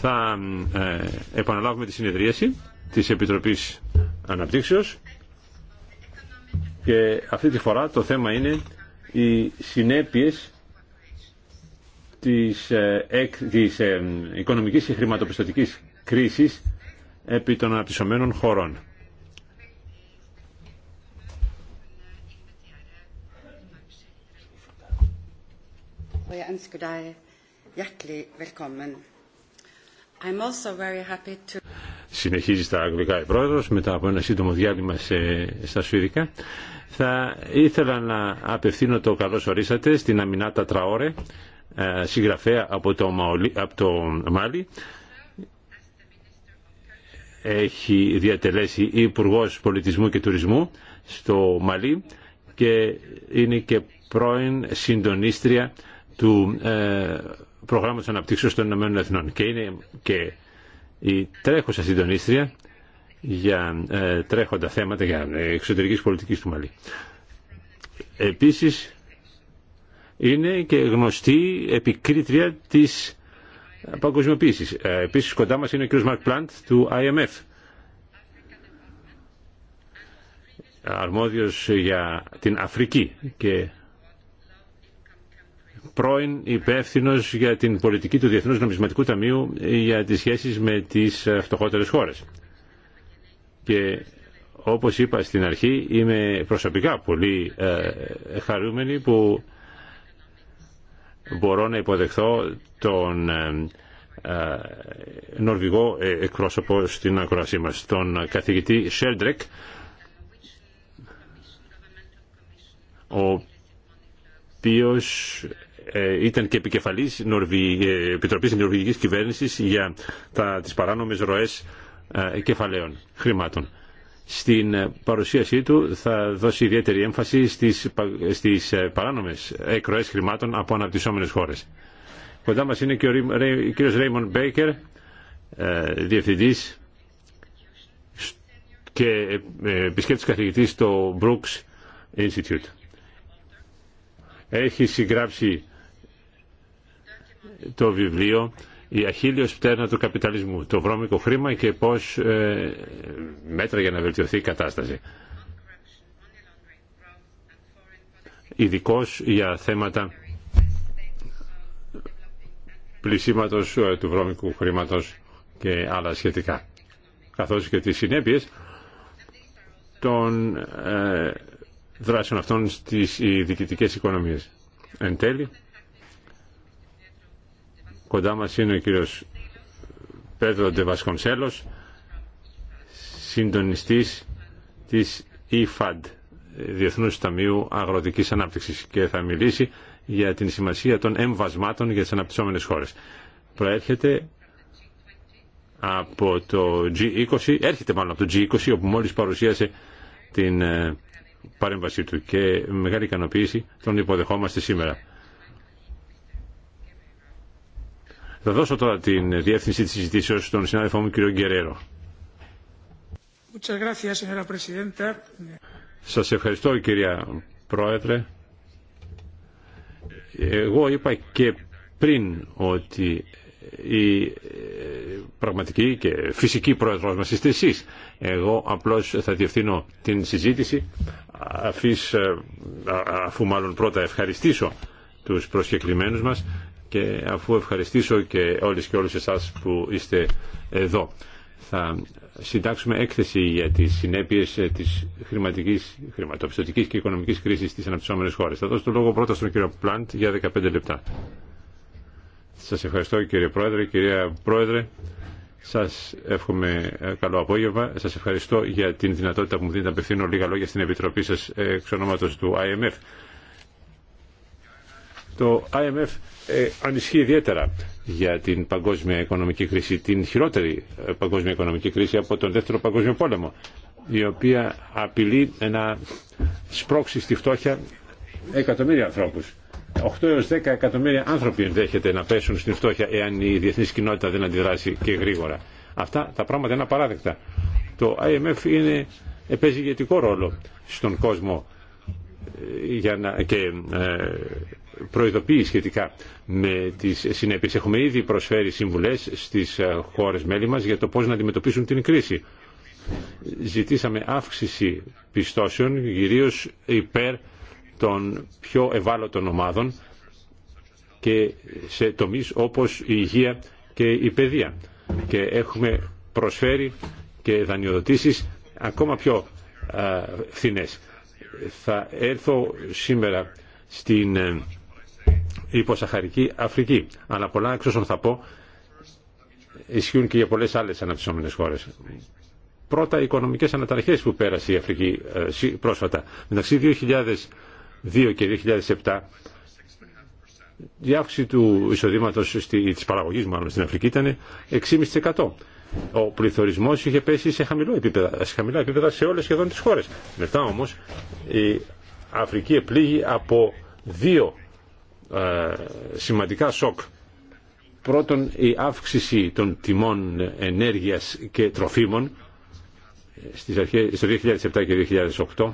Θα επαναλάβουμε τη συνεδρίαση της Επιτροπής Αναπτύξεως και αυτή τη φορά το θέμα είναι οι συνέπειες της, ε, ε οικονομικής και χρηματοπιστωτικής κρίσης επί των αναπτυσσομένων χωρών. ønsker deg hjertelig velkommen. I'm also very happy to... Συνεχίζει στα αγγλικά η πρόεδρος μετά από ένα σύντομο διάλειμμα στα σουηδικά. Θα ήθελα να απευθύνω το καλώς ορίσατε στην Αμινάτα Τραόρε, ε, συγγραφέα από το, Μαολί, από το Μάλι. Έχει διατελέσει υπουργό Πολιτισμού και Τουρισμού στο Μαλί και είναι και πρώην συντονίστρια του ε, Προγράμματος Αναπτύξεως των Ηνωμένων Εθνών και είναι και η τρέχουσα συντονίστρια για ε, τρέχοντα θέματα για εξωτερικής πολιτικής του Μαλή. Επίσης είναι και γνωστή επικρίτρια της παγκοσμιοποίησης. Ε, επίσης κοντά μας είναι ο κ. Μαρκ Πλάντ του IMF. αρμόδιος για την Αφρική και πρώην υπεύθυνο για την πολιτική του Διεθνούς Νομισματικού Ταμείου για τις σχέσεις με τις φτωχότερες χώρες. Και όπως είπα στην αρχή είμαι προσωπικά πολύ ε, χαρούμενη που μπορώ να υποδεχθώ τον ε, ε, νορβηγό εκπρόσωπο στην ακροασή μας, τον καθηγητή Σέλντρεκ, ο οποίος ε, ήταν και επικεφαλής Νορβη, ε, Επιτροπής Νορβηγικής Κυβέρνησης για τα, τις παράνομες ροές ε, κεφαλαίων χρημάτων. Στην παρουσίασή του θα δώσει ιδιαίτερη έμφαση στις, παράνομε παράνομες εκροές χρημάτων από αναπτυσσόμενες χώρες. Κοντά μας είναι και ο κύριος Ρέιμον Μπέικερ, διευθυντής και επισκέπτης καθηγητής στο Brooks Institute. Έχει συγγράψει το βιβλίο «Η αχίλιος πτέρνα του καπιταλισμού, το βρώμικο χρήμα και πώς ε, μέτρα για να βελτιωθεί η κατάσταση». Ειδικό για θέματα πλησίματος ε, του βρώμικου χρήματος και άλλα σχετικά, καθώς και τις συνέπειες των ε, δράσεων αυτών στις διοικητικές οικονομίες. Εν τέλει, Κοντά μας είναι ο κύριος Πέτρο Ντεβασκονσέλος, συντονιστής της IFAD, Διεθνούς Ταμείου Αγροτικής Ανάπτυξης και θα μιλήσει για την σημασία των εμβασμάτων για τις αναπτυσσόμενες χώρες. Προέρχεται από το G20, έρχεται μάλλον από το G20 όπου μόλις παρουσίασε την ε, παρέμβασή του και μεγάλη ικανοποίηση τον υποδεχόμαστε σήμερα. Θα δώσω τώρα την διεύθυνση της συζητήσεως στον συνάδελφό μου κύριο Γκερέρο. Σας ευχαριστώ κυρία Πρόεδρε. Εγώ είπα και πριν ότι η ε, πραγματική και φυσική πρόεδρος μας είστε εσείς. Εγώ απλώς θα διευθύνω την συζήτηση ε, αφού μάλλον πρώτα ευχαριστήσω τους προσκεκλημένους μας και αφού ευχαριστήσω και όλες και όλους εσάς που είστε εδώ θα συντάξουμε έκθεση για τις συνέπειες ε, της χρηματικής, χρηματοπιστωτικής και οικονομικής κρίσης στις αναπτυσσόμενες χώρες. Θα δώσω το λόγο πρώτα στον κύριο Πλάντ για 15 λεπτά. Σας ευχαριστώ κύριε Πρόεδρε, κυρία Πρόεδρε. Σας εύχομαι ε, καλό απόγευμα. Σας ευχαριστώ για την δυνατότητα που μου δίνετε να απευθύνω λίγα λόγια στην Επιτροπή σας ε, εξ του IMF. Το IMF ε, ανισχύει ιδιαίτερα για την παγκόσμια οικονομική κρίση, την χειρότερη ε, παγκόσμια οικονομική κρίση από τον δεύτερο παγκόσμιο πόλεμο, η οποία απειλεί να σπρώξει στη φτώχεια εκατομμύρια ανθρώπους. 8 έως 10 εκατομμύρια άνθρωποι ενδέχεται να πέσουν στη φτώχεια εάν η διεθνή κοινότητα δεν αντιδράσει και γρήγορα. Αυτά τα πράγματα είναι απαράδεκτα. Το IMF είναι, παίζει ηγετικό ρόλο στον κόσμο ε, για να, και ε, προειδοποιεί σχετικά με τι συνέπειε. Έχουμε ήδη προσφέρει συμβουλέ στι ε, χώρε μέλη μα για το πώ να αντιμετωπίσουν την κρίση. Ζητήσαμε αύξηση πιστώσεων κυρίως υπέρ των πιο ευάλωτων ομάδων και σε τομείς όπως η υγεία και η παιδεία. Και έχουμε προσφέρει και δανειοδοτήσεις ακόμα πιο ε, φθηνέ. Θα έρθω σήμερα στην ε, υποσαχαρική Αφρική. Αλλά πολλά εξ όσων θα πω ισχύουν και για πολλές άλλες αναπτυσσόμενες χώρες. Πρώτα, οι οικονομικές αναταραχές που πέρασε η Αφρική ε, πρόσφατα. Μεταξύ 2002 και 2007 η αύξηση του εισοδήματος της παραγωγής μάλλον στην Αφρική ήταν 6,5%. Ο πληθωρισμός είχε πέσει σε, χαμηλό επίπεδα, σε χαμηλά επίπεδα σε όλες σχεδόν τις χώρες. Μετά όμως η Αφρική επλήγει από δύο ε, σημαντικά σοκ. Πρώτον, η αύξηση των τιμών ενέργειας και τροφίμων ε, στις αρχές, στο 2007 και 2008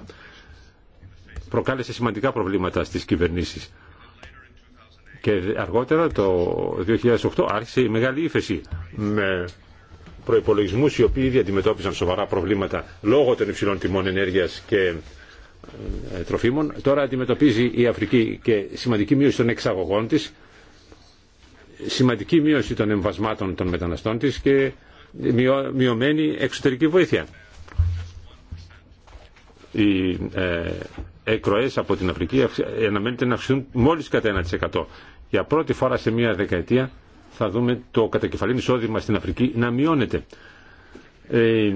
προκάλεσε σημαντικά προβλήματα στις κυβερνήσεις. Και αργότερα, το 2008, άρχισε η μεγάλη ύφεση με προϋπολογισμούς οι οποίοι ήδη αντιμετώπιζαν σοβαρά προβλήματα λόγω των υψηλών τιμών ενέργειας και ε, τροφίμων. Τώρα αντιμετωπίζει η Αφρική και σημαντική μείωση των εξαγωγών της, σημαντική μείωση των εμβασμάτων των μεταναστών της και μειωμένη εξωτερική βοήθεια. Οι ε, εκροές από την Αφρική αναμένεται να αυξηθούν μόλις κατά 1%. Για πρώτη φορά σε μία δεκαετία θα δούμε το κατακεφαλήν εισόδημα στην Αφρική να μειώνεται. Ε,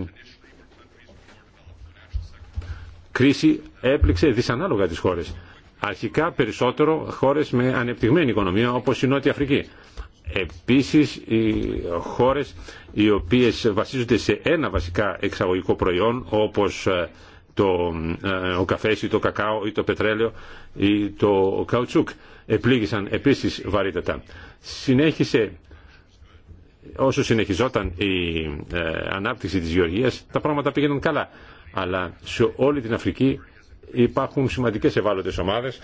κρίση έπληξε δυσανάλογα τις χώρες. Αρχικά περισσότερο χώρες με ανεπτυγμένη οικονομία όπως η Νότια Αφρική. Επίσης οι χώρες οι οποίες βασίζονται σε ένα βασικά εξαγωγικό προϊόν όπως ε, το, ε, ο καφές ή το κακάο ή το πετρέλαιο ή το καουτσούκ επλήγησαν επίσης βαρύτατα. Συνέχισε όσο συνεχιζόταν η ε, ανάπτυξη της γεωργίας τα πράγματα πήγαιναν καλά αλλά σε όλη την Αφρική υπάρχουν σημαντικές ευάλωτες ομάδες,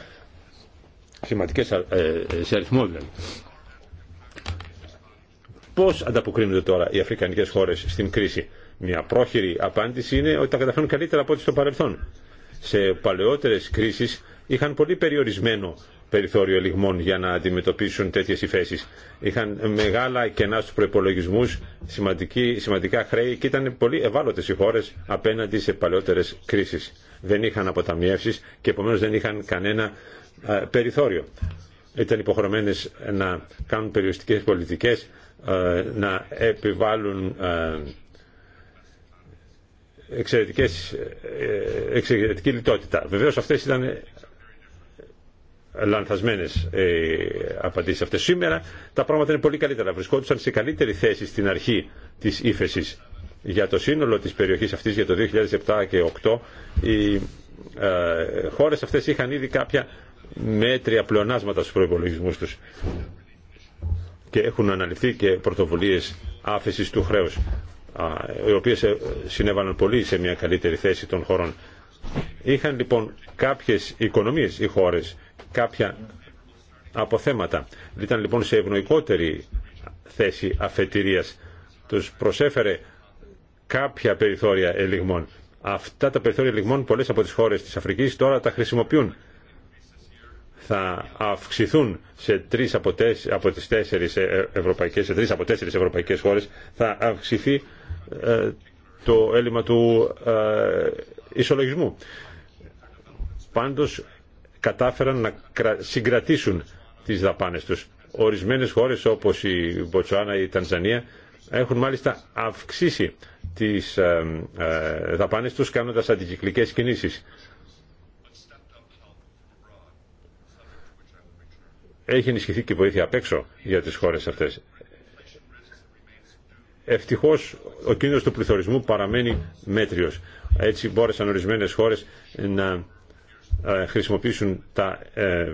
σημαντικές ε, ε, σε αριθμό δηλαδή. Πώς ανταποκρίνονται τώρα οι αφρικανικές χώρες στην κρίση. Μια πρόχειρη απάντηση είναι ότι τα καταφέρουν καλύτερα από ό,τι στο παρελθόν. Σε παλαιότερες κρίσεις είχαν πολύ περιορισμένο περιθώριο λιγμών για να αντιμετωπίσουν τέτοιες υφέσεις. Είχαν μεγάλα κενά στους προπολογισμού, σημαντικά χρέη και ήταν πολύ ευάλωτες οι χώρες απέναντι σε παλαιότερες κρίσεις. Δεν είχαν αποταμιεύσεις και επομένως δεν είχαν κανένα περιθώριο. Ήταν υποχρεωμένες να κάνουν περιοριστικές πολιτικές, να επιβάλλουν εξαιρετικές, ε, εξαιρετική λιτότητα. Βεβαίως αυτές ήταν λανθασμένε απαντήσει αυτέ. Σήμερα τα πράγματα είναι πολύ καλύτερα. Βρισκόντουσαν σε καλύτερη θέση στην αρχή τη ύφεση. Για το σύνολο τη περιοχή αυτή, για το 2007 και 2008, οι ε, χώρε αυτέ είχαν ήδη κάποια μέτρια πλεονάσματα στου προπολογισμού του. Και έχουν αναλυθεί και πρωτοβουλίε άφηση του χρέου, οι οποίε ε, συνέβαλαν πολύ σε μια καλύτερη θέση των χωρών. Είχαν λοιπόν κάποιες οικονομίες οι χώρες κάποια αποθέματα. Ήταν λοιπόν σε ευνοϊκότερη θέση αφετηρίας. Τους προσέφερε κάποια περιθώρια ελιγμών. Αυτά τα περιθώρια ελιγμών πολλές από τις χώρες της Αφρικής τώρα τα χρησιμοποιούν. Θα αυξηθούν σε τρεις από, τέσ, από τις τέσσερις ε, ευρωπαϊκές, σε τρεις από τέσσερις ευρωπαϊκές χώρες θα αυξηθεί ε, το έλλειμμα του ε, ισολογισμού. Πάντως κατάφεραν να συγκρατήσουν τις δαπάνες τους. Ορισμένες χώρες όπως η Μποτσουάνα ή η Τανζανία έχουν μάλιστα αυξήσει τις ε, ε, δαπάνες τους κάνοντας αντικυκλικές κινήσεις. Έχει ενισχυθεί και η βοήθεια απ' έξω για τις χώρες αυτές. Ευτυχώς ο κίνδυνος του πληθωρισμού παραμένει μέτριος. Έτσι μπόρεσαν ορισμένες χώρες να ε, χρησιμοποιήσουν τα ε,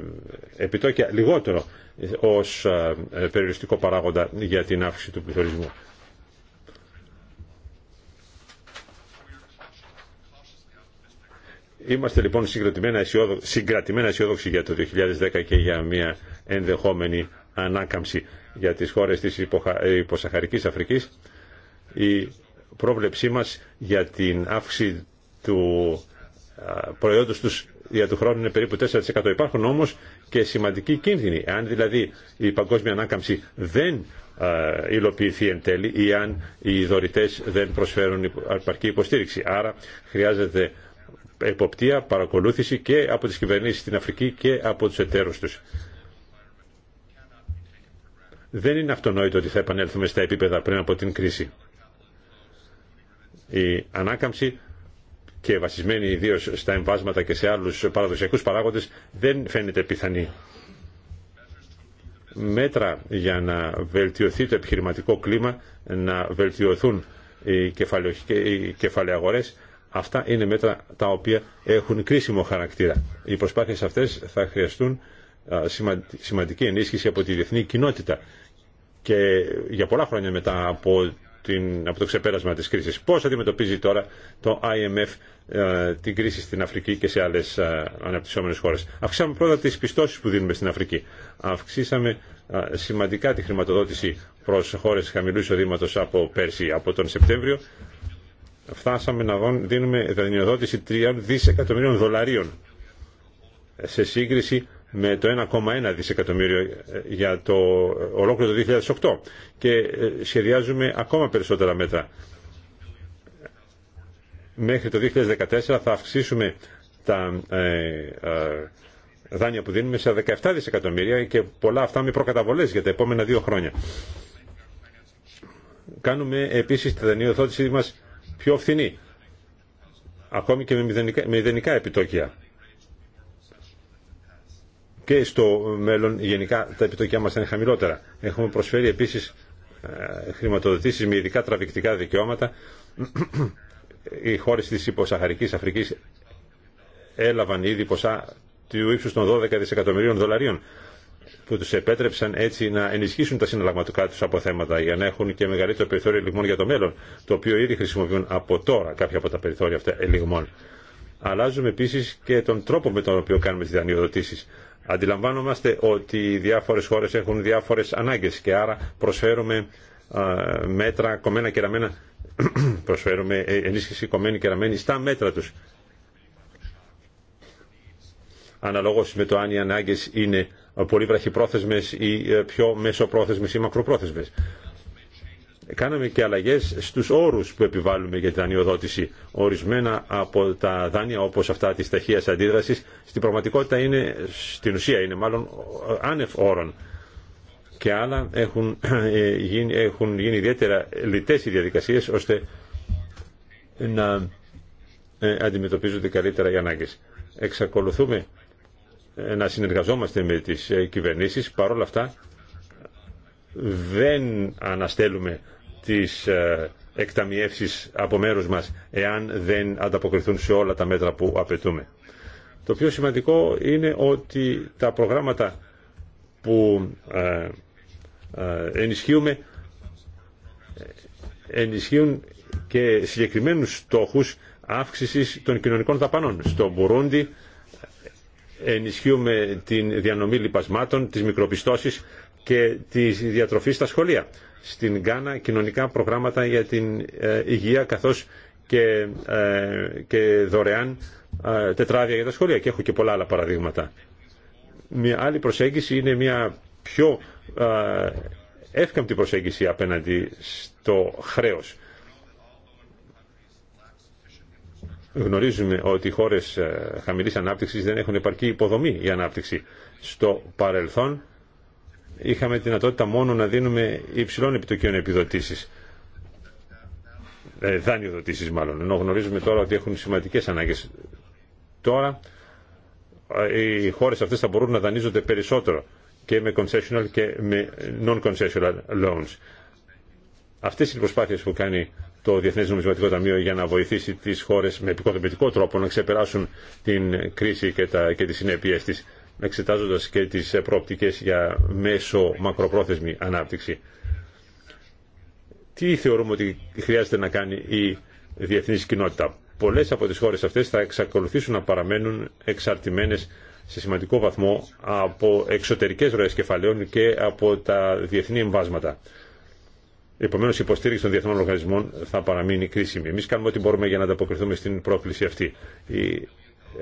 επιτόκια λιγότερο ως ε, περιοριστικό παράγοντα για την αύξηση του πληθωρισμού. Είμαστε λοιπόν συγκρατημένα αισιόδοξοι για το 2010 και για μια ενδεχόμενη ανάκαμψη για τις χώρες της υποσαχαρικής Αφρικής. Η πρόβλεψή μας για την αύξηση του προϊόντος τους δια του χρόνου είναι περίπου 4%. Υπάρχουν όμως και σημαντικοί κίνδυνοι. Αν δηλαδή η παγκόσμια ανάκαμψη δεν υλοποιηθεί εν τέλει ή αν οι δωρητέ δεν προσφέρουν αρπαρκή υποστήριξη. Άρα χρειάζεται εποπτεία, παρακολούθηση και από τις κυβερνήσεις στην Αφρική και από τους εταίρους τους. Δεν είναι αυτονόητο ότι θα επανέλθουμε στα επίπεδα πριν από την κρίση. Η ανάκαμψη και βασισμένοι ιδίω στα εμβάσματα και σε άλλους παραδοσιακούς παράγοντες δεν φαίνεται πιθανή. Μέτρα για να βελτιωθεί το επιχειρηματικό κλίμα, να βελτιωθούν οι κεφαλαιαγορές, αυτά είναι μέτρα τα οποία έχουν κρίσιμο χαρακτήρα. Οι προσπάθειες αυτές θα χρειαστούν σημαντική ενίσχυση από τη διεθνή κοινότητα και για πολλά χρόνια μετά από την, από το ξεπέρασμα της κρίσης. Πώς αντιμετωπίζει τώρα το IMF ε, την κρίση στην Αφρική και σε άλλες ε, αναπτυσσόμενες χώρες. Αυξήσαμε πρώτα τις πιστώσεις που δίνουμε στην Αφρική. Αυξήσαμε ε, σημαντικά τη χρηματοδότηση προς χώρες χαμηλού εισοδήματος από πέρσι, από τον Σεπτέμβριο. Φτάσαμε να δίνουμε δανειοδότηση 3 δισεκατομμυρίων δολαρίων σε σύγκριση με το 1,1 δισεκατομμύριο ε, για το ε, ολόκληρο το 2008 και ε, σχεδιάζουμε ακόμα περισσότερα μέτρα. Μέχρι το 2014 θα αυξήσουμε τα δάνεια που δίνουμε σε 17 δισεκατομμύρια και πολλά αυτά με προκαταβολές για τα επόμενα δύο χρόνια. Κάνουμε επίσης τη δανειοδότησή μας πιο φθηνή, ακόμη και με μηδενικά επιτόκια και στο μέλλον γενικά τα επιτοκιά μας θα είναι χαμηλότερα. Έχουμε προσφέρει επίσης ε, χρηματοδοτήσεις με ειδικά τραβηκτικά δικαιώματα. Οι χώρες της υποσαχαρικής Αφρικής έλαβαν ήδη ποσά του ύψους των 12 δισεκατομμυρίων δολαρίων που τους επέτρεψαν έτσι να ενισχύσουν τα συναλλαγματικά τους αποθέματα για να έχουν και μεγαλύτερο περιθώριο ελιγμών για το μέλλον, το οποίο ήδη χρησιμοποιούν από τώρα κάποια από τα περιθώρια αυτά ελιγμών. Αλλάζουμε επίσης και τον τρόπο με τον οποίο κάνουμε τις δανειοδοτήσεις. Αντιλαμβάνομαστε ότι οι διάφορες χώρες έχουν διάφορες ανάγκες και άρα προσφέρουμε μέτρα κομμένα και προσφέρουμε ε, ενίσχυση κομμένη και ραμμένη στα μέτρα τους. Αναλόγως με το αν οι ανάγκες είναι πολύ βραχυπρόθεσμες ή ε, πιο μεσοπρόθεσμες ή μακροπρόθεσμες. Κάναμε και αλλαγές στους όρους που επιβάλλουμε για την δανειοδότηση. Ορισμένα από τα δάνεια όπως αυτά της ταχείας αντίδρασης στην πραγματικότητα είναι, στην ουσία είναι μάλλον άνευ όρων και άλλα έχουν ε, γίνει, έχουν γίνει ιδιαίτερα λιτές οι διαδικασίες ώστε να ε, αντιμετωπίζονται καλύτερα οι ανάγκες. Εξακολουθούμε ε, να συνεργαζόμαστε με τις κυβερνήσεις, παρόλα αυτά δεν αναστέλουμε τις ε, εκταμιεύσεις από μέρους μας εάν δεν ανταποκριθούν σε όλα τα μέτρα που απαιτούμε. Το πιο σημαντικό είναι ότι τα προγράμματα που ε, ε, ενισχύουμε ενισχύουν και συγκεκριμένους στόχους αύξησης των κοινωνικών δαπανών. Στο Μπουρούντι ενισχύουμε την διανομή λιπασμάτων, τις μικροπιστώσεις και τη διατροφή στα σχολεία στην Γκάνα κοινωνικά προγράμματα για την ε, υγεία καθώς και, ε, και δωρεάν ε, τετράδια για τα σχολεία και έχω και πολλά άλλα παραδείγματα. Μια άλλη προσέγγιση είναι μια πιο εύκαμπτη προσέγγιση απέναντι στο χρέος. Γνωρίζουμε ότι οι χώρες χαμηλής ανάπτυξης δεν έχουν επαρκή υποδομή για ανάπτυξη. Στο παρελθόν είχαμε τη δυνατότητα μόνο να δίνουμε υψηλών επιτοκίων επιδοτήσει, Ε, μάλλον, ενώ γνωρίζουμε τώρα ότι έχουν σημαντικέ ανάγκες. Τώρα ε, οι χώρες αυτές θα μπορούν να δανείζονται περισσότερο και με concessional και με non-concessional loans. Αυτές οι προσπάθειες που κάνει το Διεθνές Νομισματικό Ταμείο για να βοηθήσει τι χώρε με επικοδομητικό τρόπο να ξεπεράσουν την κρίση και, τα, και τις της εξετάζοντας και τις ε, προοπτικές για μέσο μακροπρόθεσμη ανάπτυξη. Τι θεωρούμε ότι χρειάζεται να κάνει η διεθνής κοινότητα. Πολλές από τις χώρες αυτές θα εξακολουθήσουν να παραμένουν εξαρτημένες σε σημαντικό βαθμό από εξωτερικές ροές κεφαλαίων και από τα διεθνή εμβάσματα. Επομένω, η υποστήριξη των διεθνών οργανισμών θα παραμείνει κρίσιμη. Εμεί κάνουμε ό,τι μπορούμε για να ανταποκριθούμε στην πρόκληση αυτή. Η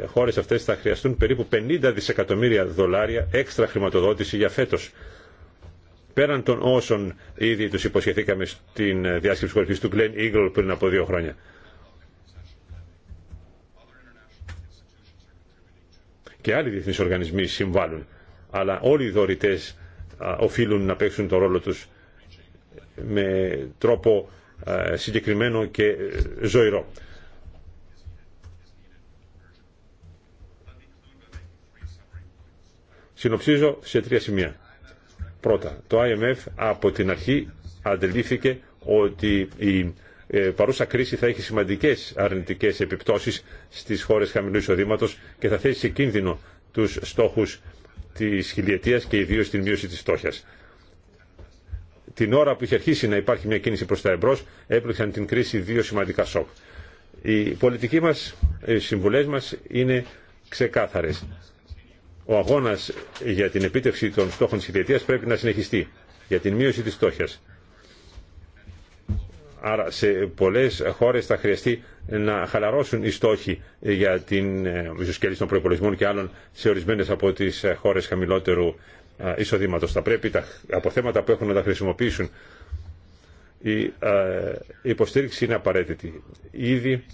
χώρες αυτές θα χρειαστούν περίπου 50 δισεκατομμύρια δολάρια έξτρα χρηματοδότηση για φέτος. Πέραν των όσων ήδη τους υποσχεθήκαμε στην διάσκεψη κορυφής του Glenn Eagle πριν από δύο χρόνια. Και άλλοι διεθνείς οργανισμοί συμβάλλουν, αλλά όλοι οι δωρητές οφείλουν να παίξουν τον ρόλο τους με τρόπο συγκεκριμένο και ε, ζωηρό. Συνοψίζω σε τρία σημεία. Πρώτα, το IMF από την αρχή αντιλήφθηκε ότι η ε, παρούσα κρίση θα έχει σημαντικές αρνητικές επιπτώσεις στις χώρες χαμηλού εισοδήματο και θα θέσει σε κίνδυνο τους στόχους της χιλιετίας και ιδίως την μείωση της φτώχειας. Την ώρα που είχε αρχίσει να υπάρχει μια κίνηση προς τα εμπρός, έπληξαν την κρίση δύο σημαντικά σοκ. Οι πολιτικοί μας, οι συμβουλές μας είναι ξεκάθαρες ο αγώνα για την επίτευξη των στόχων τη χιλιετία πρέπει να συνεχιστεί για την μείωση τη στόχιας. Άρα σε πολλέ χώρε θα χρειαστεί να χαλαρώσουν οι στόχοι για την ε, ισοσκέλιση των προπολογισμών και άλλων σε ορισμένε από τι ε, χώρε χαμηλότερου ε, εισοδήματο. Θα πρέπει τα αποθέματα που έχουν να τα χρησιμοποιήσουν. Η υποστήριξη είναι απαραίτητη. Ήδη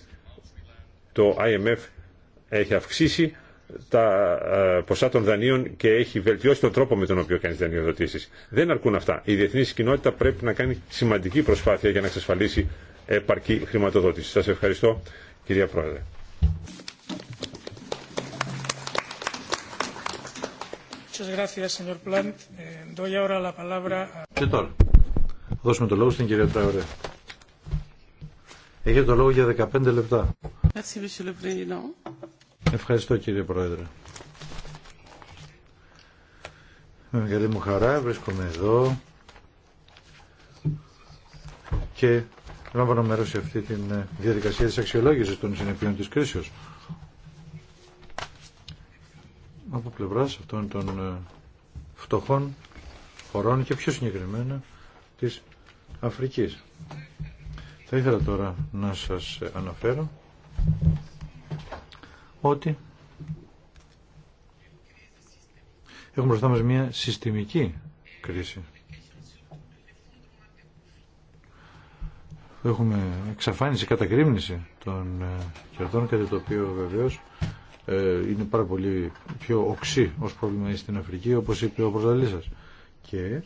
το IMF έχει αυξήσει τα ε, ποσά των δανείων και έχει βελτιώσει τον τρόπο με τον οποίο κάνει δανειοδοτήσει. Δεν αρκούν αυτά. Η διεθνή κοινότητα πρέπει να κάνει σημαντική προσπάθεια για να εξασφαλίσει επαρκή χρηματοδότηση. Σα ευχαριστώ, κυρία Πρόεδρε. Και τώρα, δώσουμε το λόγο στην κυρία Τραωρέ. Έχετε το λόγο για 15 λεπτά. Merci, Ευχαριστώ κύριε Πρόεδρε. Με μεγάλη μου χαρά βρίσκομαι εδώ και λαμβάνω μέρος σε αυτή τη ε, διαδικασία της αξιολόγησης των συνεπειών της κρίσεως. Από πλευράς αυτών των ε, φτωχών χωρών και πιο συγκεκριμένα της Αφρικής. Θα ήθελα τώρα να σας ε, αναφέρω ότι έχουμε μπροστά μας μια συστημική κρίση. Έχουμε εξαφάνιση, κατακρύμνηση των ε, κερδών, κάτι το οποίο βεβαίως ε, είναι πάρα πολύ πιο οξύ ως πρόβλημα στην Αφρική, όπως είπε ο Προσταλής σας. Και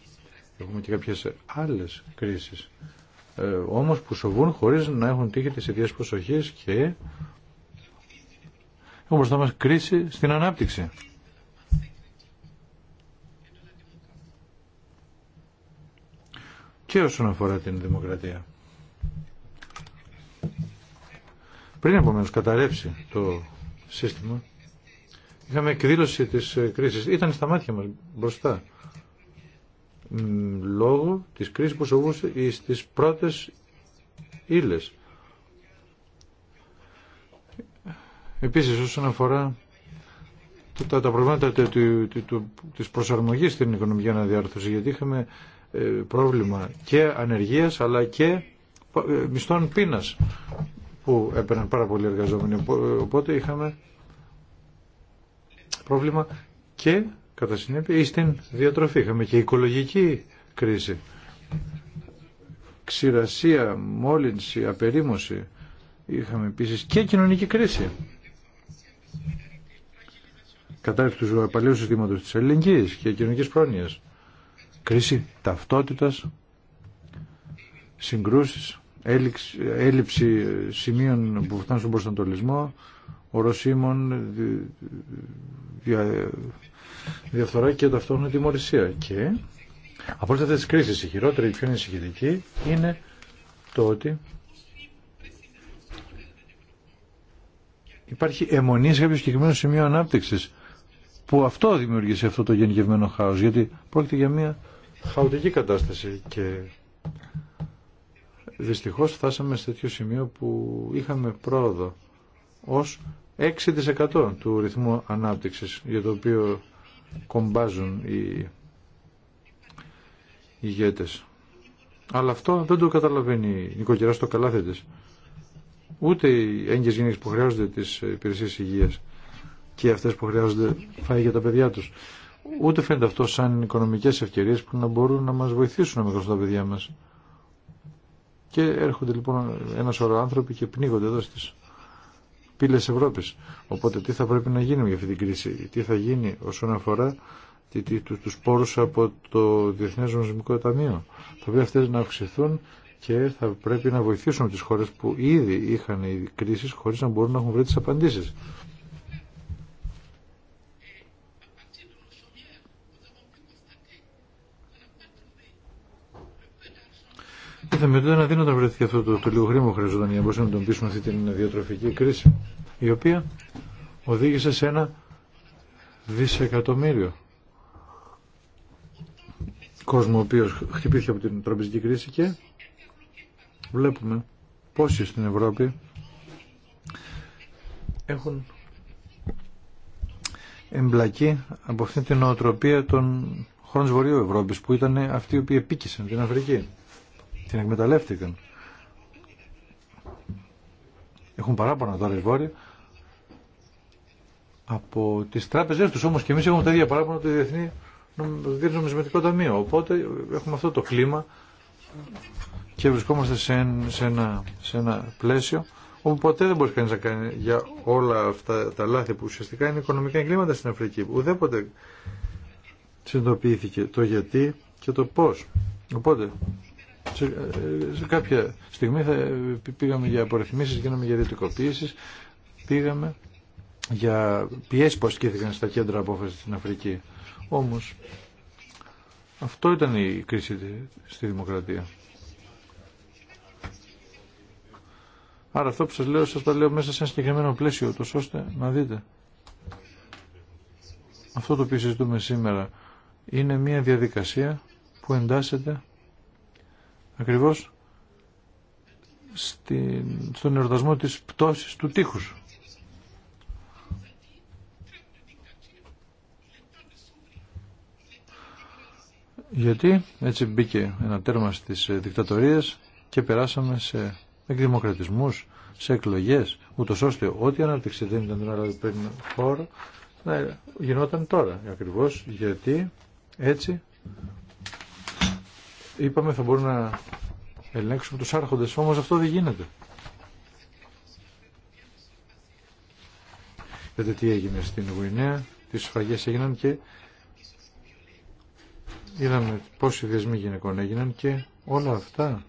έχουμε και κάποιες άλλες κρίσεις, ε, όμως που σοβούν χωρίς να έχουν τύχει τις ίδιες προσοχές και όπως θα μας κρίση στην ανάπτυξη. Και όσον αφορά την δημοκρατία. Πριν επομένως καταρρεύσει το σύστημα, είχαμε εκδήλωση της ε, κρίσης. Ήταν στα μάτια μας μπροστά. Λόγω της κρίσης που σοβούσε στις πρώτες ύλες. Επίσης όσον αφορά τα, τα προβλήματα τη προσαρμογή της προσαρμογής στην οικονομική αναδιάρθρωση γιατί είχαμε ε, πρόβλημα και ανεργίας αλλά και ε, μισθών πείνας που έπαιρναν πάρα πολλοί εργαζόμενοι ε, οπότε είχαμε πρόβλημα και κατά συνέπεια στην διατροφή είχαμε και οικολογική κρίση ξηρασία, μόλυνση, απερίμωση είχαμε επίσης και κοινωνική κρίση κατάρρευση του παλιού συστήματο τη Ελληνική και κοινωνική πρόνοια. κρίση ταυτότητας, συγκρούσεις, έλλειψη, σημείων που φτάνουν στον προσανατολισμό, οροσίμων, διαφθορά και ταυτόχρονα τιμωρησία. Και από όλε αυτές τις κρίσεις η χειρότερη, η πιο ανησυχητική είναι το ότι υπάρχει αιμονή σε κάποιο συγκεκριμένο σημείο ανάπτυξη. Που αυτό δημιούργησε αυτό το γενικευμένο χάο. Γιατί πρόκειται για μια χαοτική κατάσταση. Και δυστυχώ φτάσαμε σε τέτοιο σημείο που είχαμε πρόοδο ω 6% του ρυθμού ανάπτυξη για το οποίο κομπάζουν οι ηγέτες. Αλλά αυτό δεν το καταλαβαίνει η νοικοκυρά στο καλάθι της ούτε οι έγκυες γυναίκες που χρειάζονται τις υπηρεσίες υγείας και αυτές που χρειάζονται φάει για τα παιδιά τους. Ούτε φαίνεται αυτό σαν οικονομικές ευκαιρίες που να μπορούν να μας βοηθήσουν να μεγαλώσουν τα παιδιά μας. Και έρχονται λοιπόν ένα σωρό άνθρωποι και πνίγονται εδώ στις πύλες Ευρώπης. Οπότε τι θα πρέπει να γίνει με αυτή την κρίση, τι θα γίνει όσον αφορά τους πόρους από το Διεθνές Νομισματικό Ταμείο. Θα πρέπει αυτές να αυξηθούν και θα πρέπει να βοηθήσουμε τις χώρες που ήδη είχαν οι κρίσεις χωρίς να μπορούν να έχουν βρει τις απαντήσεις. Είδαμε ότι ήταν να βρεθεί αυτό το, το λίγο χρήμα χρειαζόταν για να μπορέσουμε να τον αυτή την διατροφική κρίση, η οποία οδήγησε σε ένα δισεκατομμύριο κόσμο ο οποίο χτυπήθηκε από την τραπεζική κρίση και βλέπουμε πόσοι στην Ευρώπη έχουν εμπλακεί από αυτή την νοοτροπία των χρόνων της Βορείου Ευρώπης που ήταν αυτοί οι οποίοι επίκησαν την Αφρική. Την εκμεταλλεύτηκαν. Έχουν παράπονα τώρα οι Βόρειοι από τις τράπεζές τους. Όμως και εμείς έχουμε τα ίδια παράπονα από το Διεθνή Νομισματικό Ταμείο. Οπότε έχουμε αυτό το κλίμα και βρισκόμαστε σε, σε, ένα, σε ένα πλαίσιο όπου ποτέ δεν μπορεί κανεί να κάνει για όλα αυτά τα λάθη που ουσιαστικά είναι οικονομικά εγκλήματα στην Αφρική. Ουδέποτε συνειδητοποιήθηκε το γιατί και το πώ. Οπότε, ε, σε, κάποια στιγμή πήγαμε για απορριθμίσει, γίναμε για ιδιωτικοποιήσει, πήγαμε για πιέσει που ασκήθηκαν στα κέντρα απόφαση στην Αφρική. Όμω, αυτό ήταν η κρίση στη δημοκρατία. Άρα αυτό που σας λέω, σας τα λέω μέσα σε ένα συγκεκριμένο πλαίσιο, τόσο ώστε να δείτε. Αυτό το οποίο συζητούμε σήμερα είναι μια διαδικασία που εντάσσεται ακριβώς στην, στον εορτασμό της πτώσης του τείχους. Γιατί έτσι μπήκε ένα τέρμα στις δικτατορίες και περάσαμε σε εκδημοκρατισμού, σε εκλογέ, ούτω ώστε ό,τι ανάπτυξη δεν ήταν την άλλη πριν χώρο να γινόταν τώρα. Ακριβώ γιατί έτσι είπαμε θα μπορούν να ελέγξουμε του άρχοντε. Όμω αυτό δεν γίνεται. Δείτε τι έγινε στην Γουινέα, τι σφαγέ έγιναν και είδαμε πόσοι δεσμοί γυναικών έγιναν και όλα αυτά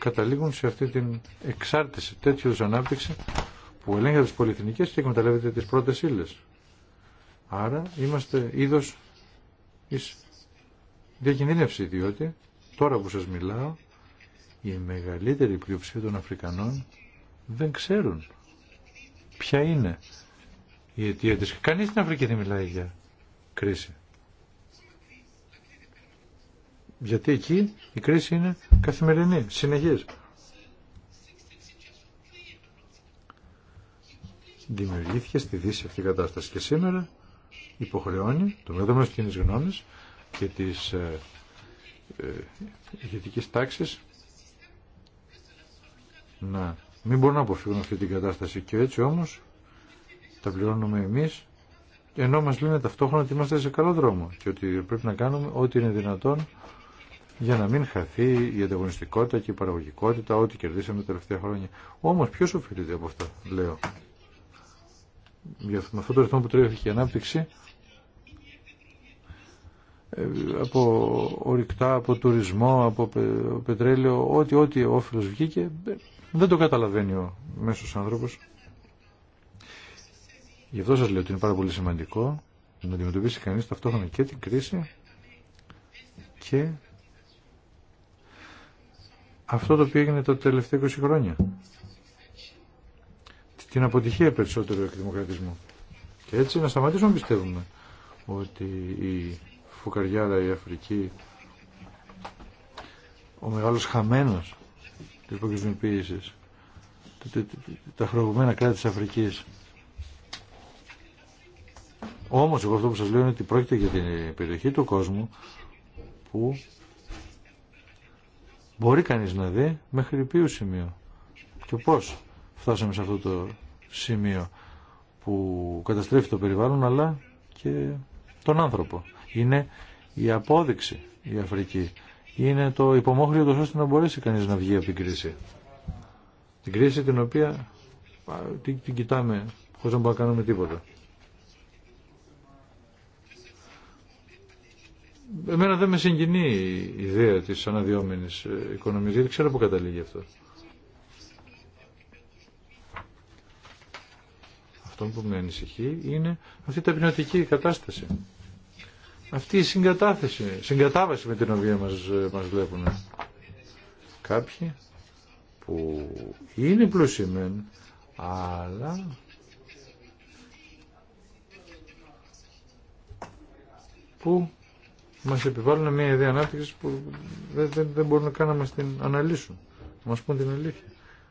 καταλήγουν σε αυτή την εξάρτηση τέτοιου είδους ανάπτυξη που ελέγχεται τι πολυεθνικέ και εκμεταλλεύεται τι πρώτες ύλε. Άρα είμαστε είδο η διακινδύνευση διότι τώρα που σας μιλάω η μεγαλύτερη πλειοψηφία των Αφρικανών δεν ξέρουν ποια είναι η αιτία της. Κανείς στην Αφρική δεν μιλάει για κρίση. Γιατί εκεί η κρίση είναι καθημερινή, συνεχής. Δημιουργήθηκε στη Δύση αυτή η κατάσταση και σήμερα υποχρεώνει το μέτωπο της κοινής γνώμης και της ε, ε, ηγετικής τάξης να μην μπορούν να αποφύγουν αυτή την κατάσταση και έτσι όμως τα πληρώνουμε εμείς ενώ μας λένε ταυτόχρονα ότι είμαστε σε καλό δρόμο και ότι πρέπει να κάνουμε ό,τι είναι δυνατόν για να μην χαθεί η ανταγωνιστικότητα και η παραγωγικότητα, ό,τι κερδίσαμε τα τελευταία χρόνια. Όμω, ποιο οφείλεται από αυτό, λέω. Για, με αυτό το ρυθμό που τρέχει η ανάπτυξη, ε, από ορυκτά, από τουρισμό, από πετρέλαιο, ό,τι ό,τι βγήκε, ε, δεν το καταλαβαίνει ο μέσος άνθρωπος. Γι' αυτό σας λέω ότι είναι πάρα πολύ σημαντικό να αντιμετωπίσει κανείς ταυτόχρονα και την κρίση και αυτό το οποίο έγινε τα τελευταία 20 χρόνια. Την αποτυχία περισσότερο εκδημοκρατισμού. Και έτσι να σταματήσουμε να πιστεύουμε ότι η Φουκαριάρα, η Αφρική, ο μεγάλος χαμένος της παγκοσμιοποίησης, τα χρεωμένα κράτη της Αφρικής. Όμως εγώ αυτό που σας λέω είναι ότι πρόκειται για την περιοχή του κόσμου που Μπορεί κανείς να δει μέχρι ποιο σημείο και πώς φτάσαμε σε αυτό το σημείο που καταστρέφει το περιβάλλον αλλά και τον άνθρωπο. Είναι η απόδειξη η Αφρική. Είναι το υπομόχλιο του ώστε να μπορέσει κανείς να βγει από την κρίση. Την κρίση την οποία την, την κοιτάμε χωρίς να μπορούμε να κάνουμε τίποτα. εμένα δεν με συγκινεί η ιδέα τη αναδυόμενη ε, οικονομία, γιατί ξέρω που καταλήγει αυτό. Αυτό που με ανησυχεί είναι αυτή η ταπεινωτική κατάσταση. Αυτή η συγκατάθεση, συγκατάβαση με την οποία μας, ε, μας βλέπουν. Κάποιοι που είναι πλούσιοι αλλά που Μα επιβάλλουν μια ιδέα ανάπτυξη που δεν, δεν, δεν μπορούν καν να μα την αναλύσουν, να μα πούν την αλήθεια.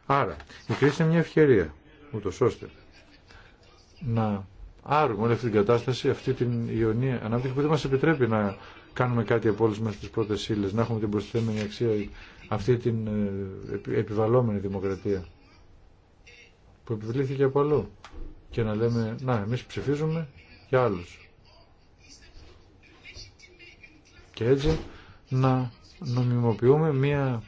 Άρα, η κρίση είναι μια ευκαιρία, ούτω ώστε να άρουμε όλη αυτή την κατάσταση, αυτή την ιονία ανάπτυξη που δεν μα επιτρέπει να κάνουμε κάτι από όλε μα τι πρώτε ύλε, να έχουμε την προσθέμενη αξία, αυτή την ε, επιβαλλόμενη δημοκρατία που επιβλήθηκε από αλλού και να λέμε να εμεί ψηφίζουμε για άλλου. και έτσι να νομιμοποιούμε μια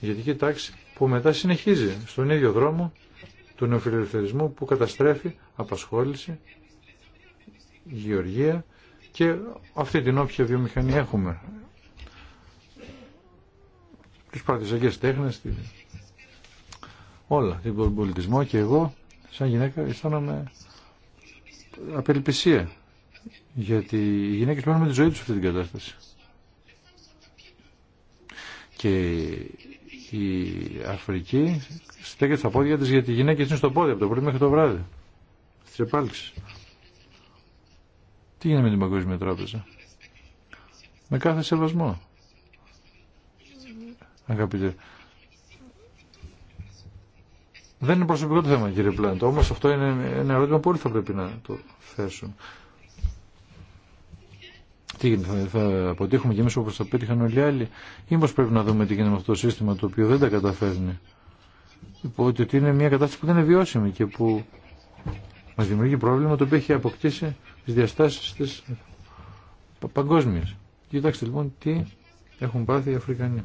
ηγετική τάξη που μετά συνεχίζει στον ίδιο δρόμο του νεοφιλελευθερισμού που καταστρέφει απασχόληση, γεωργία και αυτή την όποια βιομηχανία έχουμε. Τις παραδοσιακές τέχνες, όλα, τον πολιτισμό και εγώ σαν γυναίκα αισθάνομαι απελπισία γιατί οι γυναίκες παίρνουν με τη ζωή τους αυτή την κατάσταση. Και η Αφρική στέκεται στα πόδια της γιατί οι γυναίκες είναι στο πόδι από το πρωί μέχρι το βράδυ. Στις επάλξεις. Τι γίνεται με την Παγκόσμια Τράπεζα. Με κάθε σεβασμό. Αγαπητέ. Δεν είναι προσωπικό το θέμα κύριε Πλάντο όμως αυτό είναι ένα ερώτημα που όλοι θα πρέπει να το θέσουν. Τι θα αποτύχουμε κι εμείς όπως θα πέτυχαν όλοι οι άλλοι ή πρέπει να δούμε τι γίνεται με αυτό το σύστημα το οποίο δεν τα καταφέρνει. Υπότιτλοι ότι είναι μια κατάσταση που δεν είναι βιώσιμη και που μας δημιουργεί πρόβλημα το οποίο έχει αποκτήσει τις διαστάσεις της παγκόσμιας. Κοιτάξτε λοιπόν τι έχουν πάθει οι Αφρικανοί.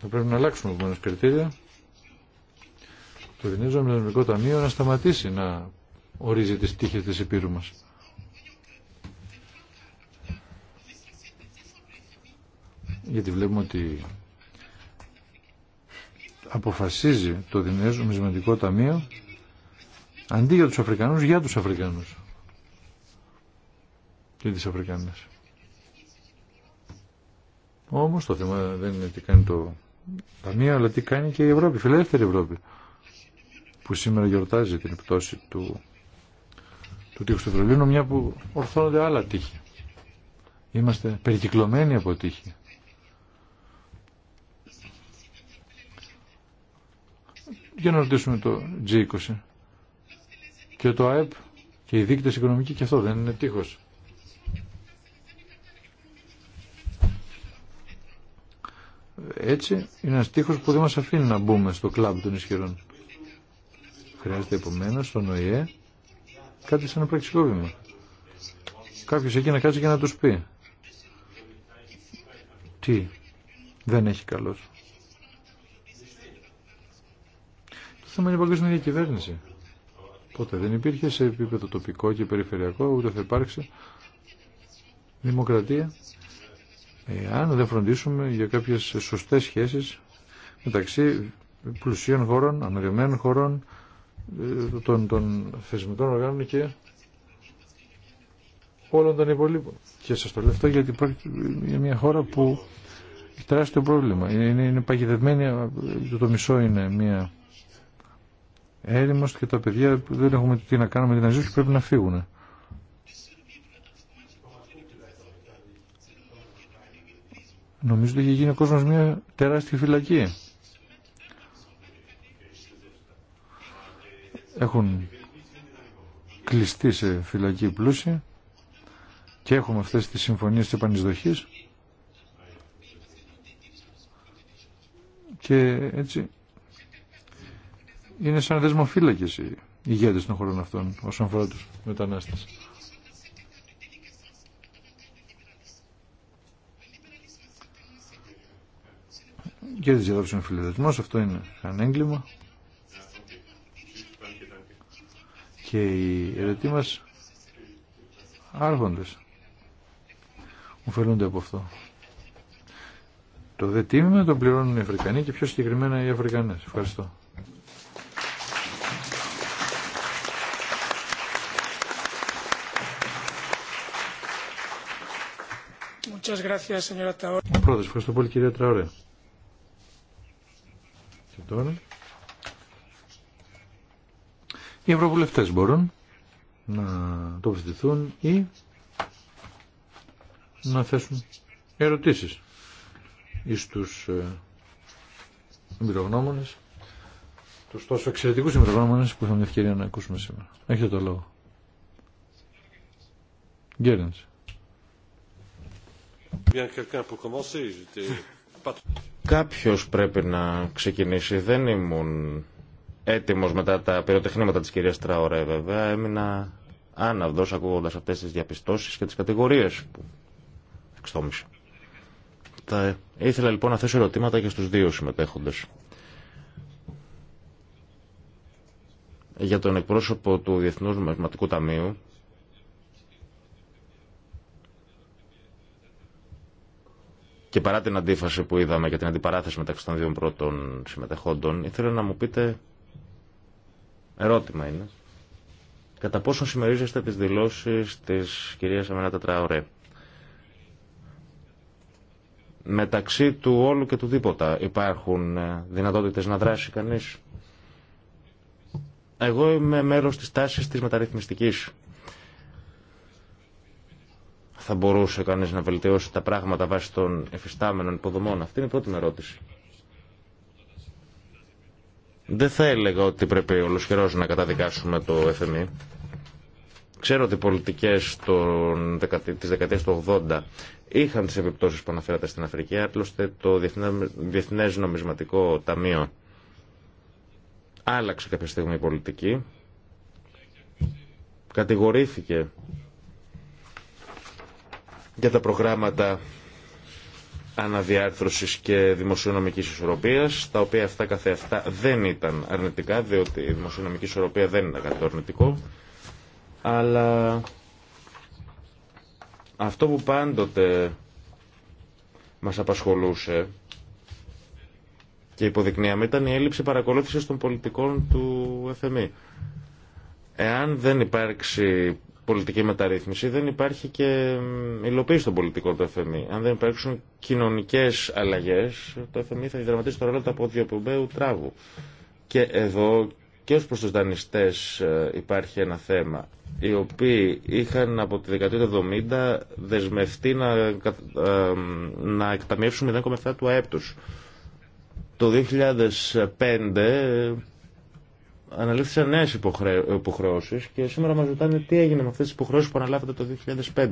Θα πρέπει να αλλάξουμε επομένως κριτήρια το Δινέζο Νομικό Ταμείο να σταματήσει να ορίζει τις τύχες της Επίρου μας. Γιατί βλέπουμε ότι αποφασίζει το Δινέζο Μισματικό Ταμείο αντί για τους Αφρικανούς, για τους Αφρικανούς και τις Αφρικανές. Όμως το θέμα δεν είναι τι κάνει το Ταμείο, αλλά τι κάνει και η Ευρώπη, η φιλελεύθερη Ευρώπη που σήμερα γιορτάζει την πτώση του, του τείχους του Βερολίνου, μια που ορθώνονται άλλα τείχη. Είμαστε περικυκλωμένοι από τείχη. Για να ρωτήσουμε το G20 και το ΑΕΠ και οι δείκτες οικονομικοί και αυτό δεν είναι τείχος. Έτσι είναι ένας τείχος που δεν μας αφήνει να μπούμε στο κλαμπ των ισχυρών. Χρειάζεται επομένω στον ΟΗΕ κάτι σαν πραξικόπημα. Κάποιο εκεί να κάτσει και να του πει. Τι δεν έχει καλό. Το θέμα είναι η παγκόσμια διακυβέρνηση. Πότε δεν υπήρχε σε επίπεδο τοπικό και περιφερειακό, ούτε θα υπάρξει δημοκρατία. Εάν δεν φροντίσουμε για κάποιες σωστές σχέσεις μεταξύ πλουσίων χωρών, αναγκαμένων χωρών, ε, των, των θεσμικών οργάνων και όλων των υπολείπων. Και σας το λέω αυτό γιατί για μια χώρα που έχει τεράστιο πρόβλημα. Είναι, είναι παγιδευμένη, το, το μισό είναι μια έρημος και τα παιδιά δεν έχουμε τι να κάνουμε, τι να ζήσουμε, και πρέπει να φύγουν. Νομίζω ότι έχει γίνει ο κόσμος μια τεράστια φυλακή. έχουν κλειστεί σε φυλακή πλούσια και έχουμε αυτές τις συμφωνίες της επανεισδοχής και έτσι είναι σαν δεσμοφύλακες οι ηγέτες των χωρών αυτών όσον αφορά τους μετανάστες. Και δεν διαδόψουν αυτό είναι ένα έγκλημα. και οι ερετοί μας άρχοντες ωφελούνται από αυτό. Το δε τίμημα το πληρώνουν οι Αφρικανοί και πιο συγκεκριμένα οι Αφρικανές. Ευχαριστώ. Muchas ευχαριστώ πολύ κυρία Τραωρέ. Και τώρα οι ευρωβουλευτές μπορούν να τοποθετηθούν ή να θέσουν ερωτήσεις εις τους ε, εμπειρογνώμονες, τους τόσο εξαιρετικούς εμπειρογνώμονες που είχαμε την ευκαιρία να ακούσουμε σήμερα. Έχετε το λόγο. Κάποιο Κάποιος πρέπει να ξεκινήσει. Δεν ήμουν έτοιμος μετά τα πυροτεχνήματα της κυρίας Τραωρέ βέβαια έμεινα άναυδος ακούγοντας αυτές τις διαπιστώσεις και τις κατηγορίες που εξτόμισε. Ήθελα λοιπόν να θέσω ερωτήματα και στους δύο συμμετέχοντες. Για τον εκπρόσωπο του Διεθνούς Νομισματικού Ταμείου και παρά την αντίφαση που είδαμε για την αντιπαράθεση μεταξύ των δύο πρώτων συμμετεχόντων, ήθελα να μου πείτε Ερώτημα είναι. Κατά πόσο συμμερίζεστε τις δηλώσεις της κυρίας Αμενάτα Τραωρέ. Μεταξύ του όλου και του δίποτα υπάρχουν ε, δυνατότητες να δράσει κανείς. Εγώ είμαι μέρος της τάσης της μεταρρυθμιστικής. Θα μπορούσε κανείς να βελτιώσει τα πράγματα βάσει των εφιστάμενων υποδομών. Αυτή είναι η πρώτη ερώτηση. Δεν θα έλεγα ότι πρέπει ολοσχερός να καταδικάσουμε το FMI. Ξέρω ότι οι πολιτικές των, της δεκαετίας του 80 είχαν τις επιπτώσεις που αναφέρατε στην Αφρική, άλλωστε το Διεθνές Νομισματικό Ταμείο άλλαξε κάποια στιγμή η πολιτική, κατηγορήθηκε για τα προγράμματα αναδιάρθρωσης και δημοσιονομικής ισορροπίας, τα οποία αυτά καθεαυτά δεν ήταν αρνητικά, διότι η δημοσιονομική ισορροπία δεν ήταν κάτι αρνητικό, αλλά αυτό που πάντοτε μας απασχολούσε και υποδεικνύαμε ήταν η έλλειψη παρακολούθησης των πολιτικών του FMI. E. Εάν δεν υπάρξει πολιτική μεταρρύθμιση δεν υπάρχει και υλοποίηση των πολιτικών του ΕΦΜΗ. Αν δεν υπάρξουν κοινωνικέ αλλαγέ, το ΕΦΜΗ θα διδραματίσει το ρόλο του αποδιοπομπαίου τράγου. Και εδώ και ω προ του δανειστέ ε, υπάρχει ένα θέμα οι οποίοι είχαν από τη δεκαετία του 70 δεσμευτεί να, ε, να εκταμιεύσουν 0,7 του ΑΕΠ Το 2005 αναλήφθησαν νέες υποχρεώσει και σήμερα μας ρωτάνε τι έγινε με αυτές τις υποχρεώσει που αναλάβατε το 2005.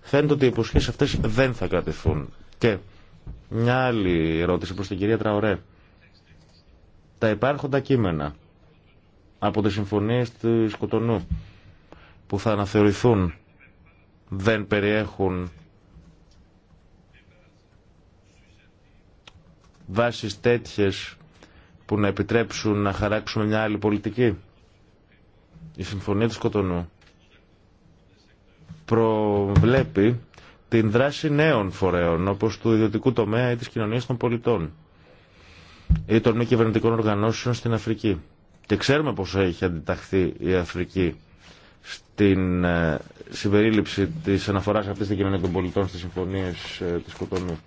Φαίνεται ότι οι υποσχέσει αυτές δεν θα κρατηθούν. Και μια άλλη ερώτηση προς την κυρία Τραωρέ. Τα υπάρχοντα κείμενα από τις συμφωνίες του Σκοτονού που θα αναθεωρηθούν δεν περιέχουν βάσεις τέτοιες που να επιτρέψουν να χαράξουμε μια άλλη πολιτική. Η Συμφωνία της Κοτονού προβλέπει την δράση νέων φορέων, όπως του ιδιωτικού τομέα ή της κοινωνίας των πολιτών ή των μη κυβερνητικών οργανώσεων στην Αφρική. Και ξέρουμε πώς έχει αντιταχθεί η Αφρική στην ε, συμπερίληψη της αναφοράς αυτής της κοινωνία των πολιτών στις συμφωνίες ε, της Κοτονού.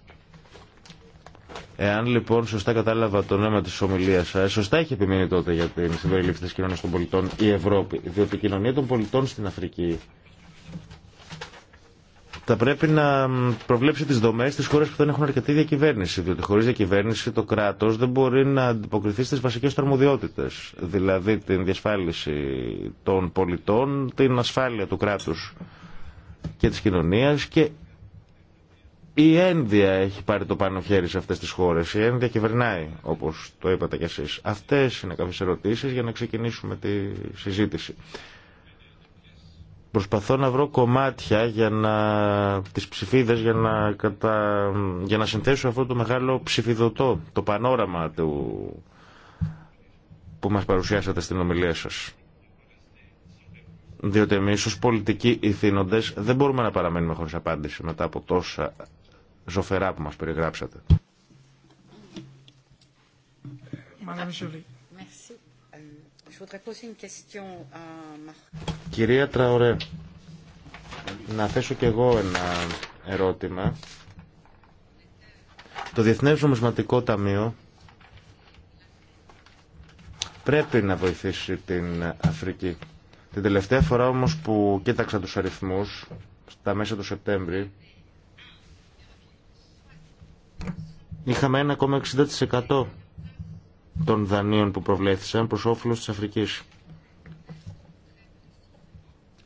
Εάν λοιπόν σωστά κατάλαβα το νόημα τη ομιλία σα, σωστά έχει επιμείνει τότε για την συμπεριλήψη τη κοινωνία των πολιτών η Ευρώπη. Διότι η κοινωνία των πολιτών στην Αφρική θα πρέπει να προβλέψει τι δομέ τη χώρα που δεν έχουν αρκετή διακυβέρνηση. Διότι χωρί διακυβέρνηση το κράτο δεν μπορεί να αντιποκριθεί στι βασικέ αρμοδιότητε. Δηλαδή την διασφάλιση των πολιτών, την ασφάλεια του κράτου και τη κοινωνία και η Ένδια έχει πάρει το πάνω χέρι σε αυτές τις χώρες. Η Ένδια κυβερνάει, όπως το είπατε κι εσείς. Αυτές είναι κάποιες ερωτήσεις για να ξεκινήσουμε τη συζήτηση. Προσπαθώ να βρω κομμάτια για να, τις ψηφίδες για να, κατα... για να συνθέσω αυτό το μεγάλο ψηφιδωτό, το πανόραμα του... που μας παρουσιάσατε στην ομιλία σας. Διότι εμεί ω πολιτικοί ηθήνοντε δεν μπορούμε να παραμένουμε χωρί απάντηση μετά από τόσα ζωφερά που μας περιγράψατε. Euh, Κυρία Τραωρέ, να θέσω κι εγώ ένα ερώτημα. Το Διεθνές Νομισματικό Ταμείο πρέπει να βοηθήσει την Αφρική. Την τελευταία φορά όμως που κοίταξα τους αριθμούς, στα μέσα του Σεπτέμβρη, Είχαμε 1,60% των δανείων που προβλέθησαν προς όφελος της Αφρικής.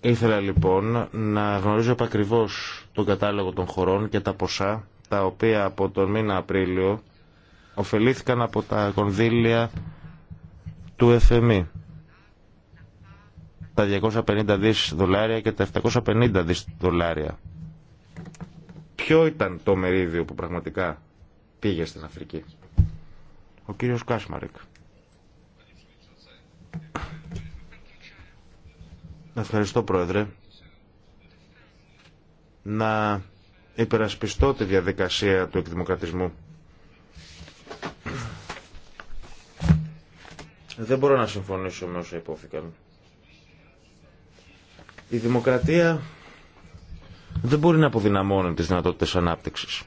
Ήθελα λοιπόν να γνωρίζω επακριβώς τον κατάλογο των χωρών και τα ποσά τα οποία από τον μήνα Απρίλιο ωφελήθηκαν από τα κονδύλια του FMI. Τα 250 δις δολάρια και τα 750 δις δολάρια. Ποιο ήταν το μερίδιο που πραγματικά πήγε στην Αφρική. Ο κύριος Κάσμαρικ. Ευχαριστώ Πρόεδρε. Να υπερασπιστώ τη διαδικασία του εκδημοκρατισμού. Δεν μπορώ να συμφωνήσω με όσα υπόθηκαν. Η δημοκρατία δεν μπορεί να αποδυναμώνει τις δυνατότητες ανάπτυξης.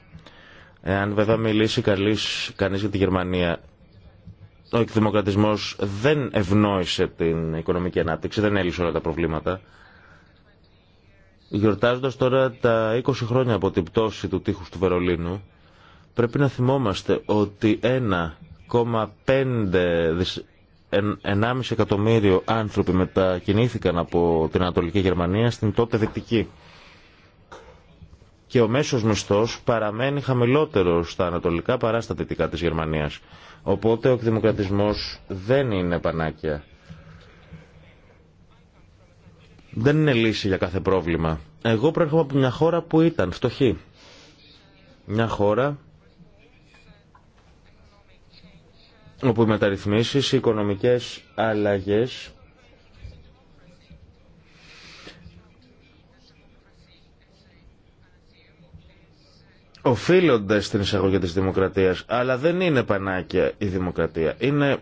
Εάν βέβαια μιλήσει καλής, κανείς για τη Γερμανία, ο εκδημοκρατισμός δεν ευνόησε την οικονομική ανάπτυξη, δεν έλυσε όλα τα προβλήματα. Γιορτάζοντας τώρα τα 20 χρόνια από την πτώση του τείχους του Βερολίνου, πρέπει να θυμόμαστε ότι 1,5 1,5 εκατομμύριο άνθρωποι μετακινήθηκαν από την Ανατολική Γερμανία στην τότε Δυτική και ο μέσος μισθό παραμένει χαμηλότερο στα ανατολικά παρά στα δυτικά της Γερμανίας. Οπότε ο εκδημοκρατισμό δεν είναι πανάκια. Δεν είναι λύση για κάθε πρόβλημα. Εγώ προέρχομαι από μια χώρα που ήταν φτωχή. Μια χώρα όπου οι μεταρρυθμίσεις, οι οικονομικές αλλαγές οφείλονται στην εισαγωγή της δημοκρατίας, αλλά δεν είναι πανάκια η δημοκρατία. Είναι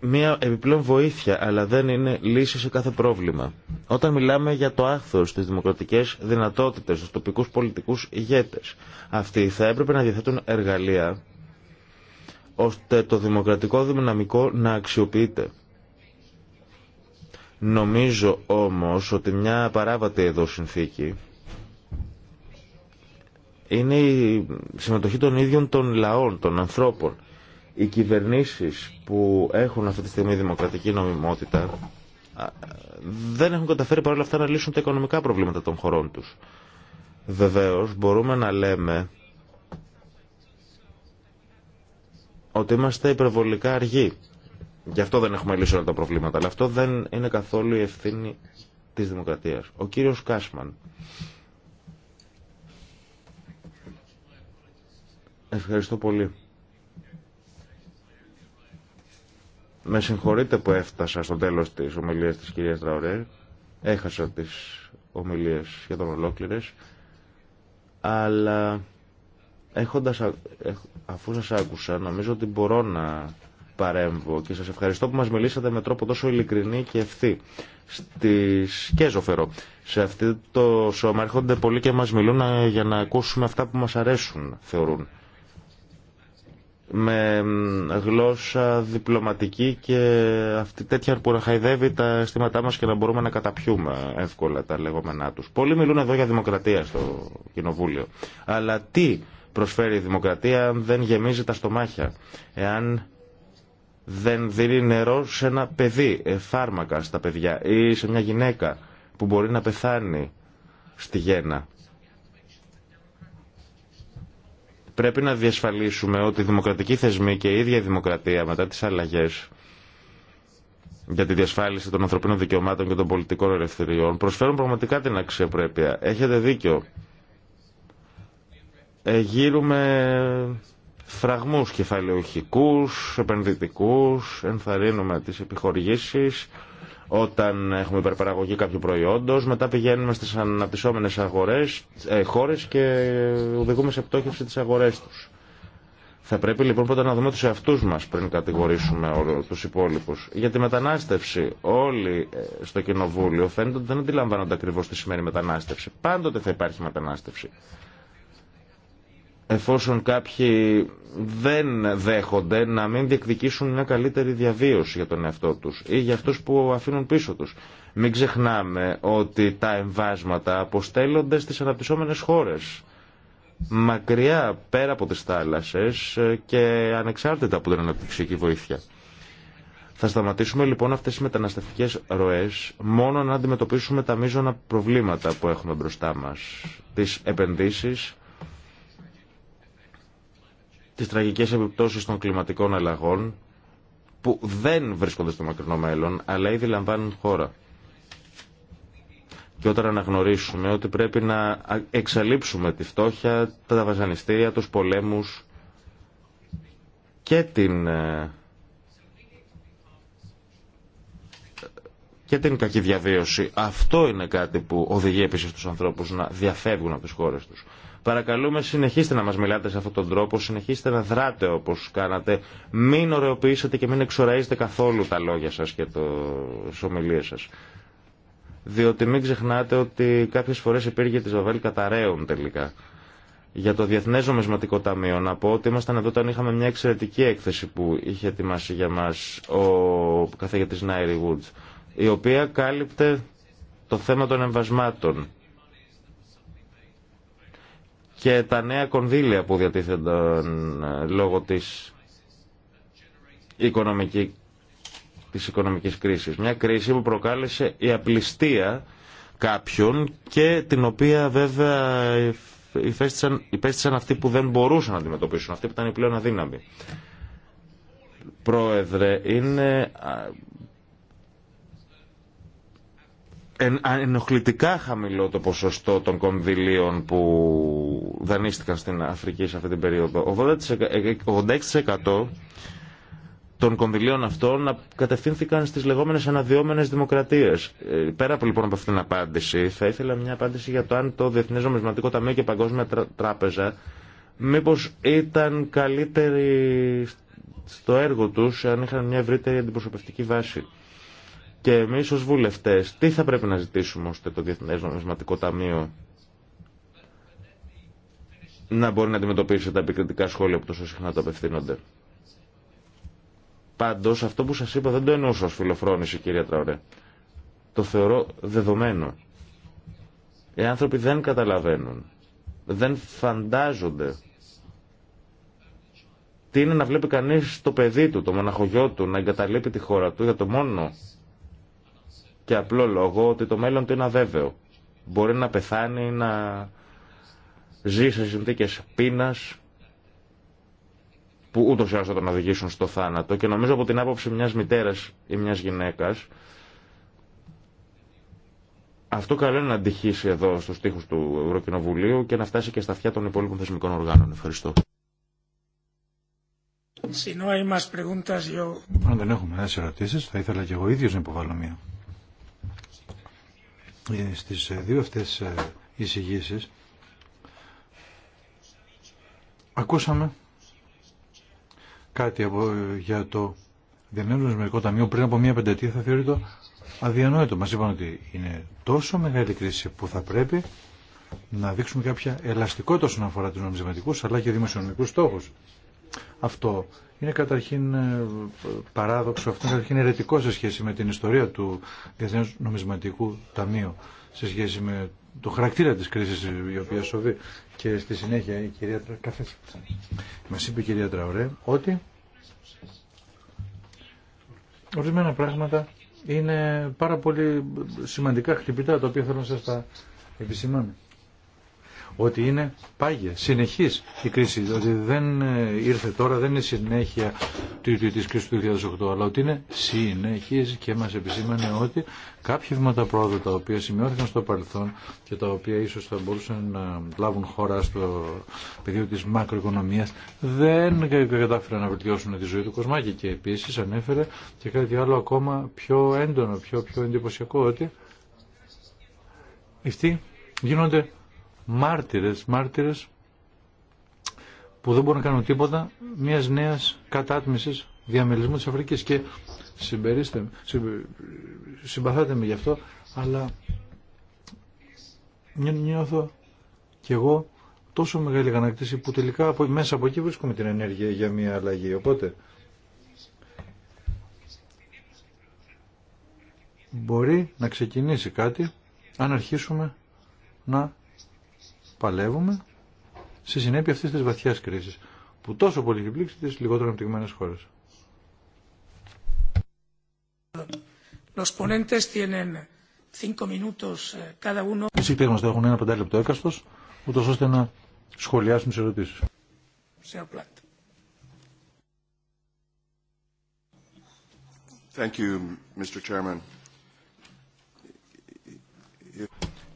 μια επιπλέον βοήθεια, αλλά δεν είναι λύση σε κάθε πρόβλημα. Όταν μιλάμε για το άχθος, τις δημοκρατικές δυνατότητες, τους τοπικούς πολιτικούς ηγέτες, αυτοί θα έπρεπε να διαθέτουν εργαλεία ώστε το δημοκρατικό δυναμικό να αξιοποιείται. Νομίζω όμως ότι μια παράβατη εδώ συνθήκη είναι η συμμετοχή των ίδιων των λαών, των ανθρώπων. Οι κυβερνήσεις που έχουν αυτή τη στιγμή δημοκρατική νομιμότητα δεν έχουν καταφέρει παρόλα αυτά να λύσουν τα οικονομικά προβλήματα των χωρών τους. Βεβαίως μπορούμε να λέμε ότι είμαστε υπερβολικά αργοί. Γι' αυτό δεν έχουμε λύσει όλα τα προβλήματα. Αλλά αυτό δεν είναι καθόλου η ευθύνη της δημοκρατίας. Ο κύριος Κάσμαν. Ευχαριστώ πολύ. Με συγχωρείτε που έφτασα στο τέλος της ομιλίας της κυρίας Τραωρέ. Έχασα τις ομιλίες σχεδόν ολόκληρες. Αλλά έχοντας, αφού σας άκουσα νομίζω ότι μπορώ να παρέμβω και σας ευχαριστώ που μας μιλήσατε με τρόπο τόσο ειλικρινή και ευθύ στις... και ζωφερό. Σε αυτό το σώμα έρχονται πολλοί και μας μιλούν ε, για να ακούσουμε αυτά που μας αρέσουν, θεωρούν με γλώσσα διπλωματική και αυτή τέτοια που να χαϊδεύει τα αισθήματά μας και να μπορούμε να καταπιούμε εύκολα τα λεγόμενά τους. Πολλοί μιλούν εδώ για δημοκρατία στο Κοινοβούλιο. Αλλά τι προσφέρει η δημοκρατία αν δεν γεμίζει τα στομάχια, εάν δεν δίνει νερό σε ένα παιδί, ε, φάρμακα στα παιδιά ή σε μια γυναίκα που μπορεί να πεθάνει στη γέννα. Πρέπει να διασφαλίσουμε ότι οι δημοκρατικοί θεσμοί και η ίδια η δημοκρατία μετά τις αλλαγές για τη διασφάλιση των ανθρωπίνων δικαιωμάτων και των πολιτικών ελευθεριών προσφέρουν πραγματικά την αξιοπρέπεια. Έχετε δίκιο. Ε, γύρουμε φραγμούς κεφαλαιοχικούς, επενδυτικούς, ενθαρρύνουμε τις επιχορηγήσεις, όταν έχουμε υπερπαραγωγή κάποιου προϊόντος, μετά πηγαίνουμε στις αναπτυσσόμενες αγορές, ε, χώρες και οδηγούμε σε πτώχευση τις αγορές τους. Θα πρέπει λοιπόν πρώτα να δούμε τους εαυτούς μας πριν κατηγορήσουμε τους υπόλοιπους. Για τη μετανάστευση όλοι ε, στο κοινοβούλιο φαίνεται ότι δεν αντιλαμβάνονται ακριβώ τι σημαίνει μετανάστευση. Πάντοτε θα υπάρχει μετανάστευση εφόσον κάποιοι δεν δέχονται να μην διεκδικήσουν μια καλύτερη διαβίωση για τον εαυτό τους ή για αυτούς που αφήνουν πίσω τους. Μην ξεχνάμε ότι τα εμβάσματα αποστέλλονται στις αναπτυσσόμενες χώρες μακριά πέρα από τις θάλασσες και ανεξάρτητα από την αναπτυξιακή βοήθεια. Θα σταματήσουμε λοιπόν αυτές οι μεταναστευτικές ροές μόνο να αντιμετωπίσουμε τα μείζωνα προβλήματα που έχουμε μπροστά μας. Τις επενδύσεις, τις τραγικές επιπτώσεις των κλιματικών αλλαγών που δεν βρίσκονται στο μακρινό μέλλον, αλλά ήδη λαμβάνουν χώρα. Και όταν αναγνωρίσουμε ότι πρέπει να εξαλείψουμε τη φτώχεια, τα βασανιστήρια, τους πολέμους και την, ε, και την κακή διαβίωση. Αυτό είναι κάτι που οδηγεί επίσης τους ανθρώπους να διαφεύγουν από τις χώρες τους. Παρακαλούμε συνεχίστε να μας μιλάτε σε αυτόν τον τρόπο, συνεχίστε να δράτε όπως κάνατε. Μην ωρεοποιήσετε και μην εξοραίζετε καθόλου τα λόγια σας και τι ομιλίε σας. Διότι μην ξεχνάτε ότι κάποιες φορές υπήρχε τη Βαβέλ καταραίων τελικά. Για το Διεθνέ Νομισματικό Ταμείο να πω ότι ήμασταν εδώ όταν είχαμε μια εξαιρετική έκθεση που είχε ετοιμάσει για μα ο καθηγητή Νάιρι Woods, η οποία κάλυπτε το θέμα των εμβασμάτων και τα νέα κονδύλια που διατίθενταν ε, λόγω της οικονομικής, της οικονομικής κρίσης. Μια κρίση που προκάλεσε η απληστία κάποιων και την οποία βέβαια υπέστησαν, υπέστησαν αυτοί που δεν μπορούσαν να αντιμετωπίσουν, αυτοί που ήταν οι πλέον αδύναμοι. Πρόεδρε, είναι ενοχλητικά χαμηλό το ποσοστό των κονδυλίων που δανείστηκαν στην Αφρική σε αυτή την περίοδο. 86% ε, ε, των κονδυλίων αυτών κατευθύνθηκαν στις λεγόμενες αναδυόμενες δημοκρατίες. Ε, πέρα από λοιπόν από αυτήν την απάντηση, θα ήθελα μια απάντηση για το αν το Διεθνές Νομισματικό Ταμείο και Παγκόσμια Τράπεζα μήπως ήταν καλύτεροι στο έργο τους αν είχαν μια ευρύτερη αντιπροσωπευτική βάση. Και εμεί ω βουλευτέ, τι θα πρέπει να ζητήσουμε ώστε το Διεθνέ Νομισματικό Ταμείο να μπορεί να αντιμετωπίσει τα επικριτικά σχόλια που τόσο συχνά το απευθύνονται. Πάντω, αυτό που σα είπα δεν το εννοούσα ω φιλοφρόνηση, κυρία Τραωρέ. Το θεωρώ δεδομένο. Οι άνθρωποι δεν καταλαβαίνουν. Δεν φαντάζονται. Τι είναι να βλέπει κανείς το παιδί του, το μοναχογιό του, να εγκαταλείπει τη χώρα του για το μόνο και απλό λόγο ότι το μέλλον του είναι αβέβαιο. Μπορεί να πεθάνει, να ζει σε συνθήκες πείνας που ούτως ή άλλως θα τον οδηγήσουν στο θάνατο και νομίζω από την άποψη μιας μητέρας ή μιας γυναίκας αυτό καλό είναι να αντυχήσει εδώ στους τοίχους του Ευρωκοινοβουλίου και να φτάσει και στα αυτιά των υπόλοιπων θεσμικών οργάνων. Ευχαριστώ. Αν δεν έχουμε άλλε ερωτήσει, θα ήθελα και εγώ ίδιο να υποβάλω μία. Ε, στις ε, δύο αυτές ε, εισηγήσεις ακούσαμε κάτι για το Διανέργο μερικό Ταμείο πριν από μία πενταετία θα θεωρεί αδιανόητο. Μας είπαν ότι είναι τόσο μεγάλη κρίση που θα πρέπει να δείξουμε κάποια ελαστικότητα όσον αφορά τους νομισματικούς αλλά και δημοσιονομικούς στόχους. Αυτό είναι καταρχήν ε, παράδοξο, αυτό είναι καταρχήν ερετικό σε σχέση με την ιστορία του Διεθνούς Νομισματικού Ταμείου, σε σχέση με το χαρακτήρα της κρίσης η οποία σοβεί και στη συνέχεια η κυρία Τραωρέ, Μας είπε η κυρία Τραωρέ ότι ορισμένα πράγματα είναι πάρα πολύ σημαντικά χτυπητά τα οποία θέλω να σας τα επισημάνω ότι είναι πάγια, συνεχής η κρίση, ότι δεν ε, ήρθε τώρα, δεν είναι συνέχεια της κρίσης του 2008, αλλά ότι είναι συνεχής και μας επισήμανε ότι κάποια βήματα πρόοδου τα οποία σημειώθηκαν στο παρελθόν και τα οποία ίσως θα μπορούσαν να λάβουν χώρα στο πεδίο της μακροοικονομίας δεν κατάφεραν να βελτιώσουν τη ζωή του Κοσμάκη και επίσης ανέφερε και κάτι άλλο ακόμα πιο έντονο, πιο, πιο εντυπωσιακό ότι αυτοί γίνονται μάρτυρες, μάρτυρες που δεν μπορούν να κάνουν τίποτα μιας νέας κατάτμισης διαμελισμού της Αφρικής και συμπερίστε, συμπαθάτε με γι' αυτό αλλά νιώθω κι εγώ τόσο μεγάλη γανακτήση που τελικά από, μέσα από εκεί βρίσκουμε την ενέργεια για μια αλλαγή οπότε μπορεί να ξεκινήσει κάτι αν αρχίσουμε να παλεύουμε στη συνέπεια αυτής της βαθιάς κρίσης που τόσο πολύ έχει πλήξει τις λιγότερο αναπτυγμένες χώρες. Los ponentes tienen cinco minutos eh, cada uno. Οι συμπτές μας έχουν ένα πεντάλεπτο έκαστος, ούτως ώστε να σχολιάσουν τις ερωτήσεις. Thank you, Mr. Chairman.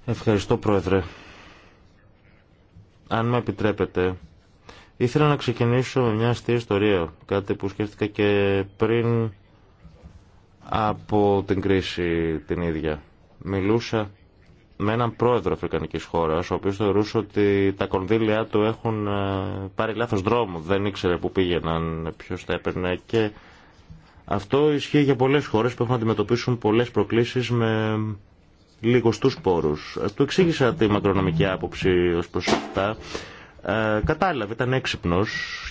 Ευχαριστώ, Πρόεδρε. Αν με επιτρέπετε, ήθελα να ξεκινήσω με μια αστεία ιστορία, κάτι που σκέφτηκα και πριν από την κρίση την ίδια. Μιλούσα με έναν πρόεδρο Αφρικανικής χώρας, ο οποίος θεωρούσε ότι τα κονδύλια του έχουν ε, πάρει λάθος δρόμο, δεν ήξερε που πήγαιναν, ποιο τα έπαιρνε και αυτό ισχύει για πολλές χώρες που έχουν να αντιμετωπίσουν πολλές προκλήσεις με λιγοστούς τους πόρους. Ε, του εξήγησα τη μακρονομική άποψη ως προς αυτά. Ε, κατάλαβε, ήταν έξυπνο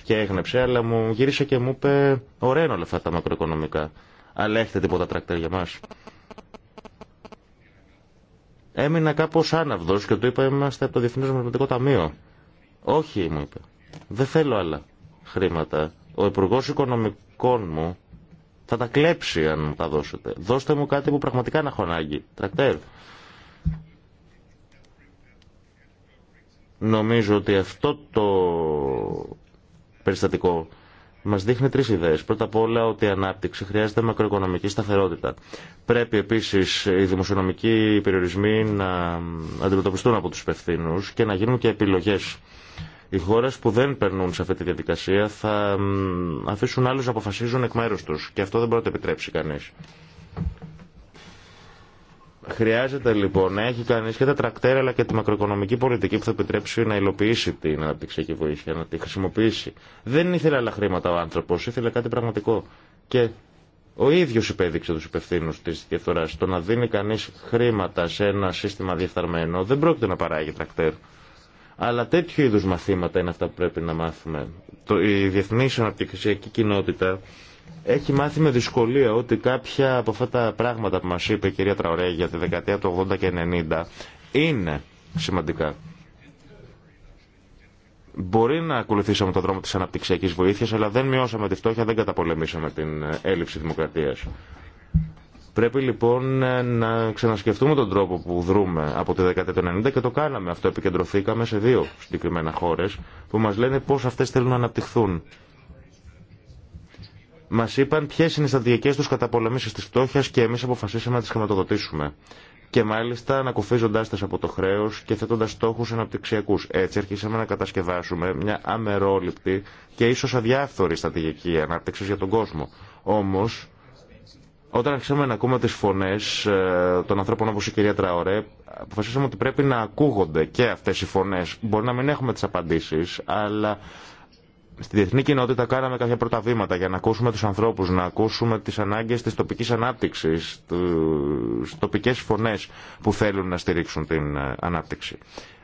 και έγνεψε, αλλά μου γύρισε και μου είπε ωραία είναι όλα αυτά τα μακροοικονομικά. Αλλά έχετε τίποτα τρακτέρ για μας. Έμεινα κάπως άναυδος και του είπα είμαστε από το Διεθνές Μαρματικό Ταμείο. Όχι, μου είπε. Δεν θέλω άλλα χρήματα. Ο Υπουργό Οικονομικών μου θα τα κλέψει αν μου τα δώσετε. Δώστε μου κάτι που πραγματικά να έχω ανάγκη. Τρακτέρ. Νομίζω ότι αυτό το περιστατικό Μα δείχνει τρει ιδέε. Πρώτα απ' όλα ότι η ανάπτυξη χρειάζεται μακροοικονομική σταθερότητα. Πρέπει επίση οι δημοσιονομικοί περιορισμοί να αντιμετωπιστούν από του υπευθύνου και να γίνουν και επιλογέ οι χώρες που δεν περνούν σε αυτή τη διαδικασία θα αφήσουν άλλους να αποφασίζουν εκ μέρους τους και αυτό δεν μπορεί να το επιτρέψει κανείς. Χρειάζεται λοιπόν να έχει κανεί και τα τρακτέρ αλλά και τη μακροοικονομική πολιτική που θα επιτρέψει να υλοποιήσει την αναπτυξιακή βοήθεια, να τη χρησιμοποιήσει. Δεν ήθελε άλλα χρήματα ο άνθρωπο, ήθελε κάτι πραγματικό. Και ο ίδιο υπέδειξε του υπευθύνου τη διαφθορά. Το να δίνει κανεί χρήματα σε ένα σύστημα διεφθαρμένο δεν πρόκειται να παράγει τρακτέρ. Αλλά τέτοιου είδους μαθήματα είναι αυτά που πρέπει να μάθουμε. Το, η διεθνής αναπτυξιακή κοινότητα έχει μάθει με δυσκολία ότι κάποια από αυτά τα πράγματα που μας είπε η κυρία Τραωρέ για τη δεκαετία του 80 και 90 είναι σημαντικά. Μπορεί να ακολουθήσαμε τον δρόμο της αναπτυξιακής βοήθειας, αλλά δεν μειώσαμε τη φτώχεια, δεν καταπολεμήσαμε την ε, έλλειψη δημοκρατίας. Πρέπει λοιπόν ε, να ξανασκεφτούμε τον τρόπο που δρούμε από τη δεκαετία του και το κάναμε αυτό. Επικεντρωθήκαμε σε δύο συγκεκριμένα χώρε που μα λένε πώ αυτέ θέλουν να αναπτυχθούν. Μα είπαν ποιε είναι οι στρατηγικέ του καταπολεμήσει τη φτώχεια και εμεί αποφασίσαμε να τι χρηματοδοτήσουμε. Και μάλιστα ανακουφίζοντά τι από το χρέο και θέτοντα στόχου αναπτυξιακού. Έτσι αρχίσαμε να κατασκευάσουμε μια αμερόληπτη και ίσω αδιάφθορη στρατηγική ανάπτυξη για τον κόσμο. Όμω όταν αρχίσαμε να ακούμε τις φωνές ε, των ανθρώπων όπως η κυρία Τραωρέ, αποφασίσαμε ότι πρέπει να ακούγονται και αυτές οι φωνές. Μπορεί να μην έχουμε τις απαντήσεις, αλλά στη διεθνή κοινότητα κάναμε κάποια πρώτα βήματα για να ακούσουμε τους ανθρώπους, να ακούσουμε τις ανάγκες της τοπικής ανάπτυξης, τις τοπικές φωνές που θέλουν να στηρίξουν την ε, ανάπτυξη.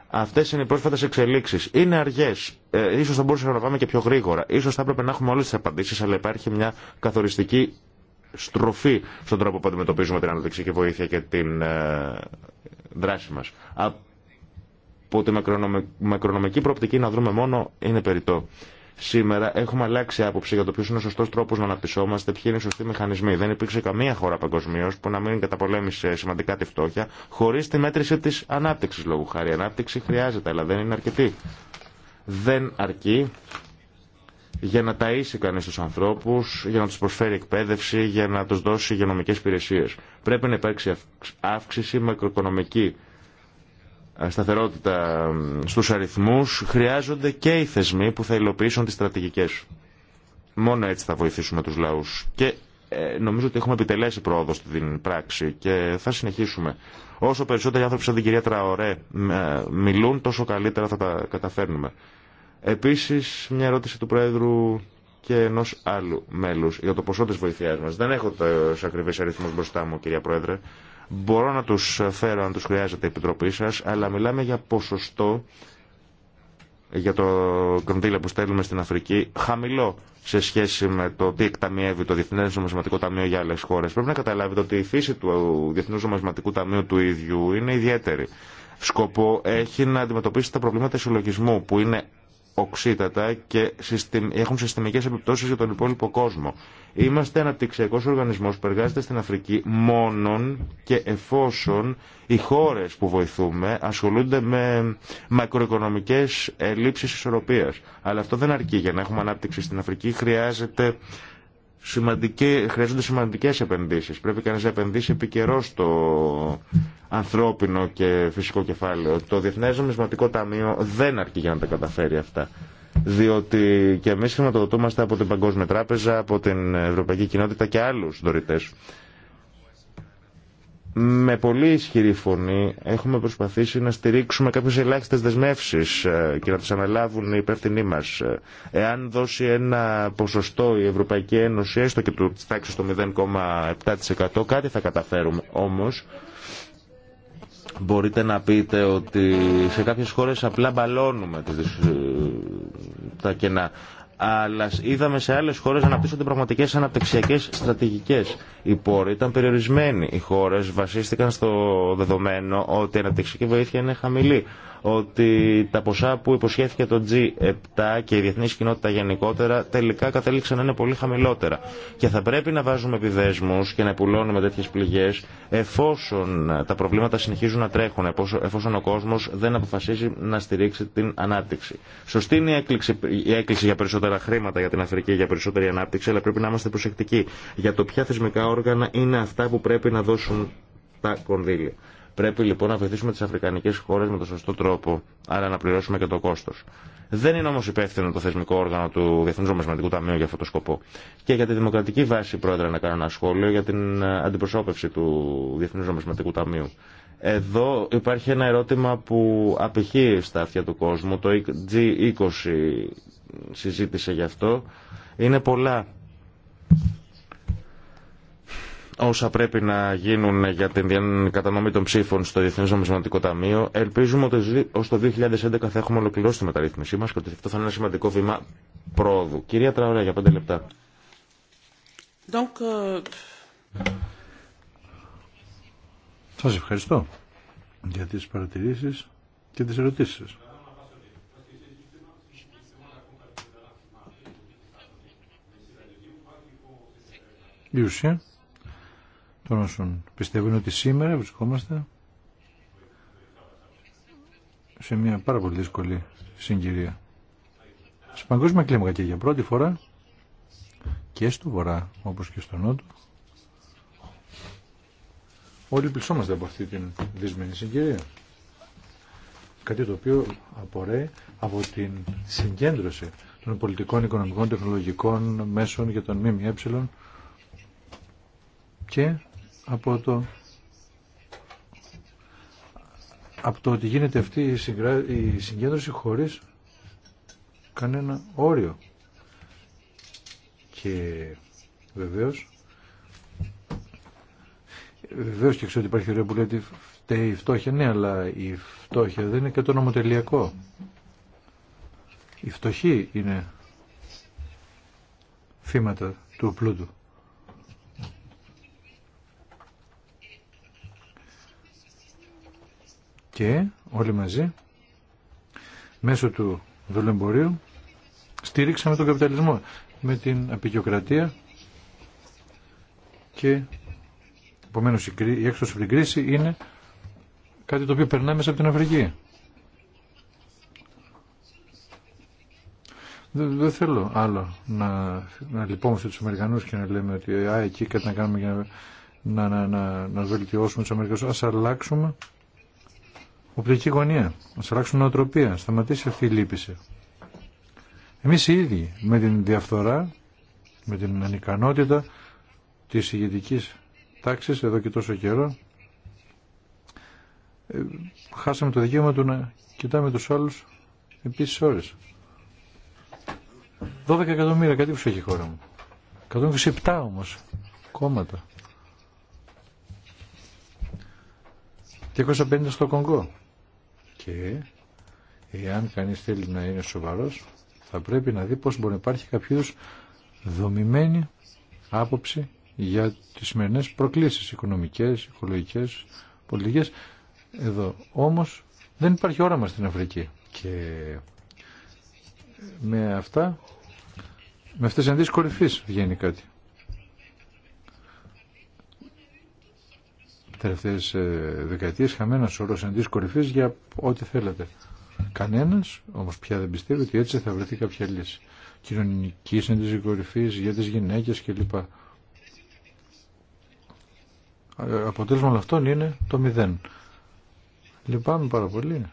Αυτέ είναι οι πρόσφατε εξελίξει. Είναι αργέ. Ε, ίσως θα μπορούσαμε να πάμε και πιο γρήγορα. σω θα έπρεπε να έχουμε όλε τι απαντήσει, αλλά υπάρχει μια καθοριστική στροφή στον τρόπο που αντιμετωπίζουμε την αναπτυξιακή βοήθεια και την ε, δράση μας. Από τη μακρονομική προοπτική να δούμε μόνο είναι περιττό. Σήμερα έχουμε αλλάξει άποψη για το ποιο είναι ο σωστό τρόπο να αναπτυσσόμαστε, ποιοι είναι οι σωστοί μηχανισμοί. Δεν υπήρξε καμία χώρα παγκοσμίω που να μην καταπολέμησε σημαντικά τη φτώχεια χωρί τη μέτρηση τη ανάπτυξη λόγου χάρη. Η ανάπτυξη χρειάζεται, αλλά δεν είναι αρκετή. Δεν αρκεί για να ταΐσει κανείς τους ανθρώπους, για να τους προσφέρει εκπαίδευση, για να τους δώσει υγειονομικές υπηρεσίες. Πρέπει να υπάρξει αύξηση μακροοικονομική ε, σταθερότητα στους αριθμούς. Χρειάζονται και οι θεσμοί που θα υλοποιήσουν τις στρατηγικές. Μόνο έτσι θα βοηθήσουμε τους λαούς. Και ε, νομίζω ότι έχουμε επιτελέσει πρόοδο στην πράξη και θα συνεχίσουμε. Όσο περισσότεροι άνθρωποι σαν την κυρία Τραωρέ ε, μιλούν, τόσο καλύτερα θα τα καταφέρνουμε. Επίσης, μια ερώτηση του Πρόεδρου και ενό άλλου μέλους για το ποσό τη βοηθειά μα. Δεν έχω του ακριβεί αριθμού μπροστά μου, κυρία Πρόεδρε. Μπορώ να του φέρω αν του χρειάζεται η Επιτροπή σα, αλλά μιλάμε για ποσοστό για το κονδύλια που στέλνουμε στην Αφρική χαμηλό σε σχέση με το τι εκταμιεύει το Διεθνέ Νομισματικό Ταμείο για άλλε χώρε. Πρέπει να καταλάβετε ότι η φύση του Διεθνού Νομισματικού Ταμείου του ίδιου είναι ιδιαίτερη. Σκοπό έχει να αντιμετωπίσει τα προβλήματα συλλογισμού που είναι οξύτατα και έχουν συστημικές επιπτώσει για τον υπόλοιπο κόσμο. Είμαστε αναπτυξιακό οργανισμό που εργάζεται στην Αφρική μόνον και εφόσον οι χώρε που βοηθούμε ασχολούνται με μακροοικονομικές ελλείψει ισορροπία. Αλλά αυτό δεν αρκεί. Για να έχουμε ανάπτυξη στην Αφρική χρειάζεται χρειάζονται σημαντικές επενδύσεις. Πρέπει κανείς να επενδύσει καιρό στο ανθρώπινο και φυσικό κεφάλαιο. Το Διεθνές Νομισματικό Ταμείο δεν αρκεί για να τα καταφέρει αυτά. Διότι και εμείς χρηματοδοτούμαστε από την Παγκόσμια Τράπεζα, από την Ευρωπαϊκή Κοινότητα και άλλους δωρητές με πολύ ισχυρή φωνή έχουμε προσπαθήσει να στηρίξουμε κάποιες ελάχιστες δεσμεύσεις ε, και να τις αναλάβουν οι υπεύθυνοί μας. Ε, εάν δώσει ένα ποσοστό η Ευρωπαϊκή Ένωση, έστω και του τάξη το 0,7% κάτι θα καταφέρουμε. Όμως μπορείτε να πείτε ότι σε κάποιες χώρες απλά μπαλώνουμε ε, τα κενά αλλά είδαμε σε άλλε χώρε να αναπτύσσονται πραγματικέ αναπτυξιακέ στρατηγικέ. Οι πόροι ήταν περιορισμένοι. Οι χώρε βασίστηκαν στο δεδομένο ότι η αναπτυξιακή βοήθεια είναι χαμηλή ότι τα ποσά που υποσχέθηκε το G7 και η διεθνή κοινότητα γενικότερα τελικά κατέληξαν να είναι πολύ χαμηλότερα. Και θα πρέπει να βάζουμε επιδέσμου και να πουλώνουμε τέτοιε πληγέ εφόσον τα προβλήματα συνεχίζουν να τρέχουν, εφόσον ο κόσμο δεν αποφασίζει να στηρίξει την ανάπτυξη. Σωστή είναι η έκκληση, η έκκληση για περισσότερα χρήματα για την Αφρική, για περισσότερη ανάπτυξη, αλλά πρέπει να είμαστε προσεκτικοί για το ποια θεσμικά όργανα είναι αυτά που πρέπει να δώσουν τα κονδύλια. Πρέπει λοιπόν να βοηθήσουμε τι αφρικανικέ χώρε με τον σωστό τρόπο, άρα να πληρώσουμε και το κόστο. Δεν είναι όμω υπεύθυνο το θεσμικό όργανο του Διεθνού Νομισματικού Ταμείου για αυτό το σκοπό. Και για τη δημοκρατική βάση, πρόεδρε, να κάνω ένα σχόλιο για την ε, αντιπροσώπευση του Διεθνού Νομισματικού Ταμείου. Εδώ υπάρχει ένα ερώτημα που απηχεί στα αυτιά του κόσμου. Το G20 συζήτησε γι' αυτό. Είναι πολλά όσα πρέπει να γίνουν για την κατανομή των ψήφων στο Διεθνές Νομισματικό Ταμείο. Ελπίζουμε ότι ως το 2011 θα έχουμε ολοκληρώσει τη μεταρρύθμισή μας και ότι αυτό θα είναι ένα σημαντικό βήμα πρόοδου. Κυρία Τραωρέα, για πέντε λεπτά. Donc, euh, Σας ευχαριστώ για τις παρατηρήσεις και τις ερωτήσεις σας των όσων πιστεύουν ότι σήμερα βρισκόμαστε σε μια πάρα πολύ δύσκολη συγκυρία. Σε παγκόσμια κλίμακα και για πρώτη φορά και στο βορρά όπως και στο νότο όλοι πλησόμαστε από αυτή την δυσμένη συγκυρία. Κάτι το οποίο απορρέει από την συγκέντρωση των πολιτικών, οικονομικών, τεχνολογικών μέσων για τον ΜΜΕ και από το από το ότι γίνεται αυτή η, συγκέντρωση χωρίς κανένα όριο. Και βεβαίως βεβαίως και ξέρω ότι υπάρχει ωραία που λέει ότι φταίει η φτώχεια, ναι, αλλά η φτώχεια δεν είναι και το νομοτελειακό. Η φτωχή είναι θύματα του πλούτου. και όλοι μαζί μέσω του δουλεμπορίου, στήριξαμε τον καπιταλισμό με την απεικιοκρατία και επομένω η έξοδος από την κρίση είναι κάτι το οποίο περνάμε μέσα από την Αφρική. Δεν, θέλω άλλο να, να λυπόμαστε τους Αμερικανούς και να λέμε ότι α, εκεί κάτι να κάνουμε για να, να, να, να, να βελτιώσουμε τους Αμερικανούς. Ας αλλάξουμε οπτική γωνία, να αλλάξουν νοοτροπία, σταματήσει αυτή η λύπηση. Εμείς οι ίδιοι με την διαφθορά, με την ανικανότητα της ηγετικής τάξης εδώ και τόσο καιρό, ε, χάσαμε το δικαίωμα του να κοιτάμε τους άλλους επίσης ώρες. 12 εκατομμύρια σου έχει η χώρα μου. 127 όμως κόμματα. 250 στο Κονγκό. Και εάν κανείς θέλει να είναι σοβαρός, θα πρέπει να δει πώς μπορεί να υπάρχει κάποιο δομημένη άποψη για τις σημερινέ προκλήσεις οικονομικές, οικολογικές, πολιτικές. Εδώ όμως δεν υπάρχει όραμα στην Αφρική και με αυτά, με αυτές τις αντίσεις βγαίνει κάτι. τελευταίες ε, δεκαετίες χαμένα σωρός αντίς κορυφής για ό,τι θέλετε. Κανένα όμω πια δεν πιστεύει ότι έτσι θα βρεθεί κάποια λύση. Κοινωνική συνέντευξη κορυφή, για τι γυναίκε κλπ. Ε, αποτέλεσμα όλων αυτών είναι το μηδέν. Λυπάμαι πάρα πολύ.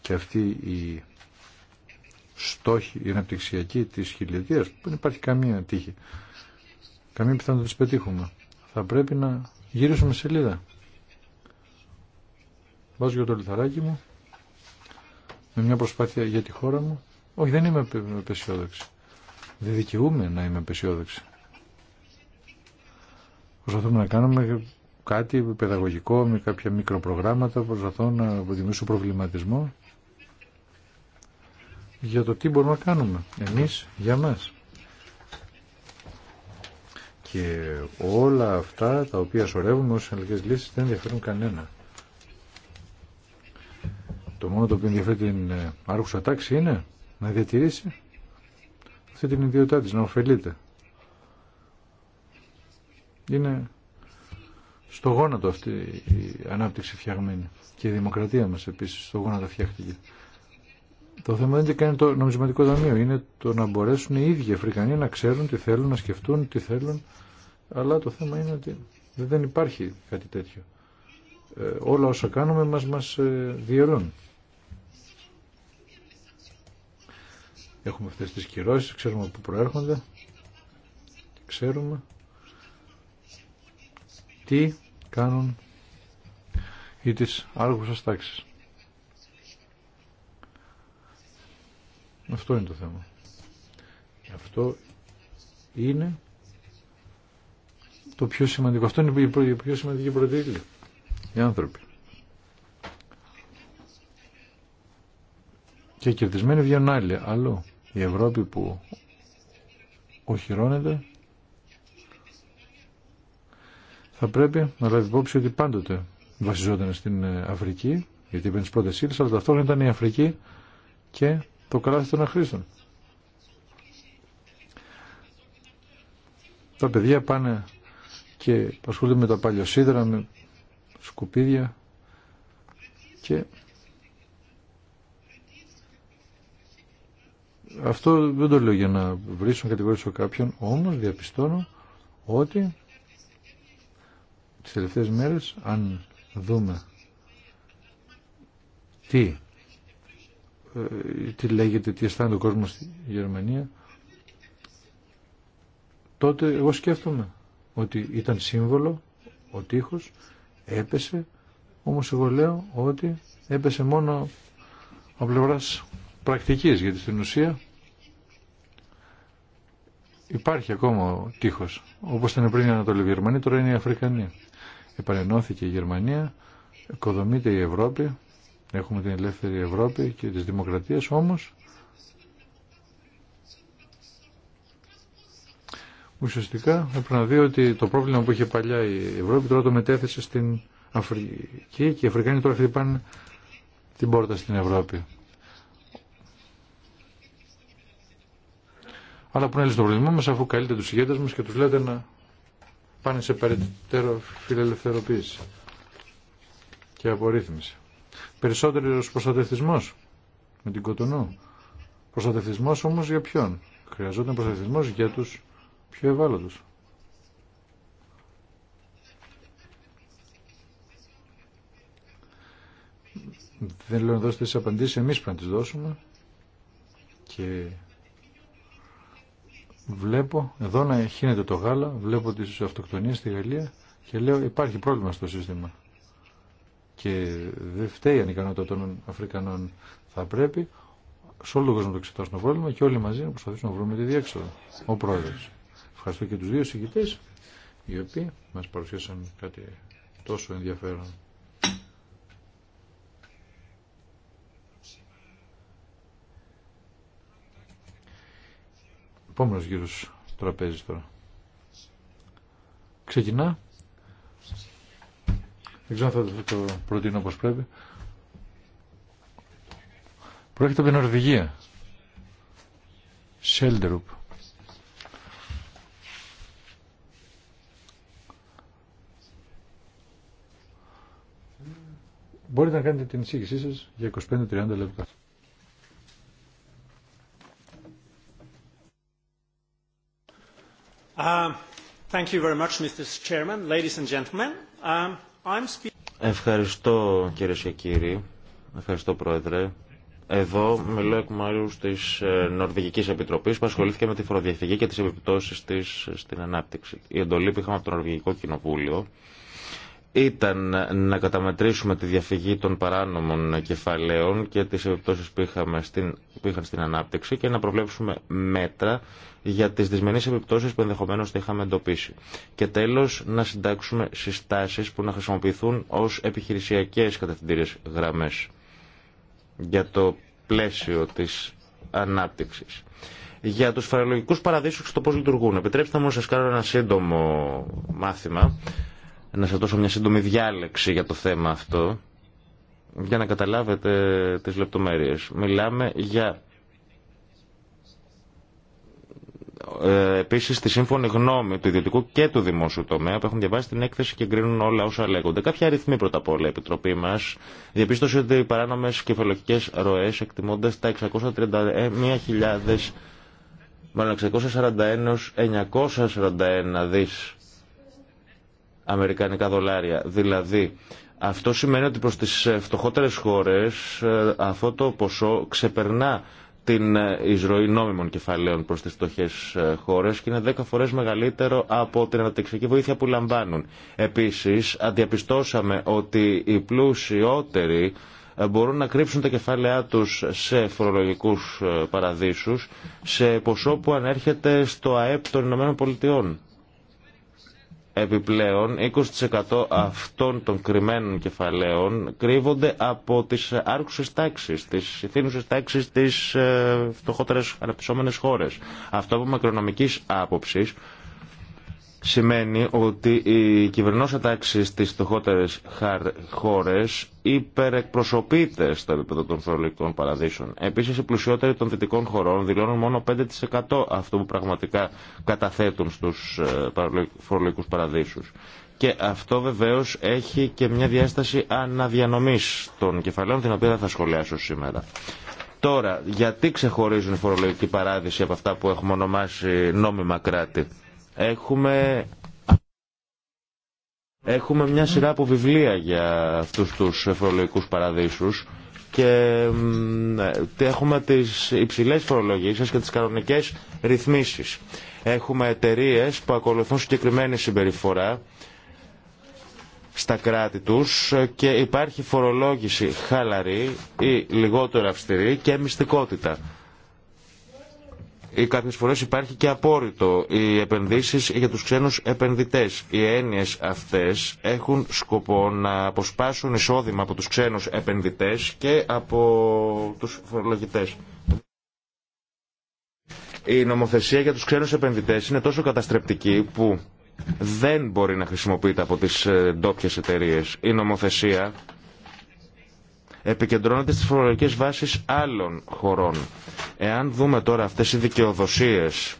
Και αυτή η στόχη, η αναπτυξιακή τη χιλιετία, που δεν υπάρχει καμία τύχη. Καμία πιθανότητα να τις πετύχουμε. Θα πρέπει να Γυρίσουμε σελίδα. Βάζω για το λιθαράκι μου. Με μια προσπάθεια για τη χώρα μου. Όχι, δεν είμαι απεσιόδοξη. Δεν δικαιούμαι να είμαι απεσιόδοξη. Προσπαθούμε να κάνουμε κάτι παιδαγωγικό με κάποια μικροπρογράμματα. Προσπαθώ να δημιουργήσω προβληματισμό για το τι μπορούμε να κάνουμε εμείς για μας. Και όλα αυτά τα οποία σωρεύουμε ως εναλλικές λύσεις δεν ενδιαφέρουν κανένα. Το μόνο το οποίο ενδιαφέρει την ε, άρχουσα τάξη είναι να διατηρήσει αυτή την ιδιότητά της, να ωφελείται. Είναι στο γόνατο αυτή η ανάπτυξη φτιαγμένη. Και η δημοκρατία μας επίσης στο γόνατο φτιάχτηκε. Το θέμα δεν είναι τι κάνει το νομισματικό ταμείο, είναι το να μπορέσουν οι ίδιοι Αφρικανοί να ξέρουν τι θέλουν, να σκεφτούν τι θέλουν, αλλά το θέμα είναι ότι δεν υπάρχει κάτι τέτοιο. Ε, όλα όσα κάνουμε μας, μας ε, διαιρούν. Έχουμε αυτές τις κυρώσεις, ξέρουμε πού προέρχονται, ξέρουμε τι κάνουν ή τις άργουσες τάξεις. Αυτό είναι το θέμα. Αυτό είναι το πιο σημαντικό. Αυτό είναι η πιο σημαντική πρωτήλη. Οι άνθρωποι. Και κερδισμένοι βγαίνουν άλλοι. Άλλο η Ευρώπη που οχυρώνεται θα πρέπει να λάβει υπόψη ότι πάντοτε βασιζόταν στην ε, Αφρική γιατί είπαν τις πρώτες αλλά ταυτόχρονα ήταν η Αφρική και το κράτος των αχρήστων. Τα παιδιά πάνε και ασχολούνται με τα παλιοσίδρα, με σκουπίδια και αυτό δεν το λέω για να βρίσουν να κατηγορήσω κάποιον, όμως διαπιστώνω ότι τις τελευταίες μέρες αν δούμε τι ε, τι λέγεται, τι αισθάνεται ο κόσμος στη Γερμανία, τότε εγώ σκέφτομαι ότι ήταν σύμβολο ο τείχος, έπεσε, όμως εγώ λέω ότι έπεσε μόνο από πλευρά πρακτικής, γιατί στην ουσία υπάρχει ακόμα ο τείχος, όπως ήταν πριν η Ανατολή Γερμανία, τώρα είναι η Αφρικανή. Επανενώθηκε η Γερμανία, οικοδομείται η Ευρώπη, Έχουμε την ελεύθερη Ευρώπη και τις δημοκρατίες όμως ουσιαστικά έπρεπε να δει ότι το πρόβλημα που είχε παλιά η Ευρώπη τώρα το μετέθεσε στην Αφρική και οι Αφρικάνοι τώρα χτυπάνε την πόρτα στην Ευρώπη. Αλλά που να λύσει το πρόβλημά μας αφού καλείτε τους ηγέτες μας και τους λέτε να πάνε σε περαιτέρω φιλελευθεροποίηση και απορρίθμιση. Περισσότερος προστατευτισμός με την Κοτονού. Προστατευτισμός όμως για ποιον. Χρειαζόταν προστατευτισμός για τους πιο ευάλωτους. Δεν λέω να δώσετε τις απαντήσεις, εμείς πρέπει να τις δώσουμε. Και βλέπω, εδώ να χύνεται το γάλα, βλέπω τις αυτοκτονίες στη Γαλλία και λέω υπάρχει πρόβλημα στο σύστημα και δεν φταίει η ανικανότητα των Αφρικανών. Θα πρέπει σε όλο τον κόσμο να το εξετάσουν το πρόβλημα και όλοι μαζί να προσπαθήσουμε να βρούμε τη διέξοδο. Ο πρόεδρο. Ευχαριστώ και του δύο συγκητέ οι οποίοι μα παρουσίασαν κάτι τόσο ενδιαφέρον. Επόμενος γύρος τραπέζι τώρα. Ξεκινά δεν ξέρω αν θα το προτείνω όπως πρέπει. Πρόκειται από την Νορβηγία. Σέλντερουπ. Μπορείτε να κάνετε την εισήγησή σας για 25-30 λεπτά. Uh, thank you very much, Mr. Chairman, ladies and gentlemen. Uh... Ευχαριστώ κύριε και κύριοι. Ευχαριστώ πρόεδρε. Εδώ μιλώ εκ μέρου τη ε, Νορβηγική Επιτροπή που ασχολήθηκε με τη φοροδιαφυγή και τι επιπτώσει τη ε, στην ανάπτυξη. Η εντολή που είχαμε από το Νορβηγικό Κοινοβούλιο ήταν να καταμετρήσουμε τη διαφυγή των παράνομων κεφαλαίων και τις επιπτώσεις που, στην, που είχαν στην ανάπτυξη και να προβλέψουμε μέτρα για τις δυσμενείς επιπτώσεις που ενδεχομένως τα είχαμε εντοπίσει. Και τέλος να συντάξουμε συστάσεις που να χρησιμοποιηθούν ως επιχειρησιακές κατευθυντήριες γραμμές για το πλαίσιο της ανάπτυξης. Για τους φαρολογικούς παραδείσους και το πώς λειτουργούν. Επιτρέψτε μου να σας κάνω ένα σύντομο μάθημα να σας δώσω μια σύντομη διάλεξη για το θέμα αυτό, για να καταλάβετε τις λεπτομέρειες. Μιλάμε για ε, επίσης τη σύμφωνη γνώμη του ιδιωτικού και του δημόσιου τομέα που έχουν διαβάσει την έκθεση και εγκρίνουν όλα όσα λέγονται. Κάποια αριθμή πρώτα απ' όλα η Επιτροπή μας διαπίστωσε ότι οι παράνομες κεφαλοκικές ροές εκτιμώντας τα 631.000 941 ε, δις αμερικανικά δολάρια. Δηλαδή, αυτό σημαίνει ότι προς τις ε, φτωχότερες χώρες ε, αυτό το ποσό ξεπερνά την ε, εισρωή νόμιμων κεφαλαίων προς τις φτωχές χώρες και είναι 10 φορές μεγαλύτερο από την αναπτυξιακή βοήθεια που λαμβάνουν. Επίσης, αντιαπιστώσαμε ότι οι πλούσιότεροι μπορούν να κρύψουν τα κεφάλαιά τους σε φορολογικούς παραδείσους σε ποσό που ανέρχεται στο ΑΕΠ των Ηνωμένων Πολιτειών. Επιπλέον, 20% αυτών των κρυμμένων κεφαλαίων κρύβονται από τις άρχουσες τάξεις, τις ηθήνουσες τάξεις της ε, φτωχότερες αναπτυσσόμενες χώρες. Αυτό από μακρονομικής άποψης σημαίνει ότι η κυβερνόσα τάξη στις φτωχότερες χώρες υπερεκπροσωπείται στο επίπεδο των φορολογικών παραδείσων. Επίσης, οι πλουσιότεροι των δυτικών χωρών δηλώνουν μόνο 5% αυτού που πραγματικά καταθέτουν στους ε, φορολογικούς παραδείσους. Και αυτό βεβαίως έχει και μια διάσταση αναδιανομής των κεφαλαίων, την οποία θα σχολιάσω σήμερα. Τώρα, γιατί ξεχωρίζουν οι φορολογικοί παράδεισοι από αυτά που έχουμε ονομάσει νόμιμα κράτη. Έχουμε Έχουμε μια σειρά από βιβλία για αυτούς τους φορολογικούς παραδείσους και έχουμε τις υψηλές φορολογίες και τις κανονικές ρυθμίσεις. Έχουμε εταιρείε που ακολουθούν συγκεκριμένη συμπεριφορά στα κράτη τους και υπάρχει φορολόγηση χαλαρή ή λιγότερο αυστηρή και μυστικότητα. Ή κάποιες φορές υπάρχει και απόρριτο οι επενδύσεις για τους ξένους επενδυτές. Οι έννοιες αυτές έχουν σκοπό να αποσπάσουν εισόδημα από τους ξένους επενδυτές και από τους φορολογητές. Η νομοθεσία για τους ξένους επενδυτές είναι τόσο καταστρεπτική που δεν μπορεί να χρησιμοποιείται από τις ε, ντόπιε εταιρείε. Η νομοθεσία επικεντρώνεται στις φορολογικές βάσεις άλλων χωρών. Εάν δούμε τώρα αυτές οι δικαιοδοσίες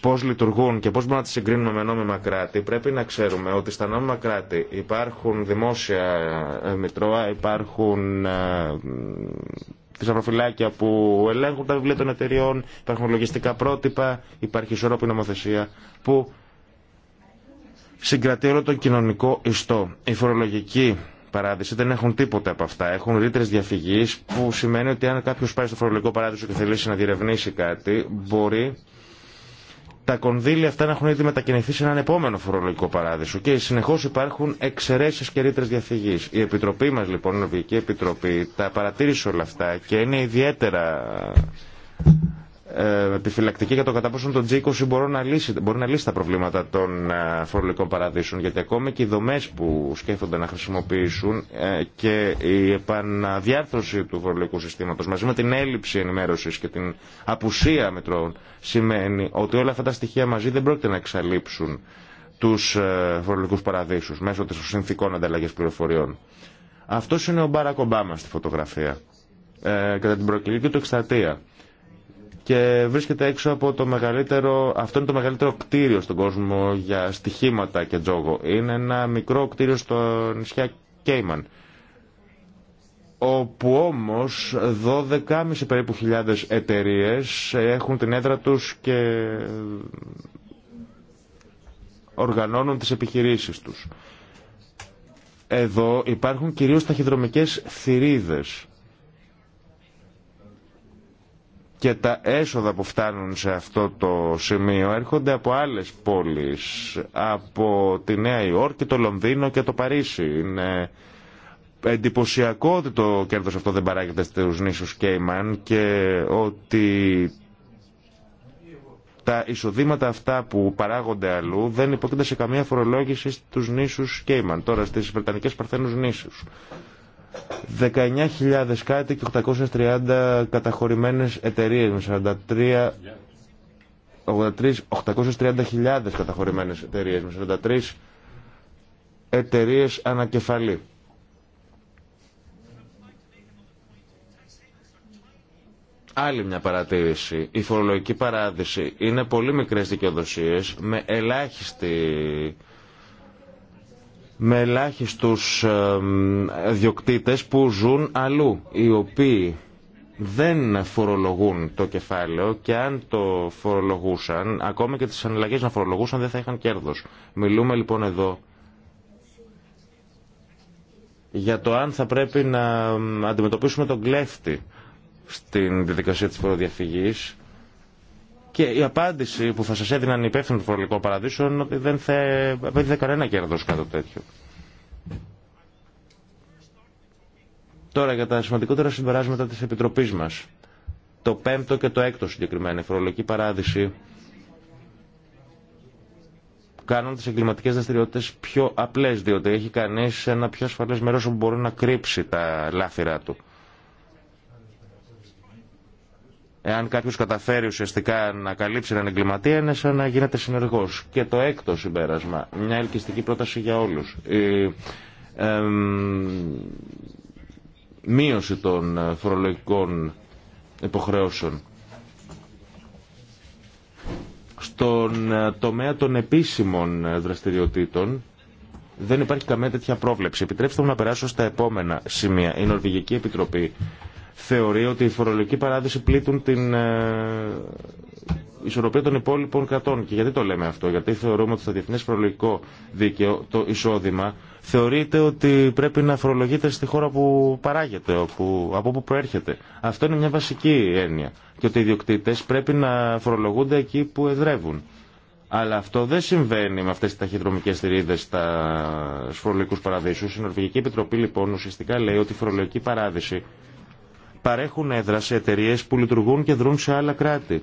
πώς λειτουργούν και πώς μπορούμε να τις συγκρίνουμε με νόμιμα κράτη, πρέπει να ξέρουμε ότι στα νόμιμα κράτη υπάρχουν δημόσια ε, μητρώα, υπάρχουν ε, τις αφροφυλάκια που ελέγχουν τα βιβλία των εταιριών, υπάρχουν λογιστικά πρότυπα, υπάρχει ισορροπή νομοθεσία που συγκρατεί όλο τον κοινωνικό ιστό. Η φορολογική παράδειση δεν έχουν τίποτα από αυτά. Έχουν ρήτρε διαφυγή που σημαίνει ότι αν κάποιο πάει στο φορολογικό παράδεισο και θελήσει να διερευνήσει κάτι, μπορεί τα κονδύλια αυτά να έχουν ήδη μετακινηθεί σε έναν επόμενο φορολογικό παράδεισο. Και συνεχώ υπάρχουν εξαιρέσει και ρήτρε διαφυγή. Η Επιτροπή μα, λοιπόν, η Ευρωπαϊκή Επιτροπή, τα παρατήρησε όλα αυτά και είναι ιδιαίτερα ε, επιφυλακτική για το κατά πόσο το G20 μπορεί να, λύσει, μπορεί να λύσει τα προβλήματα των ε, φορολογικών παραδείσων. Γιατί ακόμη και οι δομέ που σκέφτονται να χρησιμοποιήσουν ε, και η επαναδιάρθρωση του φορολογικού συστήματο μαζί με την έλλειψη ενημέρωση και την απουσία μετρών σημαίνει ότι όλα αυτά τα στοιχεία μαζί δεν πρόκειται να εξαλείψουν του φορολογικού παραδείσου μέσω των συνθήκων ανταλλαγή πληροφοριών. Αυτό είναι ο Μπάρακ Ομπάμα στη φωτογραφία. κατά την προεκλογική του εκστρατεία και βρίσκεται έξω από το μεγαλύτερο, αυτό είναι το μεγαλύτερο κτίριο στον κόσμο για στοιχήματα και τζόγο. Είναι ένα μικρό κτίριο στο νησιά Κέιμαν όπου όμως 12,5 περίπου χιλιάδες εταιρείες έχουν την έδρα τους και οργανώνουν τις επιχειρήσεις τους. Εδώ υπάρχουν κυρίως ταχυδρομικές θηρίδες και τα έσοδα που φτάνουν σε αυτό το σημείο έρχονται από άλλες πόλεις, από τη Νέα Υόρκη, το Λονδίνο και το Παρίσι. Είναι εντυπωσιακό ότι το κέρδος αυτό δεν παράγεται στους νήσους Κέιμαν και ότι τα εισοδήματα αυτά που παράγονται αλλού δεν υπόκειται σε καμία φορολόγηση στους νήσους Κέιμαν, τώρα στις Βρετανικές Παρθένους νήσους. 19.000 κάτι και 830 καταχωρημένες εταιρείες με 43... 830.000 καταχωρημένες εταιρείες με 43 εταιρείες ανακεφαλή. Άλλη μια παρατήρηση. Η φορολογική παράδειση είναι πολύ μικρές δικαιοδοσίες με ελάχιστη με ελάχιστους διοκτήτες που ζουν αλλού, οι οποίοι δεν φορολογούν το κεφάλαιο και αν το φορολογούσαν, ακόμα και τις αναλλαγές να φορολογούσαν δεν θα είχαν κέρδος. Μιλούμε λοιπόν εδώ για το αν θα πρέπει να αντιμετωπίσουμε τον κλέφτη στην διαδικασία της φοροδιαφυγής και η απάντηση που θα σα έδιναν οι υπεύθυνοι του φορολογικού παραδείσου είναι ότι δεν θα απέδιδε κανένα κέρδο κάτω τέτοιο. Τώρα για τα σημαντικότερα συμπεράσματα τη Επιτροπή μα. Το πέμπτο και το έκτο συγκεκριμένα, η φορολογική παράδειση κάνουν τι εγκληματικέ δραστηριότητε πιο απλέ, διότι έχει κανεί ένα πιο ασφαλέ μέρο όπου μπορεί να κρύψει τα λάθηρά του. Εάν κάποιο καταφέρει ουσιαστικά να καλύψει έναν εγκληματία, είναι σαν να γίνεται συνεργό. Και το έκτο συμπέρασμα, μια ελκυστική πρόταση για όλου. Η μείωση των ε, φορολογικών υποχρεώσεων. Στον ε, τομέα των επίσημων ε, δραστηριοτήτων, δεν υπάρχει καμία τέτοια πρόβλεψη. Επιτρέψτε μου να περάσω στα επόμενα σημεία. Η Νορβηγική Επιτροπή θεωρεί ότι οι φορολογικοί παράδεισοι πλήττουν την ε, ισορροπία των υπόλοιπων κρατών. Και γιατί το λέμε αυτό, Γιατί θεωρούμε ότι στο διεθνέ φορολογικό δίκαιο το εισόδημα θεωρείται ότι πρέπει να φορολογείται στη χώρα που παράγεται, όπου, από όπου προέρχεται. Αυτό είναι μια βασική έννοια. Και ότι οι ιδιοκτήτε πρέπει να φορολογούνται εκεί που εδρεύουν. Αλλά αυτό δεν συμβαίνει με αυτέ τι ταχυδρομικέ θηρίδε στα φορολογικού παραδείσου. Η Νορβηγική Επιτροπή λοιπόν ουσιαστικά λέει ότι η φορολογική παράδειση παρέχουν έδρα σε εταιρείε που λειτουργούν και δρούν σε άλλα κράτη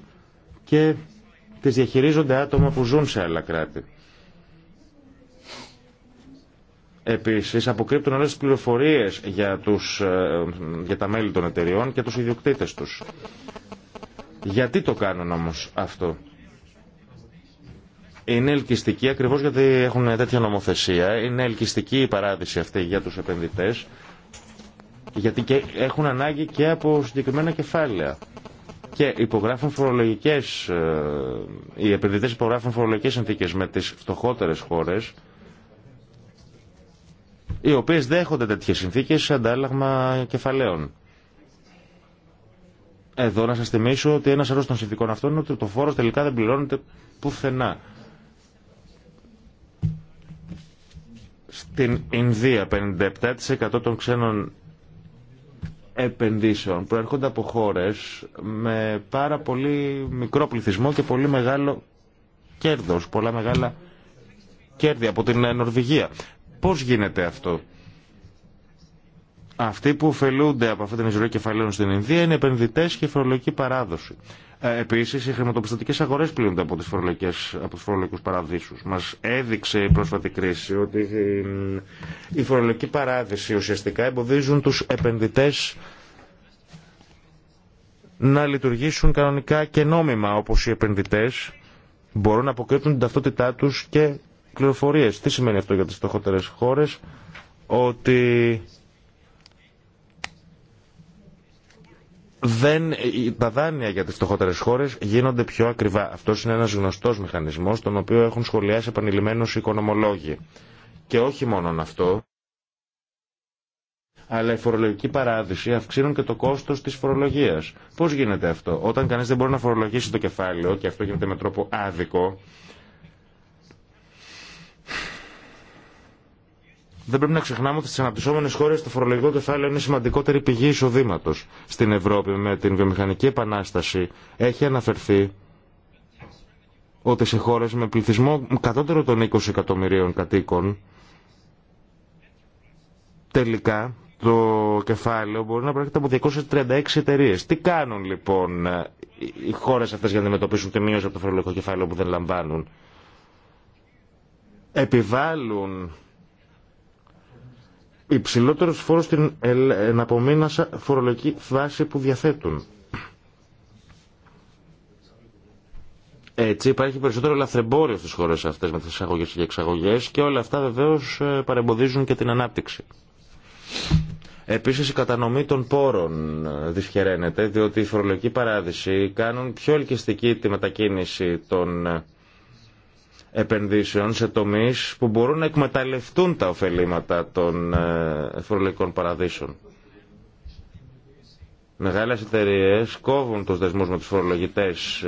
και τις διαχειρίζονται άτομα που ζουν σε άλλα κράτη. Επίσης, αποκρύπτουν όλες τις πληροφορίες για, τους, ε, για τα μέλη των εταιριών και τους ιδιοκτήτες τους. Γιατί το κάνουν όμως αυτό. Είναι ελκυστική ακριβώς γιατί έχουν τέτοια νομοθεσία. Είναι ελκυστική η παράδειση αυτή για τους επενδυτές γιατί και έχουν ανάγκη και από συγκεκριμένα κεφάλαια. Και υπογράφουν φορολογικές, ε, οι επενδυτές υπογράφουν φορολογικές συνθήκε με τις φτωχότερες χώρες, οι οποίες δέχονται τέτοιες συνθήκες σε αντάλλαγμα κεφαλαίων. Εδώ να σας θυμίσω ότι ένας αρρώστος των συνθήκων αυτών είναι ότι το φόρος τελικά δεν πληρώνεται πουθενά. Στην Ινδία 57% των ξένων επενδύσεων προέρχονται από χώρες με πάρα πολύ μικρό πληθυσμό και πολύ μεγάλο κέρδος, πολλά μεγάλα κέρδη από την Νορβηγία. Πώς γίνεται αυτό. Αυτοί που ωφελούνται από αυτή την ισορροπία κεφαλαίων στην Ινδία είναι επενδυτέ και φορολογική παράδοση. Ε, Επίση, οι χρηματοπιστωτικέ αγορέ πλύνονται από, τις του φορολογικού παραδείσου. Μα έδειξε η πρόσφατη κρίση ότι οι ε, φορολογική παράδεισοι ουσιαστικά εμποδίζουν του επενδυτέ να λειτουργήσουν κανονικά και νόμιμα, όπως οι επενδυτές μπορούν να αποκρύπτουν την ταυτότητά τους και πληροφορίες. Τι σημαίνει αυτό για τις στοχότερες χώρες, ότι δεν, τα δάνεια για τις φτωχότερε χώρες γίνονται πιο ακριβά. Αυτός είναι ένας γνωστός μηχανισμός, τον οποίο έχουν σχολιάσει επανειλημμένως οι οικονομολόγοι. Και όχι μόνον αυτό, αλλά η φορολογική παράδειση αυξήνουν και το κόστος τη φορολογία. Πώς γίνεται αυτό, όταν κανείς δεν μπορεί να φορολογήσει το κεφάλαιο, και αυτό γίνεται με τρόπο άδικο, δεν πρέπει να ξεχνάμε ότι στι αναπτυσσόμενε χώρε το φορολογικό κεφάλαιο είναι η σημαντικότερη πηγή εισοδήματο. Στην Ευρώπη, με την βιομηχανική επανάσταση, έχει αναφερθεί ότι σε χώρε με πληθυσμό κατώτερο των 20 εκατομμυρίων κατοίκων, τελικά το κεφάλαιο μπορεί να προέρχεται από 236 εταιρείε. Τι κάνουν λοιπόν οι χώρε αυτέ για να αντιμετωπίσουν τη μείωση από το φορολογικό κεφάλαιο που δεν λαμβάνουν. Επιβάλλουν υψηλότερου φόρου στην εναπομείνασα φορολογική βάση που διαθέτουν. Έτσι υπάρχει περισσότερο λαθρεμπόριο στις χώρες αυτές με τις εισαγωγές και εξαγωγές και όλα αυτά βεβαίως ε, παρεμποδίζουν και την ανάπτυξη. Επίσης η κατανομή των πόρων ε, δυσχεραίνεται, διότι οι φορολογικοί παράδεισοι κάνουν πιο ελκυστική τη μετακίνηση των ε, επενδύσεων σε τομείς που μπορούν να εκμεταλλευτούν τα ωφελήματα των ε, φορολογικών παραδείσων. Μεγάλες εταιρείες κόβουν τους δεσμούς με τους φορολογητές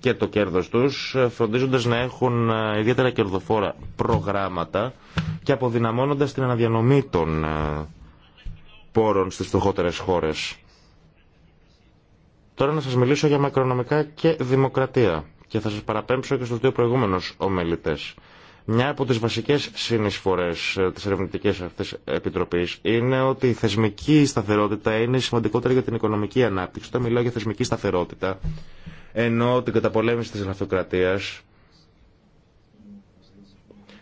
και το κέρδος τους, φροντίζοντας να έχουν ε, ιδιαίτερα κερδοφόρα προγράμματα και αποδυναμώνοντας την αναδιανομή των ε, πόρων στις φτωχότερες χώρες. Τώρα να σας μιλήσω για μακρονομικά και δημοκρατία και θα σας παραπέμψω και στους δύο προηγούμενους ομιλητές. Μια από τις βασικές συνεισφορές ε, της ερευνητική αυτής επιτροπής είναι ότι η θεσμική σταθερότητα είναι σημαντικότερη για την οικονομική ανάπτυξη. Όταν μιλάω για θεσμική σταθερότητα, ενώ την καταπολέμηση της λαθοκρατίας,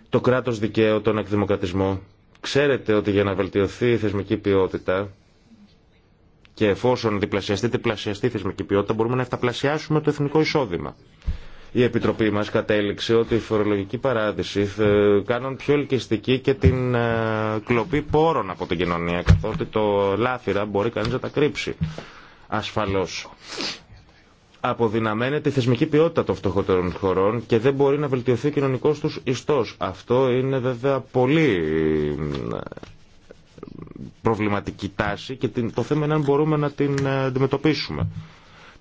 το κράτος δικαίου, τον εκδημοκρατισμό. Ξέρετε ότι για να βελτιωθεί η θεσμική ποιότητα και εφόσον διπλασιαστεί, διπλασιαστεί η θεσμική ποιότητα, μπορούμε να εφταπλασιάσουμε το εθνικό εισόδημα. Η Επιτροπή μας κατέληξε ότι η φορολογική παράδειση ε, κάνουν πιο ελκυστική και την ε, κλοπή πόρων από την κοινωνία, καθότι το λάθυρα μπορεί κανείς να τα κρύψει. Ασφαλώς αποδυναμένεται η θεσμική ποιότητα των φτωχότερων χωρών και δεν μπορεί να βελτιωθεί ο κοινωνικό του ιστό. Αυτό είναι βέβαια πολύ προβληματική τάση και το θέμα είναι αν μπορούμε να την ε, αντιμετωπίσουμε.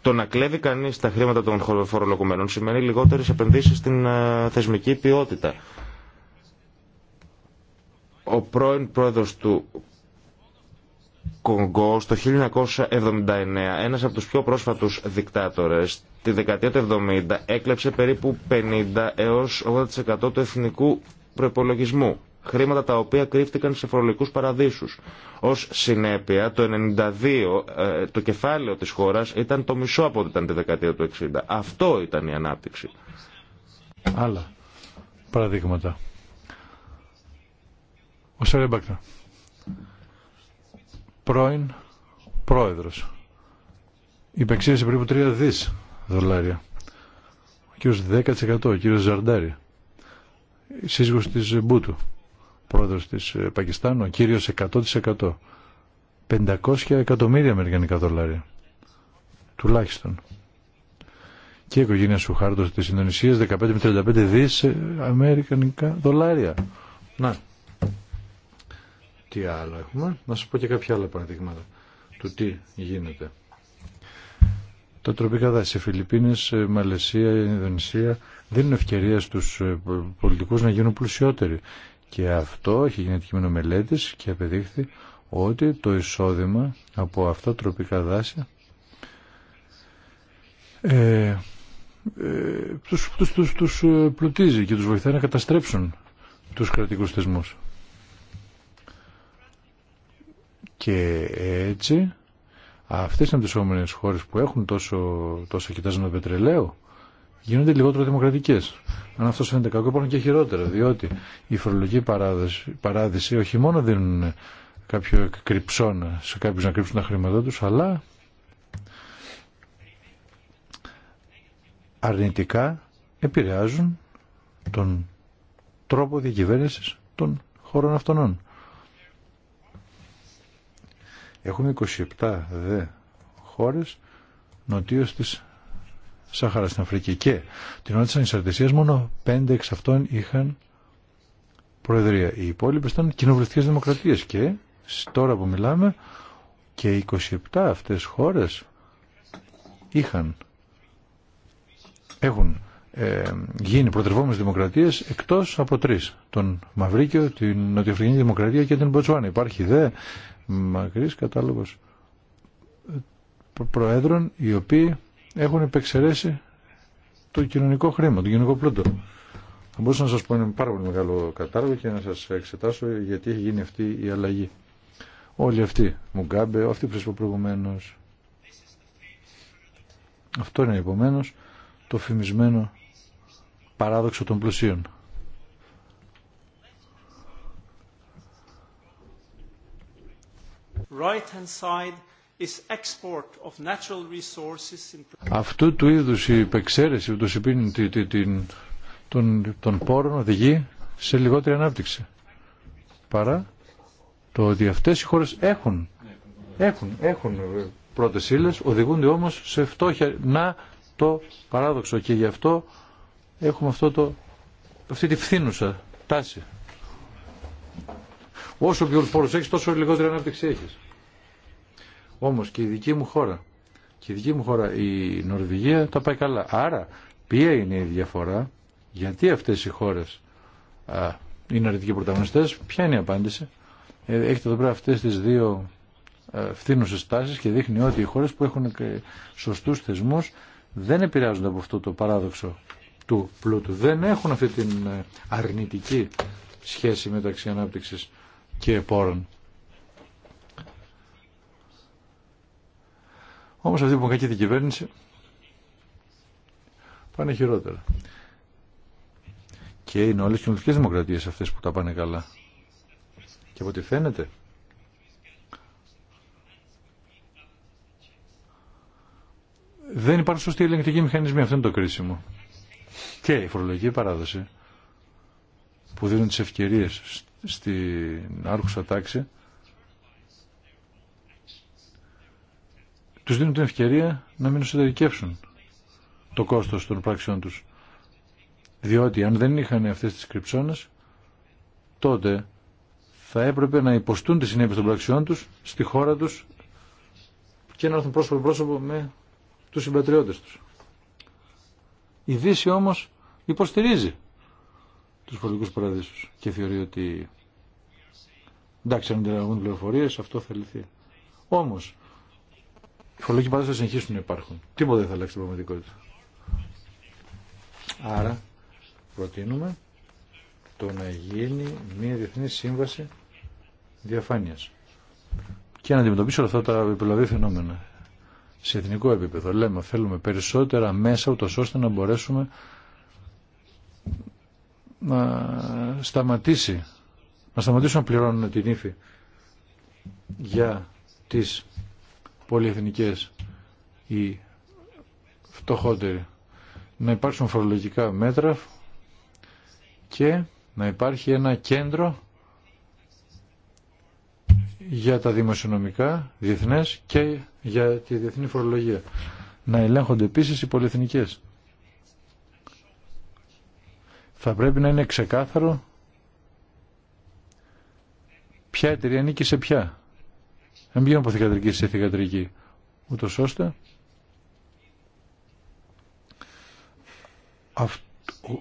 Το να κλέβει κανεί τα χρήματα των φορολογουμένων σημαίνει λιγότερε επενδύσει στην ε, θεσμική ποιότητα. Ο πρώην πρόεδρος του Κονγκό στο 1979 ένας από τους πιο πρόσφατους δικτάτορες τη δεκαετία του 70 έκλεψε περίπου 50 έως 80% του εθνικού προπολογισμού χρήματα τα οποία κρύφτηκαν σε φορολογικούς παραδείσους. Ως συνέπεια, το 92, ε, το κεφάλαιο της χώρας ήταν το μισό από ό,τι ήταν τη δεκαετία του 60. Αυτό ήταν η ανάπτυξη. Άλλα παραδείγματα. Ο Σερεμπακτα πρώην πρόεδρος. Υπεξίασε περίπου 3 δις δολάρια. Ο κύριος 10%, ο κύριος Ζαρντάρη. Σύζυγος της Μπούτου, πρόεδρος της ε, Πακιστάνου, ο κύριος 100%. 500 εκατομμύρια αμερικανικά δολάρια. Τουλάχιστον. Και η οικογένεια σου χάρτος της Ινδονησίας 15 με 35 δις ε, αμερικανικά δολάρια. Να, τι άλλο έχουμε. Να σου πω και κάποια άλλα παραδείγματα του τι γίνεται. Τα τροπικά δάση, Φιλιππίνες, ε, Μαλαισία, Ινδονησία δίνουν ευκαιρία στους ε, πολιτικούς να γίνουν πλουσιότεροι. Και αυτό έχει γίνει αντικείμενο και απεδείχθη ότι το εισόδημα από αυτά τα τροπικά δάση ε, ε τους, τους, τους, τους πλουτίζει και τους βοηθάει να καταστρέψουν τους κρατικούς θεσμούς. Και έτσι αυτές οι αντισώμενε χώρες που έχουν τόσο, τόσο κοιτάζοντα πετρελαίου γίνονται λιγότερο δημοκρατικές. Αν αυτό φαίνεται κακό υπάρχουν και χειρότερα διότι η φορολογική παράδειση, όχι μόνο δίνουν κάποιο κρυψώνα σε κάποιους να κρύψουν τα χρήματά τους αλλά αρνητικά επηρεάζουν τον τρόπο διακυβέρνησης των χωρών αυτών. Έχουμε 27 δε χώρες νοτίως της Σάχαρα στην Αφρική και την ώρα της μόνο 5 εξ αυτών είχαν προεδρία. Οι υπόλοιπε ήταν κοινοβουλευτικέ δημοκρατίες και τώρα που μιλάμε και 27 αυτές χώρες είχαν έχουν ε, γίνει προτρεβόμενες δημοκρατίες εκτός από τρεις. Τον Μαυρίκιο, την Νοτιοαφρικανική Δημοκρατία και την Μποτσουάνα. Υπάρχει δε μακρύς κατάλογος ε, προέδρων οι οποίοι έχουν επεξαιρέσει το κοινωνικό χρήμα, το κοινωνικό πλούτο. Θα μπορούσα να σας πω ένα πάρα πολύ μεγάλο κατάλογο και να σας εξετάσω γιατί έχει γίνει αυτή η αλλαγή. Όλοι αυτοί, Μουγκάμπε, αυτοί που σας είπα προηγουμένω. Αυτό είναι επομένω το φημισμένο παράδοξο των πλουσίων. right Αυτού του είδους η υπεξαίρεση που την, των, τον πόρων οδηγεί σε λιγότερη ανάπτυξη. Παρά το ότι αυτές οι χώρες έχουν, έχουν, έχουν ε, πρώτες ύλες, οδηγούνται όμως σε φτώχεια. Να το παράδοξο και γι' αυτό έχουμε αυτό το, αυτή τη φθήνουσα τάση. Όσο πιο πόρους έχεις τόσο λιγότερη ανάπτυξη έχεις. Όμως και η δική μου χώρα, και η δική μου χώρα η Νορβηγία τα πάει καλά. Άρα ποια είναι η διαφορά, γιατί αυτές οι χώρες είναι αρνητικοί πρωταγωνιστές, ποια είναι η απάντηση. Ε, έχετε εδώ πέρα αυτές τις δύο φθήνουσες τάσεις και δείχνει ότι οι χώρες που έχουν σωστούς θεσμούς δεν επηρεάζονται από αυτό το παράδοξο του πλούτου. Δεν έχουν αυτή την ε, αρνητική σχέση μεταξύ ανάπτυξης και πόρων. Όμως αυτοί που κακεί την κυβέρνηση πάνε χειρότερα. Και είναι όλες οι κοινωνικές δημοκρατίες αυτές που τα πάνε καλά. Και από ό,τι φαίνεται, δεν υπάρχουν σωστοί ελεγκτικοί μηχανισμοί. Αυτό είναι το κρίσιμο. Και η φορολογική παράδοση που δίνουν τις ευκαιρίες στην άρχουσα τάξη τους δίνουν την ευκαιρία να μην εσωτερικεύσουν το κόστος των πράξεών τους. Διότι αν δεν είχαν αυτές τις κρυψώνες, τότε θα έπρεπε να υποστούν τις συνέπειες των πράξεών τους στη χώρα τους και να έρθουν πρόσωπο πρόσωπο με τους συμπατριώτες τους. Η Δύση όμως υποστηρίζει τους πολιτικούς παραδείσους και θεωρεί ότι εντάξει αν δεν πληροφορίες αυτό θα λυθεί. Όμως φορολογικοί πάντα θα συνεχίσουν να υπάρχουν. Τίποτα δεν θα αλλάξει την πραγματικότητα. Άρα προτείνουμε το να γίνει μια διεθνή σύμβαση διαφάνειας και να αντιμετωπίσει όλα αυτά τα επιλογή φαινόμενα σε εθνικό επίπεδο. Λέμε θέλουμε περισσότερα μέσα ούτως ώστε να μπορέσουμε να σταματήσει να σταματήσουν να πληρώνουν την ύφη για τις πολυεθνικές οι φτωχότεροι. Να υπάρξουν φορολογικά μέτρα και να υπάρχει ένα κέντρο για τα δημοσιονομικά διεθνές και για τη διεθνή φορολογία. Να ελέγχονται επίσης οι πολυεθνικές. Θα πρέπει να είναι ξεκάθαρο ποια εταιρεία ανήκει σε ποια να μην πηγαίνουμε από θηγατρική σε θηγατρική, ούτως ώστε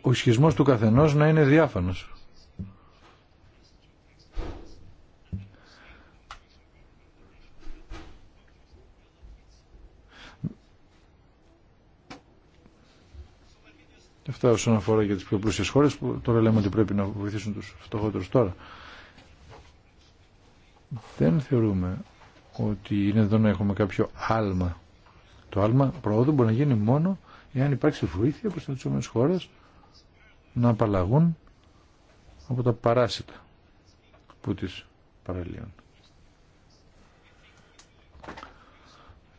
ο ισχυσμός του καθενός να είναι διάφανος. Αυτά όσον αφορά για τις πιο πλούσιες χώρες που τώρα λέμε ότι πρέπει να βοηθήσουν τους φτωχότερους τώρα. Δεν θεωρούμε ότι είναι εδώ να έχουμε κάποιο άλμα. Το άλμα προόδου μπορεί να γίνει μόνο εάν υπάρξει βοήθεια προς τις ομένες χώρες να απαλλαγούν από τα παράσιτα που τις παραλύουν.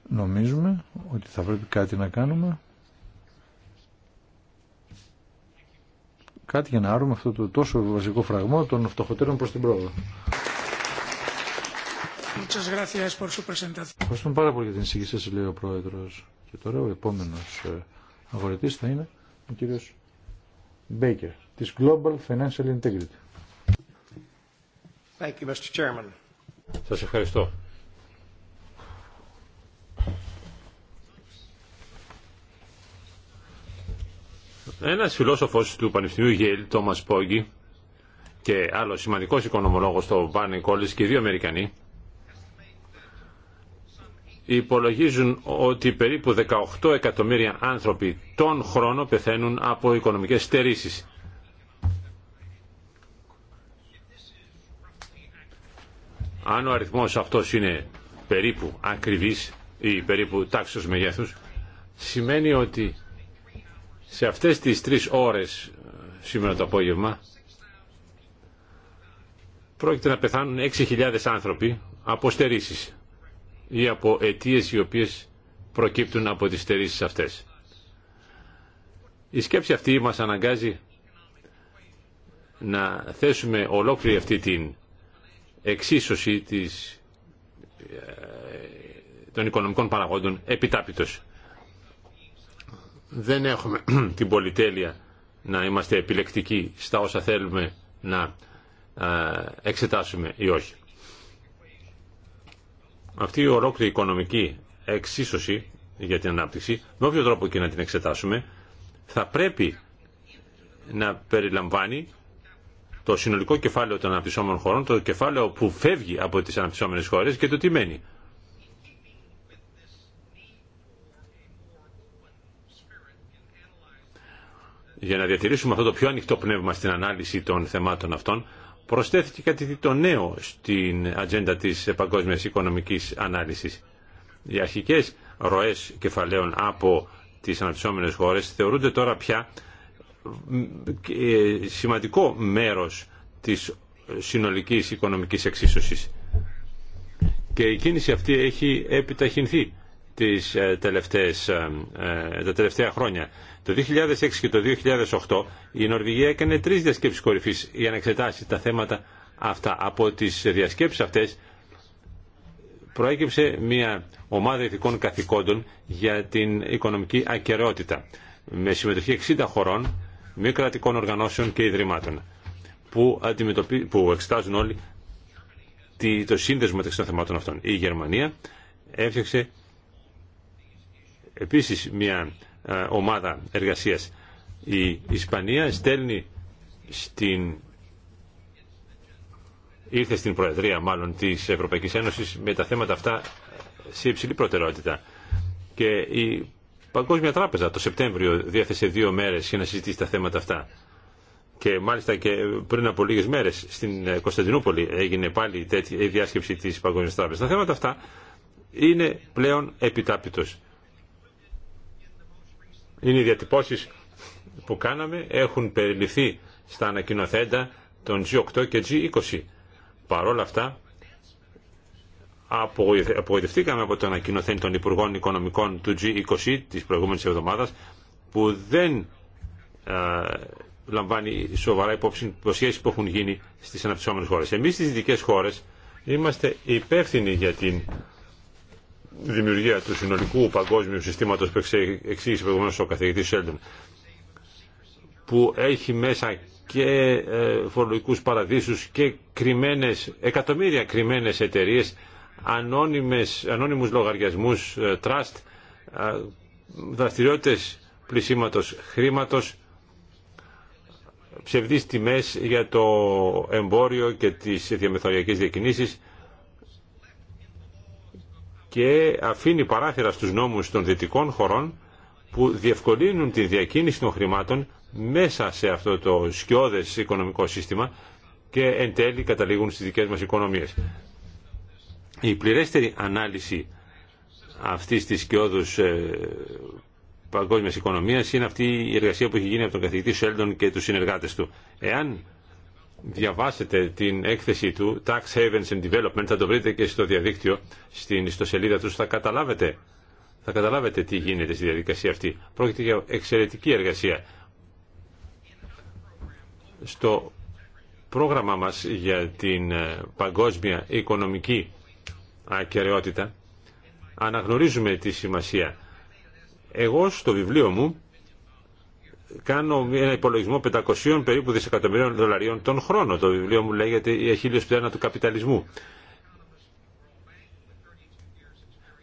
Νομίζουμε ότι θα πρέπει κάτι να κάνουμε κάτι για να άρουμε αυτό το τόσο βασικό φραγμό των φτωχότερων προς την πρόοδο. Ευχαριστούμε πάρα πολύ για την εισηγήση σας, λέει ο Πρόεδρος. Και τώρα ο επόμενος ε, αγορητής θα είναι ο κύριος Μπέικερ της Global Financial Integrity. Σας ευχαριστώ. Ένας φιλόσοφος του Πανεπιστημίου Γιέλ Τόμας Πόγκη, και άλλος σημαντικός οικονομολόγος, το Βάνι Κόλλης και δύο Αμερικανοί, υπολογίζουν ότι περίπου 18 εκατομμύρια άνθρωποι τον χρόνο πεθαίνουν από οικονομικές στερήσεις. Αν ο αριθμός αυτός είναι περίπου ακριβής ή περίπου τάξης μεγέθους, σημαίνει ότι σε αυτές τις τρεις ώρες ε, σήμερα το απόγευμα πρόκειται να πεθάνουν 6.000 άνθρωποι από στερήσεις ή από αιτίες οι οποίες προκύπτουν από τις στερήσεις αυτές. Η σκέψη αυτή μας αναγκάζει να θέσουμε ολόκληρη αυτή την εξίσωση της, ε, των οικονομικών παραγόντων επιτάπητος. Δεν έχουμε την πολυτέλεια να είμαστε επιλεκτικοί στα όσα θέλουμε να ε, εξετάσουμε ή όχι. Αυτή η ολόκληρη οικονομική εξίσωση για την ανάπτυξη, με όποιο τρόπο και να την εξετάσουμε, θα πρέπει να περιλαμβάνει το συνολικό κεφάλαιο των αναπτυσσόμενων χωρών, το κεφάλαιο που φεύγει από τις αναπτυσσόμενες χώρες και το τι μένει. Για να διατηρήσουμε αυτό το πιο ανοιχτό πνεύμα στην ανάλυση των θεμάτων αυτών, προσθέθηκε κάτι το νέο στην ατζέντα της παγκόσμιας οικονομικής ανάλυσης. Οι αρχικές ροές κεφαλαίων από τις αναπτυσσόμενες χώρες θεωρούνται τώρα πια ε, σημαντικό μέρος της συνολικής οικονομικής εξίσωσης. Και η κίνηση αυτή έχει επιταχυνθεί τις ε, τελευταίες, ε, ε, τα τελευταία χρόνια. Το 2006 και το 2008 η Νορβηγία έκανε τρεις διασκέψεις κορυφής για να εξετάσει τα θέματα αυτά. Από τις διασκέψεις αυτές προέκυψε μια ομάδα ηθικών καθηκόντων για την οικονομική ακαιρεότητα με συμμετοχή 60 χωρών, μη κρατικών οργανώσεων και ιδρυμάτων που, αντιμετωπι... που εξετάζουν όλοι το σύνδεσμο μεταξύ των θεμάτων αυτών. Η Γερμανία έφτιαξε επίσης μια ε, ομάδα εργασίας. Η Ισπανία στέλνει στην ήρθε στην Προεδρία μάλλον της Ευρωπαϊκής Ένωσης με τα θέματα αυτά σε υψηλή προτεραιότητα. Και η Παγκόσμια Τράπεζα το Σεπτέμβριο διέθεσε δύο μέρες για να συζητήσει τα θέματα αυτά. Και μάλιστα και πριν από λίγες μέρες στην Κωνσταντινούπολη έγινε πάλι η διάσκεψη της Παγκόσμιας Τράπεζας. Τα θέματα αυτά είναι πλέον επιτάπητος είναι οι διατυπώσεις που κάναμε έχουν περιληφθεί στα ανακοινοθέντα των G8 και G20. Παρ' όλα αυτά, απογοητευτήκαμε από το ανακοινοθέν των Υπουργών Οικονομικών του G20 της προηγούμενης εβδομάδας που δεν λαμβάνει σοβαρά υπόψη υποσχέσεις που έχουν γίνει στις αναπτυσσόμενες χώρες. Εμείς στις δυτικές χώρες είμαστε υπεύθυνοι για την δημιουργία του συνολικού παγκόσμιου συστήματος που εξήγησε προηγουμένως ο καθηγητής Σέλντον που έχει μέσα και ε, φορολογικούς παραδείσους και κρυμμένες, εκατομμύρια κρυμμένες εταιρείες, ανώνυμες, ανώνυμους λογαριασμούς, ε, trust, ε, δραστηριότητες πλησίματος χρήματος, ψευδείς τιμές για το εμπόριο και τις διαμεθοριακές διακινήσεις, και αφήνει παράθυρα στους νόμους των δυτικών χωρών που διευκολύνουν τη διακίνηση των χρημάτων μέσα σε αυτό το σκιώδες οικονομικό σύστημα και εν τέλει καταλήγουν στις δικές μας οικονομίες. Η πληρέστερη ανάλυση αυτής της σκιώδους ε, παγκόσμιας οικονομίας είναι αυτή η εργασία που έχει γίνει από τον καθηγητή Σέλντον και τους συνεργάτες του. Εάν διαβάσετε την έκθεση του Tax Havens and Development, θα το βρείτε και στο διαδίκτυο, στην ιστοσελίδα τους, θα καταλάβετε, θα καταλάβετε τι γίνεται στη διαδικασία αυτή. Πρόκειται για εξαιρετική εργασία. Στο πρόγραμμα μας για την ε, παγκόσμια οικονομική ακαιρεότητα αναγνωρίζουμε τη σημασία. Εγώ στο βιβλίο μου κάνω ένα υπολογισμό 500 περίπου δισεκατομμυρίων δολαρίων τον χρόνο. Το βιβλίο μου λέγεται «Η αχίλιος πτέρνα του καπιταλισμού».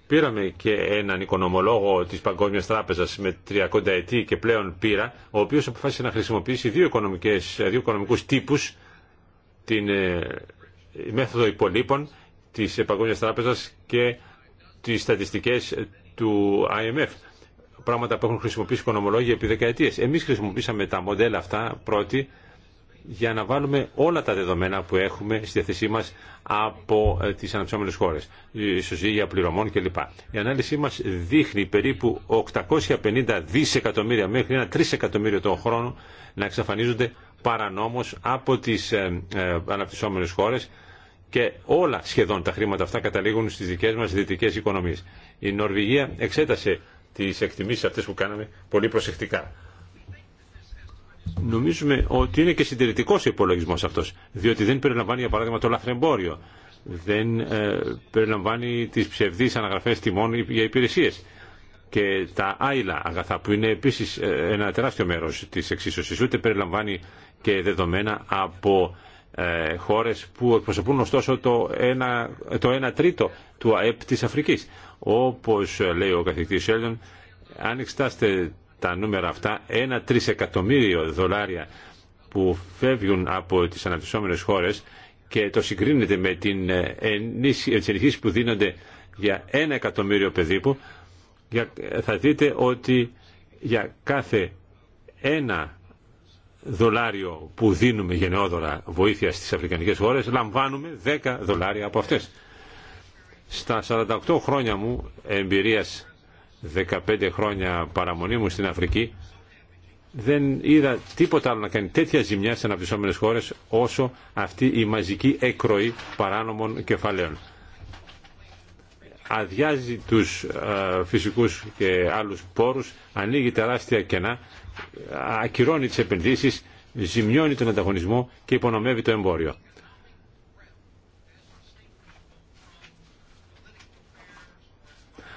Πήραμε και έναν οικονομολόγο της Παγκόσμιας Τράπεζας με 30 ετή και πλέον πήρα, ο οποίος αποφάσισε να χρησιμοποιήσει δύο, οικονομικές, δύο οικονομικούς τύπους, την ε, μέθοδο υπολείπων της Παγκόσμιας Τράπεζας και τις στατιστικές του IMF πράγματα που έχουν χρησιμοποιήσει οικονομολόγοι επί δεκαετίε. Εμεί χρησιμοποίησαμε τα μοντέλα αυτά πρώτοι για να βάλουμε όλα τα δεδομένα που έχουμε στη διαθεσή μα από ε, τις αναψώμενες χώρες, ισοζύγια πληρωμών κλπ. Η ανάλυση μα δείχνει περίπου 850 δισεκατομμύρια μέχρι ένα τρισεκατομμύριο τον χρόνο να εξαφανίζονται παρανόμω από τις ε, ε, αναπτυσσόμενε χώρε και όλα σχεδόν τα χρήματα αυτά καταλήγουν στι δικέ μα δυτικέ οικονομίε. Η Νορβηγία εξέτασε τις εκτιμήσεις αυτές που κάναμε πολύ προσεκτικά. Νομίζουμε ότι είναι και συντηρητικό ο υπολογισμό αυτό, διότι δεν περιλαμβάνει για παράδειγμα το λαθρεμπόριο, δεν ε, περιλαμβάνει τι ψευδεί αναγραφές τιμών για υπηρεσίε και τα άειλα αγαθά που είναι επίση ε, ένα τεράστιο μέρο τη εξίσωση, ούτε περιλαμβάνει και δεδομένα από ε, χώρες που εκπροσωπούν ωστόσο το 1 το τρίτο του ΑΕΠ της Αφρικής. Όπως λέει ο καθηγητής Σέλιον, αν εξετάσετε τα νούμερα αυτά, ένα τρισεκατομμύριο δολάρια που φεύγουν από τις αναπτυσσόμενες χώρες και το συγκρίνεται με την ε, ενίσχυση που δίνονται για ένα εκατομμύριο που, θα δείτε ότι για κάθε ένα δολάριο που δίνουμε γενναιόδωρα βοήθεια στις αφρικανικές χώρες, λαμβάνουμε 10 δολάρια από αυτές. Στα 48 χρόνια μου εμπειρίας, 15 χρόνια παραμονή μου στην Αφρική, δεν είδα τίποτα άλλο να κάνει τέτοια ζημιά σε αναπτυσσόμενες χώρες όσο αυτή η μαζική έκροη παράνομων κεφαλαίων. Αδειάζει τους ε, φυσικούς και άλλους πόρους, ανοίγει τεράστια κενά ακυρώνει τις επενδύσεις, ζημιώνει τον ανταγωνισμό και υπονομεύει το εμπόριο.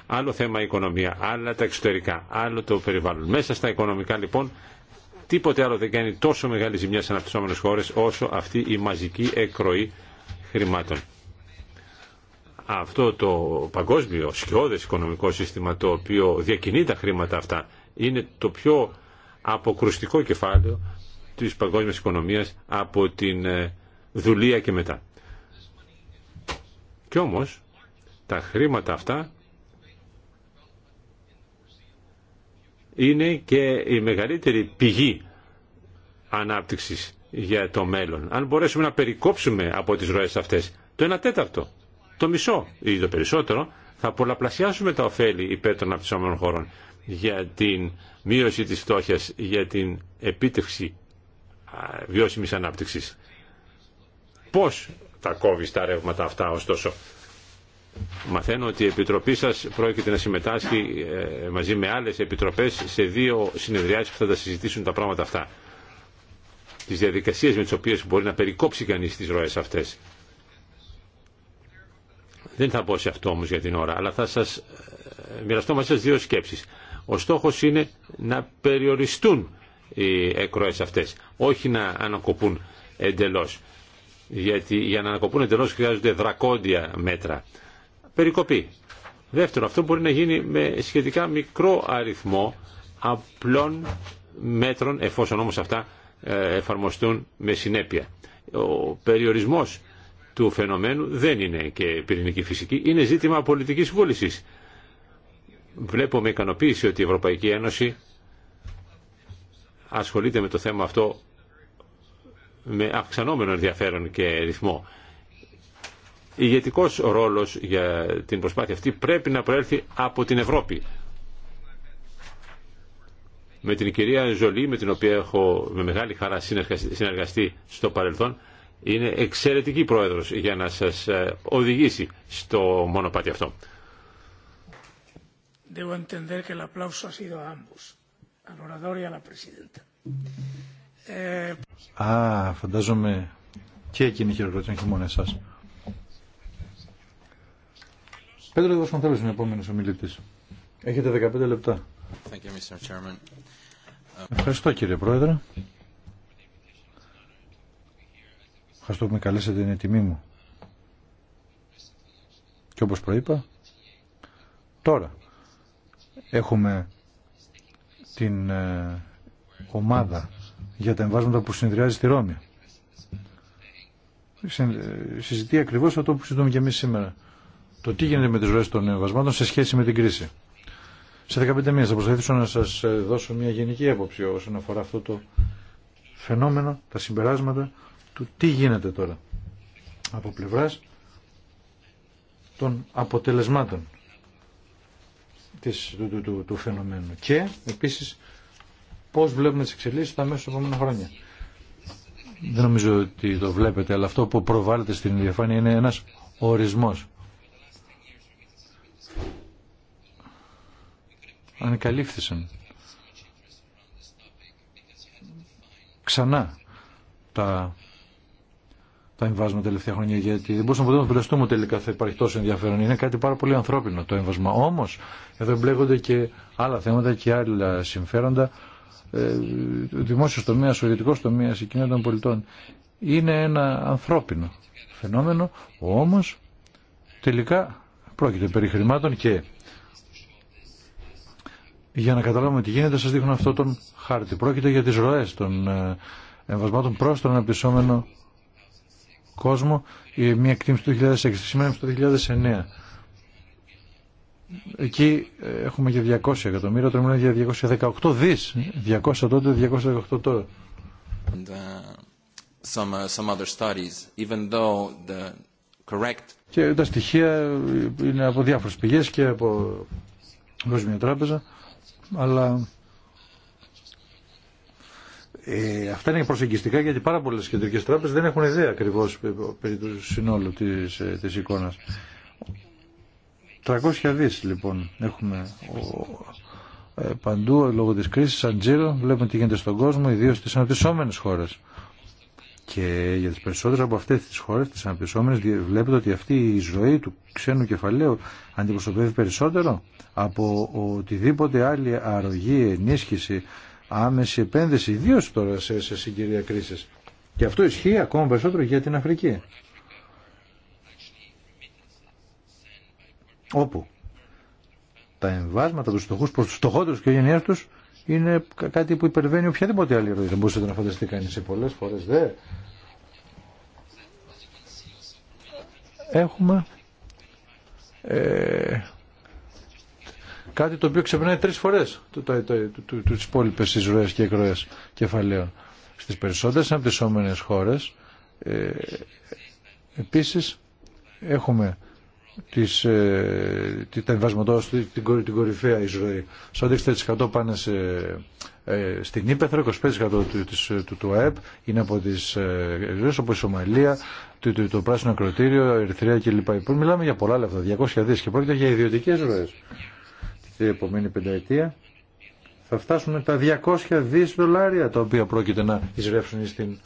Άλλο θέμα η οικονομία, άλλα τα εξωτερικά, άλλο το περιβάλλον. Μέσα στα οικονομικά λοιπόν τίποτε άλλο δεν κάνει τόσο μεγάλη ζημιά σε αναπτυσσόμενες χώρες όσο αυτή η μαζική εκροή χρημάτων. Αυτό το παγκόσμιο σκιώδες οικονομικό σύστημα το οποίο διακινεί τα χρήματα αυτά είναι το πιο αποκρουστικό κεφάλαιο της παγκόσμιας οικονομίας από την ε, δουλεία και μετά. Κι όμως τα χρήματα αυτά είναι και η μεγαλύτερη πηγή ανάπτυξης για το μέλλον. Αν μπορέσουμε να περικόψουμε από τις ροές αυτές το 1 τέταρτο, το μισό ή το περισσότερο, θα πολλαπλασιάσουμε τα ωφέλη υπέρ των αναπτυσσόμενων χωρών για την μείωση της φτώχειας, για την επίτευξη βιώσιμης ανάπτυξης. Πώς τα κόβεις τα ρεύματα αυτά ωστόσο. Μαθαίνω ότι η Επιτροπή σας πρόκειται να συμμετάσχει ε, μαζί με άλλες επιτροπές σε δύο συνεδριάσεις που θα τα συζητήσουν τα πράγματα αυτά. Τις διαδικασίες με τις οποίες μπορεί να περικόψει κανείς τις ροές αυτές. Δεν θα πω σε αυτό όμως για την ώρα, αλλά θα σας ε, μοιραστώ μαζί σας δύο σκέψεις. Ο στόχος είναι να περιοριστούν οι εκροές αυτές, όχι να ανακοπούν εντελώς. Γιατί για να ανακοπούν εντελώς χρειάζονται δρακόντια μέτρα. Περικοπή. Δεύτερο, αυτό μπορεί να γίνει με σχετικά μικρό αριθμό απλών μέτρων, εφόσον όμως αυτά ε, εφαρμοστούν με συνέπεια. Ο περιορισμός του φαινομένου δεν είναι και πυρηνική φυσική, είναι ζήτημα πολιτικής βούλησης. Βλέπω με ικανοποίηση ότι η Ευρωπαϊκή Ένωση ασχολείται με το θέμα αυτό με αυξανόμενο ενδιαφέρον και ρυθμό. Ηγετικό ρόλος για την προσπάθεια αυτή πρέπει να προέλθει από την Ευρώπη. Με την κυρία Ζολή, με την οποία έχω με μεγάλη χαρά συνεργαστεί στο παρελθόν, είναι εξαιρετική πρόεδρος για να σας ε, οδηγήσει στο μονοπάτι αυτό debo entender que el aplauso ha sido a ambos, al orador y a la presidenta. Eh, Α, φαντάζομαι και εκείνη χειροκροτήρα, όχι μόνο εσά. Πέτρο Δασκοντέλος είναι ο επόμενος ομιλητής. Έχετε 15 λεπτά. Thank you, Mr. Chairman. Ευχαριστώ κύριε Πρόεδρε. Ευχαριστώ που με καλέσατε, είναι τιμή μου. Και όπως προείπα, τώρα Έχουμε την ε, ομάδα για τα εμβάσματα που συνδυάζει στη Ρώμη. Ε, συζητεί ακριβώς αυτό που συζητούμε και εμείς σήμερα. Το τι γίνεται με τις ροές των εμβασμάτων σε σχέση με την κρίση. Σε 15 μήνες θα προσπαθήσω να σας ε, δώσω μια γενική έποψη όσον αφορά αυτό το φαινόμενο, τα συμπεράσματα του τι γίνεται τώρα από πλευράς των αποτελεσμάτων της, του, του, του, του φαινομένου και επίσης πώς βλέπουμε τις εξελίξεις τα μέσα επόμενα χρόνια. Δεν νομίζω ότι το βλέπετε, αλλά αυτό που προβάλλεται στην διαφάνεια είναι ένας ορισμός. Ανεκαλύφθησαν ξανά τα τα τελευταία χρόνια, γιατί δεν μπορούσαμε ποτέ να φανταστούμε τελικά θα υπάρχει τόσο ενδιαφέρον. Είναι κάτι πάρα πολύ ανθρώπινο το εμβάσμα. Όμω, εδώ εμπλέκονται και άλλα θέματα και άλλα συμφέροντα. Ε, δημόσιο τομέα, ο ιδιωτικό τομέα, η κοινότητα των πολιτών. Είναι ένα ανθρώπινο φαινόμενο, όμω τελικά πρόκειται περί χρημάτων και για να καταλάβουμε τι γίνεται σας δείχνω αυτό τον χάρτη. Πρόκειται για τις ροές των ε, εμβασμάτων προ τον αναπτυσσόμενο κόσμο μια εκτίμηση του 2006. Σήμερα είμαστε το 2009. Εκεί ε, έχουμε και 200 εκατομμύρια, τώρα μιλάμε για 218 δις. 200 τότε, 218 τώρα. And, uh, some, uh, some other studies, even though the correct... Και τα στοιχεία είναι από διάφορες πηγές και από δόσμια Τράπεζα, αλλά ε, αυτά είναι προσεγγιστικά γιατί πάρα πολλέ κεντρικέ τράπεζε δεν έχουν ιδέα ακριβώ περί του συνόλου τη της εικόνα. 300 δι λοιπόν έχουμε ε, παντού ε, λόγω τη κρίση. Σαν τζίρο βλέπουμε τι γίνεται στον κόσμο, ιδίω στι αναπτυσσόμενε χώρε. Και για τι περισσότερε από αυτέ τι χώρε, τι αναπτυσσόμενε, βλέπετε ότι αυτή η ζωή του ξένου κεφαλαίου αντιπροσωπεύει περισσότερο από οτιδήποτε άλλη αρρωγή, ενίσχυση άμεση επένδυση, ιδίω τώρα σε, σε συγκυρία κρίση. Και αυτό ισχύει ακόμα περισσότερο για την Αφρική. Όπου τα εμβάσματα, του στοχού προ του στοχότερου και γενιέ του είναι κάτι που υπερβαίνει οποιαδήποτε άλλη ροή. Δεν μπορούσατε να φανταστεί κανεί σε πολλέ φορέ δε. Έχουμε ε, Κάτι το οποίο ξεπερνάει τρεις φορές τις υπόλοιπε εισρωέ και εκροέ κεφαλαίων. Στις περισσότερες αναπτυσσόμενες χώρες ε, επίσης έχουμε τις, ε, τα την, την κορυφαία εισρωή. 60% πάνε σε, ε, στην Ήπεθρο, 25% του, ε, του, του ΑΕΠ είναι από τι εισρωέ, όπω η Σομαλία, το, το, το Πράσινο Ακροτήριο, Ερυθρία κλπ. Μιλάμε για πολλά λεφτά, 200 δι και πρόκειται για ιδιωτικέ ροέ στην επόμενη πενταετία θα φτάσουμε τα 200 δις δολάρια τα οποία πρόκειται να εισρεύσουν στην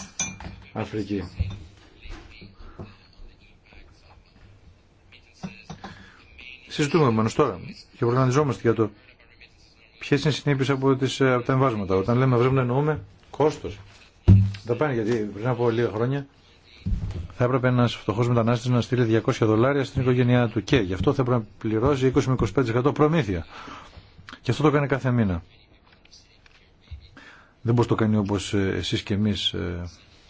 Αφρική. Συζητούμε μόνο τώρα και προγραμματιζόμαστε για το ποιε είναι οι συνήθειε από, τις, ε, από τα εμβάσματα. Όταν λέμε να εννοούμε κόστο. Τα πάνε γιατί πριν από λίγα χρόνια θα έπρεπε ένα φτωχό μετανάστη να στείλει 200 δολάρια στην οικογένειά του και γι' αυτό θα έπρεπε να πληρώσει 20 με 25% προμήθεια. Και αυτό το κάνει κάθε μήνα. Δεν μπορεί να το κάνει όπω ε, εσεί και εμεί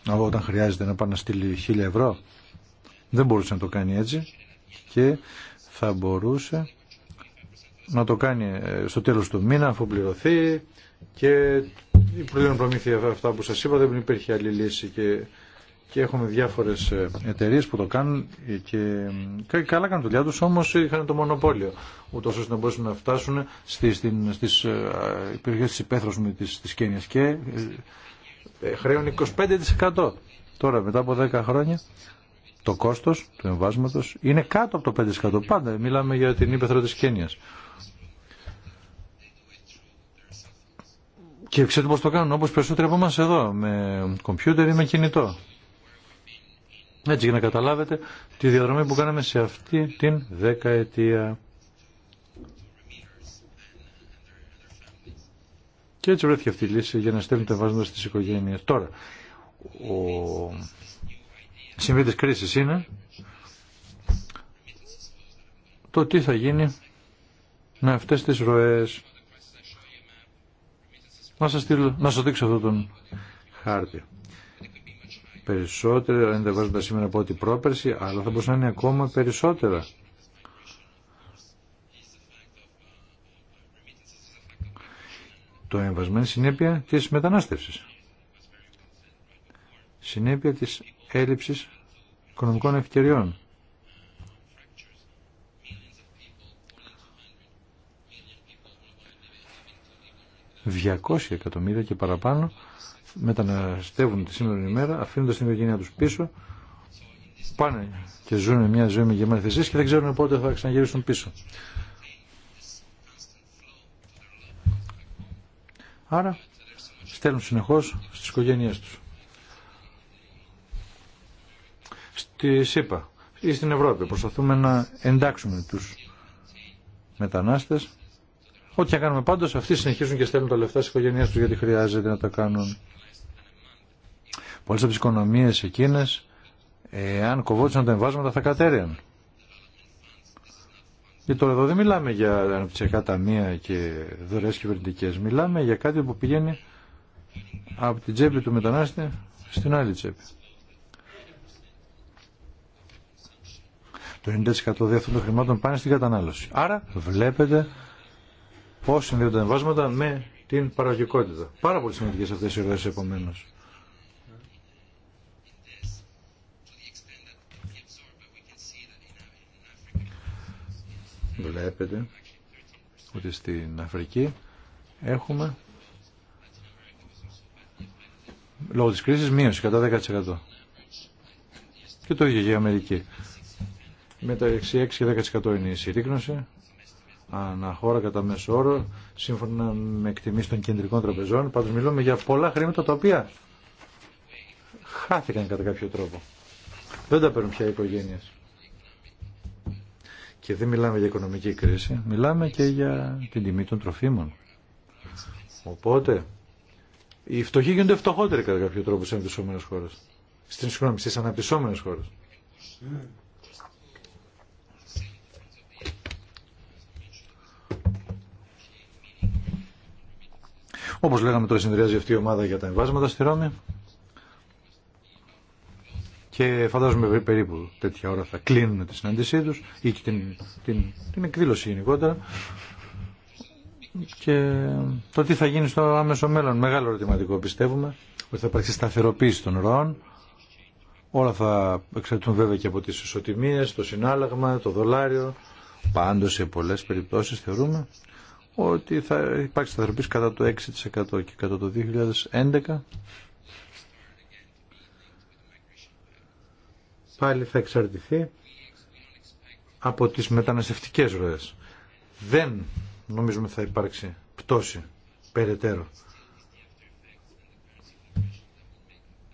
ε, όταν χρειάζεται να πάει να στείλει 1000 ευρώ. Δεν μπορούσε να το κάνει έτσι και θα μπορούσε να το κάνει ε, στο τέλος του μήνα αφού πληρωθεί και η προηγούμενη προμήθεια αυτά που σας είπα δεν υπήρχε άλλη λύση και και έχουμε διάφορες ε, εταιρείε που το κάνουν και καλά κάνουν δουλειά του όμως είχαν το μονοπόλιο, Ούτω ώστε να μπορούσαν να φτάσουν στι ε, υπηρεσίε τη υπαίθρου της μου της, της Κένιας και ε, χρέουν 25%. Τώρα μετά από 10 χρόνια το κόστος του εμβάσματο είναι κάτω από το 5%. Πάντα μιλάμε για την ύπεθρο τη Κένιας. Και ξέρετε πώς το κάνουν, όπως περισσότεροι από εμάς εδώ, με κομπιούτερ ή με κινητό. Έτσι για να καταλάβετε τη διαδρομή που κάναμε σε αυτή την δεκαετία. Και έτσι βρέθηκε αυτή η λύση για να στέλνουν τα βάζοντα στις οικογένειες. Τώρα, ο συμβή της κρίσης είναι το τι θα γίνει με αυτές τις ροές. Να σας, δείξω αυτόν τον χάρτη περισσότερα, αν σήμερα από ό,τι πρόπερση, αλλά θα μπορούσαν να είναι ακόμα περισσότερα. Το είναι συνέπεια της μετανάστευσης. Συνέπεια της έλλειψης οικονομικών ευκαιριών. 200 εκατομμύρια και παραπάνω μεταναστεύουν τη σήμερα ημέρα, αφήνοντας την οικογένειά τους πίσω, πάνε και ζουν μια ζωή με γεμάτη θυσίες και δεν ξέρουν πότε θα ξαναγυρίσουν πίσω. Άρα στέλνουν συνεχώς στις οικογένειε τους. Στη ΣΥΠΑ ή στην Ευρώπη προσπαθούμε να εντάξουμε τους μετανάστες Ό,τι κάνουμε πάντως, αυτοί συνεχίζουν και στέλνουν τα λεφτά στις οικογένειές τους γιατί χρειάζεται να τα κάνουν. Πολλές από τις οικονομίες εκείνες, εάν κοβόντουσαν τα εμβάσματα, θα κατέρεαν. Και τώρα εδώ δεν μιλάμε για αναπτυξιακά ταμεία και δωρεές κυβερνητικές. Μιλάμε για κάτι που πηγαίνει από την τσέπη του μετανάστη στην άλλη τσέπη. Το 90% αυτών των χρημάτων πάνε στην κατανάλωση. Άρα βλέπετε πώς συνδέονται τα εμβάσματα με την παραγωγικότητα. Πάρα πολύ σημαντικές αυτές οι ερωτήσει επομένως. βλέπετε ότι στην Αφρική έχουμε λόγω της κρίσης μείωση κατά 10%. Και το ίδιο για η Αμερική. Μεταξύ 6 και 10% είναι η συρρήκνωση αναχώρα κατά μέσο όρο, σύμφωνα με εκτιμήσεις των κεντρικών τραπεζών. Πάντως μιλούμε για πολλά χρήματα τα οποία χάθηκαν κατά κάποιο τρόπο. Δεν τα παίρνουν πια οι οικογένειες. Και δεν μιλάμε για οικονομική κρίση, μιλάμε και για την τιμή των τροφίμων. Οπότε, οι φτωχοί γίνονται φτωχότεροι κατά κάποιο τρόπο σε αναπτυσσόμενε χώρε. Στην συγγνώμη, στις αναπτυσσόμενες χώρες. Όπως λέγαμε τώρα συνδυάζει αυτή η ομάδα για τα εμβάσματα στη Ρώμη και φαντάζομαι περίπου τέτοια ώρα θα κλείνουν τη συνάντησή του ή και την, την, την εκδήλωση γενικότερα και το τι θα γίνει στο άμεσο μέλλον. Μεγάλο ερωτηματικό πιστεύουμε ότι θα υπάρξει σταθεροποίηση των ροών. Όλα θα εξαρτούν βέβαια και από τι ισοτιμίε, το συνάλλαγμα, το δολάριο. πάντω σε πολλέ περιπτώσει θεωρούμε ότι θα υπάρξει σταθεροποίηση κατά το 6% και κατά το 2011 πάλι θα εξαρτηθεί από τις μεταναστευτικές ροές. Δεν νομίζουμε θα υπάρξει πτώση περαιτέρω.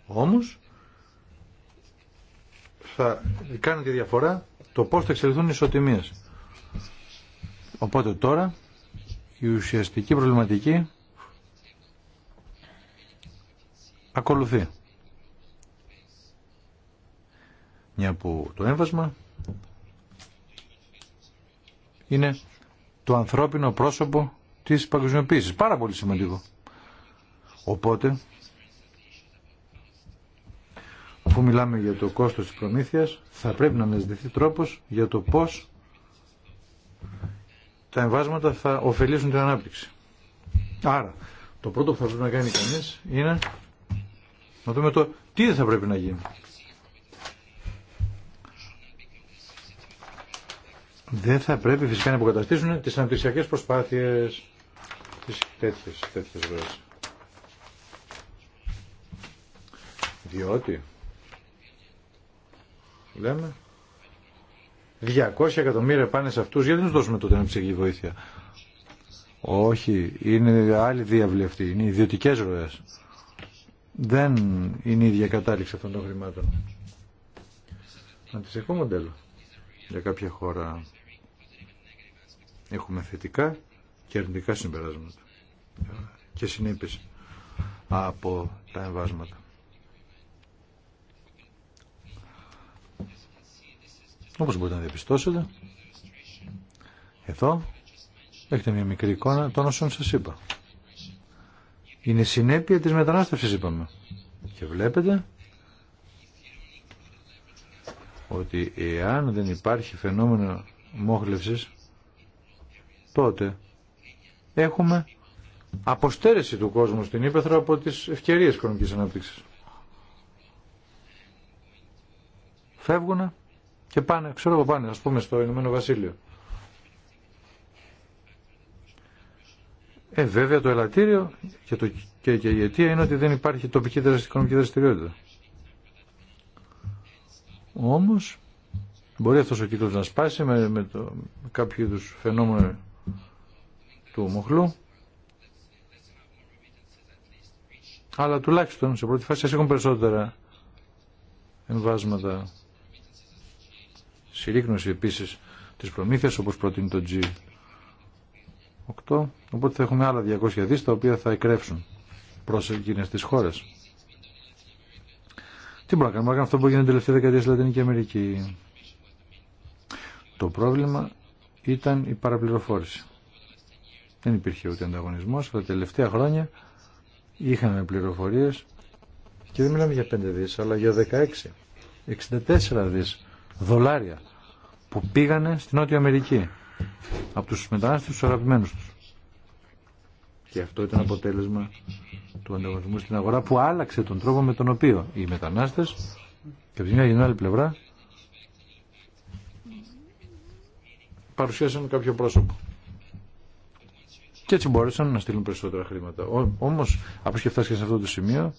Όμως θα κάνει τη διαφορά το πώς θα εξελιχθούν οι ισοτιμίες. Οπότε τώρα η ουσιαστική προβληματική ακολουθεί. μια που το έμβασμα είναι το ανθρώπινο πρόσωπο της παγκοσμιοποίησης. Πάρα πολύ σημαντικό. Οπότε, αφού μιλάμε για το κόστος της προμήθειας, θα πρέπει να αναζητηθεί τρόπος για το πώς τα εμβάσματα θα ωφελήσουν την ανάπτυξη. Άρα, το πρώτο που θα πρέπει να κάνει κανείς είναι να δούμε το τι θα πρέπει να γίνει. δεν θα πρέπει φυσικά να υποκαταστήσουν τις αναπτυξιακέ προσπάθειες τις τέτοιες, τέτοιες Διότι λέμε 200 εκατομμύρια πάνε σε αυτούς γιατί δεν τους δώσουμε τότε αναψυχική βοήθεια. Όχι, είναι άλλη διάβλη είναι ιδιωτικέ ροέ. Δεν είναι η ίδια κατάληξη αυτών των χρημάτων. Αντιστοιχό μοντέλο για κάποια χώρα. Έχουμε θετικά και αρνητικά συμπεράσματα και συνέπειες από τα εμβάσματα. Όπως μπορείτε να διαπιστώσετε, εδώ έχετε μια μικρή εικόνα των όσων σας είπα. Είναι συνέπεια της μετανάστευσης είπαμε. Και βλέπετε ότι εάν δεν υπάρχει φαινόμενο μόχλευσης τότε έχουμε αποστέρεση του κόσμου στην Ήπεθρο από τις ευκαιρίες οικονομικής ανάπτυξης. Φεύγουν και πάνε, ξέρω εγώ πάνε, ας πούμε στο Ηνωμένο Βασίλειο. Ε, βέβαια το ελαττήριο και, το, η αιτία είναι ότι δεν υπάρχει τοπική οικονομική δραστηριότητα. Όμως μπορεί αυτός ο κύκλος να σπάσει με, με το, κάποιο φαινόμενο του μοχλού, Αλλά τουλάχιστον σε πρώτη φάση έχουν περισσότερα εμβάσματα. Συρρήκνωση επίση της προμήθειας όπως προτείνει το G8. Οπότε θα έχουμε άλλα 200 δις τα οποία θα εκρέψουν προς εκείνες τις χώρες. Τι μπορούμε να κάνουμε, αυτό που έγινε την τελευταία δεκαετία στη Λατινική Αμερική. Το πρόβλημα ήταν η παραπληροφόρηση. Δεν υπήρχε ούτε ανταγωνισμός. Τα τελευταία χρόνια είχαμε πληροφορίε και δεν μιλάμε για 5 δις, αλλά για 16. 64 δις δολάρια που πήγανε στην Νότια Αμερική από τους μετανάστες του αγαπημένους τους. Και αυτό ήταν αποτέλεσμα του ανταγωνισμού στην αγορά που άλλαξε τον τρόπο με τον οποίο οι μετανάστες και από τη μια άλλη πλευρά παρουσίασαν κάποιο πρόσωπο και έτσι μπόρεσαν να στείλουν περισσότερα χρήματα. Όμως, από και και σε αυτό το σημείο,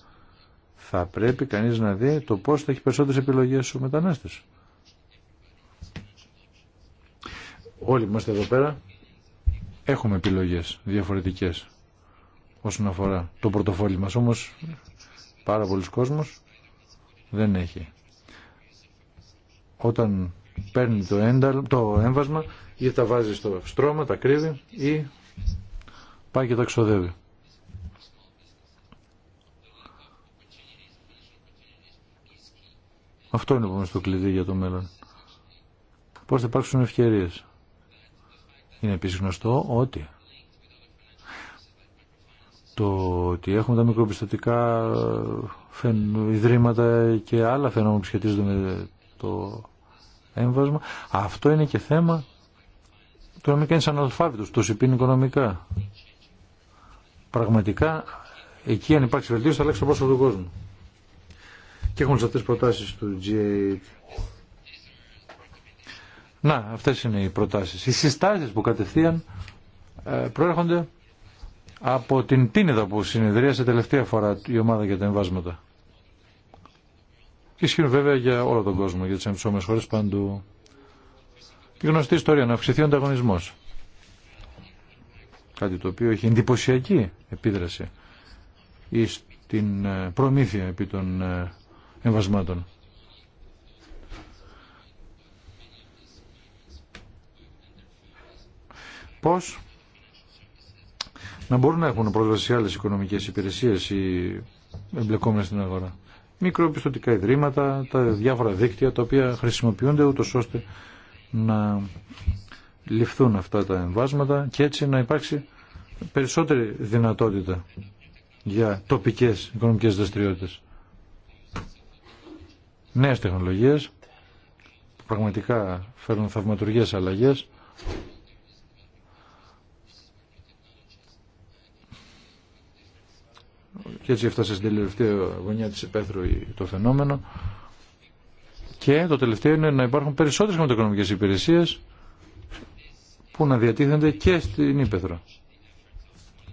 θα πρέπει κανείς να δει το πώς θα έχει περισσότερες επιλογές ο μετανάστες. Όλοι είμαστε εδώ πέρα, έχουμε επιλογές διαφορετικές όσον αφορά το πορτοφόλι μας. Όμως, πάρα πολλοί κόσμος δεν έχει. Όταν παίρνει το, ένταλ, το έμβασμα, ή τα βάζει στο στρώμα, τα κρύβει, ή πάει και τα ξοδεύει. Αυτό είναι που το κλειδί για το μέλλον. Πώς θα υπάρξουν ευκαιρίες. Είναι επίσης γνωστό ότι το ότι έχουμε τα μικροπιστωτικά ιδρύματα και άλλα φαινόμενα που σχετίζονται με το έμβασμα, αυτό είναι και θέμα του να μην κάνεις αναλφάβητος, το συμπίνει οικονομικά πραγματικά εκεί αν υπάρξει βελτίωση θα αλλάξει το πρόσωπο του κόσμου. Και έχουν αυτές τις προτάσεις του G8. Να, αυτές είναι οι προτάσεις. Οι συστάσεις που κατευθείαν ε, προέρχονται από την Τίνιδα που συνεδρίασε τελευταία φορά η ομάδα για τα εμβάσματα. Και ισχύουν βέβαια για όλο τον κόσμο, για τις εμψώμενες χώρες παντού. Η γνωστή ιστορία, να αυξηθεί ο ανταγωνισμός. Κάτι το οποίο έχει εντυπωσιακή επίδραση στην ε, προμήθεια επί των ε, εμβασμάτων. Πώς να μπορούν να έχουν πρόσβαση σε άλλες οικονομικές υπηρεσίες οι εμπλεκόμενες στην αγορά. Μικροπιστωτικά ιδρύματα, τα διάφορα δίκτυα τα οποία χρησιμοποιούνται ούτως ώστε να ληφθούν αυτά τα εμβάσματα και έτσι να υπάρξει περισσότερη δυνατότητα για τοπικές οικονομικές δραστηριότητες. Νέες τεχνολογίες που πραγματικά φέρνουν θαυματουργές αλλαγές και έτσι έφτασε στην τελευταία γωνιά της επέθρου το φαινόμενο και το τελευταίο είναι να υπάρχουν περισσότερες χρηματοοικονομικές υπηρεσίες που να διατίθενται και στην Ήπεθρο.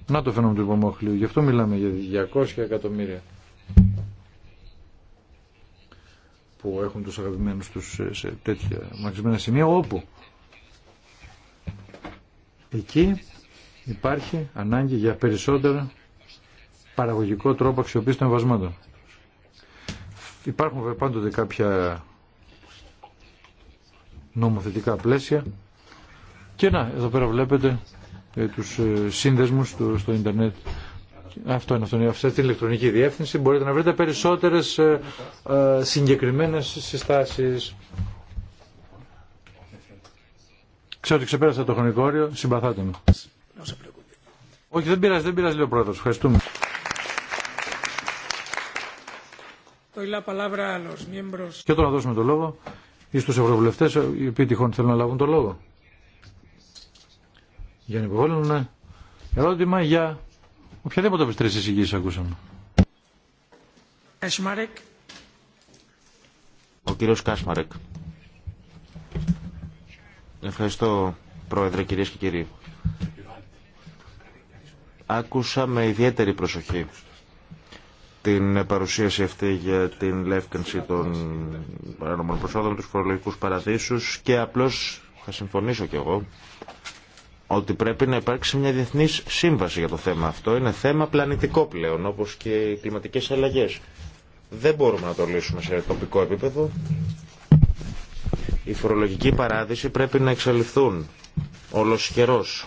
Να το φαινόμενο του υπομόχλειου. Γι' αυτό μιλάμε για 200 εκατομμύρια που έχουν τους αγαπημένους τους σε τέτοια μαξιμένα σημεία όπου εκεί υπάρχει ανάγκη για περισσότερο παραγωγικό τρόπο αξιοποίηση των εμβασμάτων. Υπάρχουν πάντοτε κάποια νομοθετικά πλαίσια και να, εδώ πέρα βλέπετε ε, τους ε, σύνδεσμους του, στο ίντερνετ. Αυτό είναι, αυτό αυτή την ηλεκτρονική διεύθυνση. Μπορείτε να βρείτε περισσότερες ε, ε, συγκεκριμένες συστάσεις. Ξέρω ότι ξεπέρασα το χρονικό όριο, συμπαθάτε με. Όχι, δεν πειράζει, δεν πειράζει, λέει ο πρόεδρος. Ευχαριστούμε. Και τώρα να δώσουμε το λόγο στους ευρωβουλευτές, οι οποίοι τυχόν θέλουν να λάβουν το λόγο για να υποβάλουν ερώτημα για οποιαδήποτε από τι τρει εισηγήσει ακούσαμε. Ο κύριος Κάσμαρεκ. Ευχαριστώ πρόεδρε κυρίες και κύριοι. Άκουσα με ιδιαίτερη προσοχή την παρουσίαση αυτή για την λεύκανση των παρανομών προσόδων, τους φορολογικούς παραδείσους και απλώς θα συμφωνήσω κι εγώ ότι πρέπει να υπάρξει μια διεθνή σύμβαση για το θέμα αυτό. Είναι θέμα πλανητικό πλέον, όπω και οι κλιματικέ αλλαγέ. Δεν μπορούμε να το λύσουμε σε τοπικό επίπεδο. Η φορολογική παράδειση πρέπει να εξαλειφθούν ολοσχερός.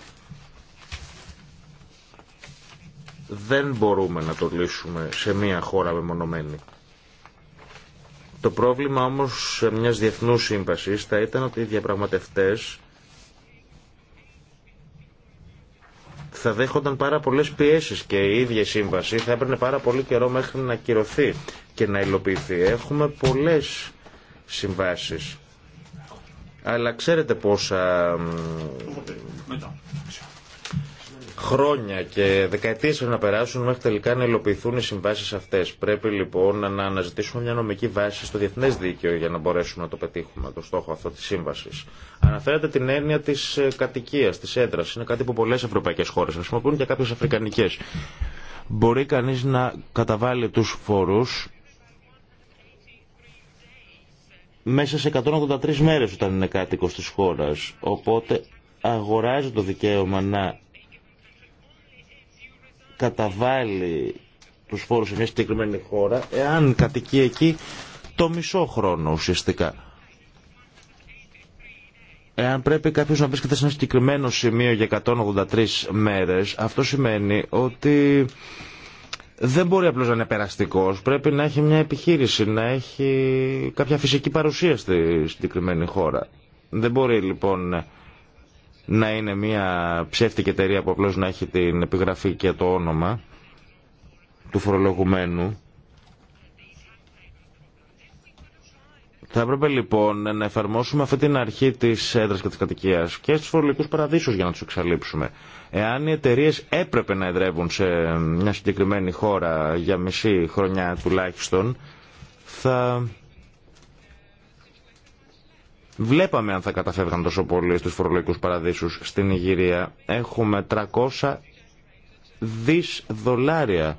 Δεν μπορούμε να το λύσουμε σε μία χώρα μεμονωμένη. Το πρόβλημα όμως μιας διεθνούς σύμβασης θα ήταν ότι οι διαπραγματευτές θα δέχονταν πάρα πολλέ πιέσει και η ίδια η σύμβαση θα έπαιρνε πάρα πολύ καιρό μέχρι να κυρωθεί και να υλοποιηθεί. Έχουμε πολλέ συμβάσει. Αλλά ξέρετε πόσα χρόνια και δεκαετίε να περάσουν μέχρι τελικά να υλοποιηθούν οι συμβάσει αυτέ. Πρέπει λοιπόν να αναζητήσουμε μια νομική βάση στο διεθνέ δίκαιο για να μπορέσουμε να το πετύχουμε, το στόχο αυτό τη σύμβαση. Αναφέρατε την έννοια τη ε, κατοικία, τη έντρας. Είναι κάτι που πολλέ ευρωπαϊκές χώρες χρησιμοποιούν και κάποιε αφρικανικέ. Μπορεί κανεί να καταβάλει του φορού. μέσα σε 183 μέρες όταν είναι κάτοικος της χώρας. Οπότε αγοράζει το δικαίωμα να καταβάλει τους φόρους σε μια συγκεκριμένη χώρα εάν κατοικεί εκεί το μισό χρόνο ουσιαστικά. Εάν πρέπει κάποιος να βρίσκεται σε ένα συγκεκριμένο σημείο για 183 μέρες, αυτό σημαίνει ότι δεν μπορεί απλώς να είναι περαστικός, πρέπει να έχει μια επιχείρηση, να έχει κάποια φυσική παρουσία στη συγκεκριμένη χώρα. Δεν μπορεί λοιπόν να είναι μια ψεύτικη εταιρεία που απλώς να έχει την επιγραφή και το όνομα του φορολογουμένου. Θα έπρεπε λοιπόν να εφαρμόσουμε αυτή την αρχή της έδρας και τη κατοικία και στους φορολογικούς παραδείσους για να τους εξαλείψουμε. Εάν οι εταιρείε έπρεπε να εδρεύουν σε μια συγκεκριμένη χώρα για μισή χρονιά τουλάχιστον, θα Βλέπαμε αν θα καταφεύγαν τόσο πολύ στους φορολογικούς παραδείσους στην Ιγυρία. Έχουμε 300 δις δολάρια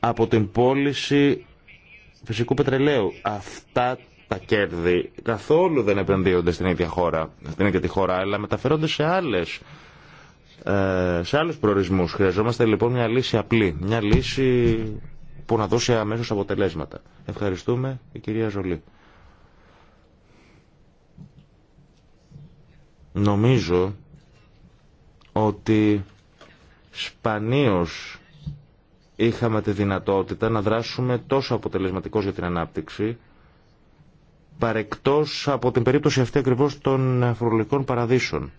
από την πώληση φυσικού πετρελαίου. Αυτά τα κέρδη καθόλου δεν επενδύονται στην ίδια χώρα, στην ίδια τη χώρα, αλλά μεταφέρονται σε άλλες ε, σε άλλους προορισμούς. Χρειαζόμαστε λοιπόν μια λύση απλή, μια λύση που να δώσει αμέσως αποτελέσματα. Ευχαριστούμε η κυρία Ζολή. Νομίζω ότι σπανίως είχαμε τη δυνατότητα να δράσουμε τόσο αποτελεσματικώς για την ανάπτυξη παρεκτός από την περίπτωση αυτή ακριβώς των φορολογικών παραδείσων.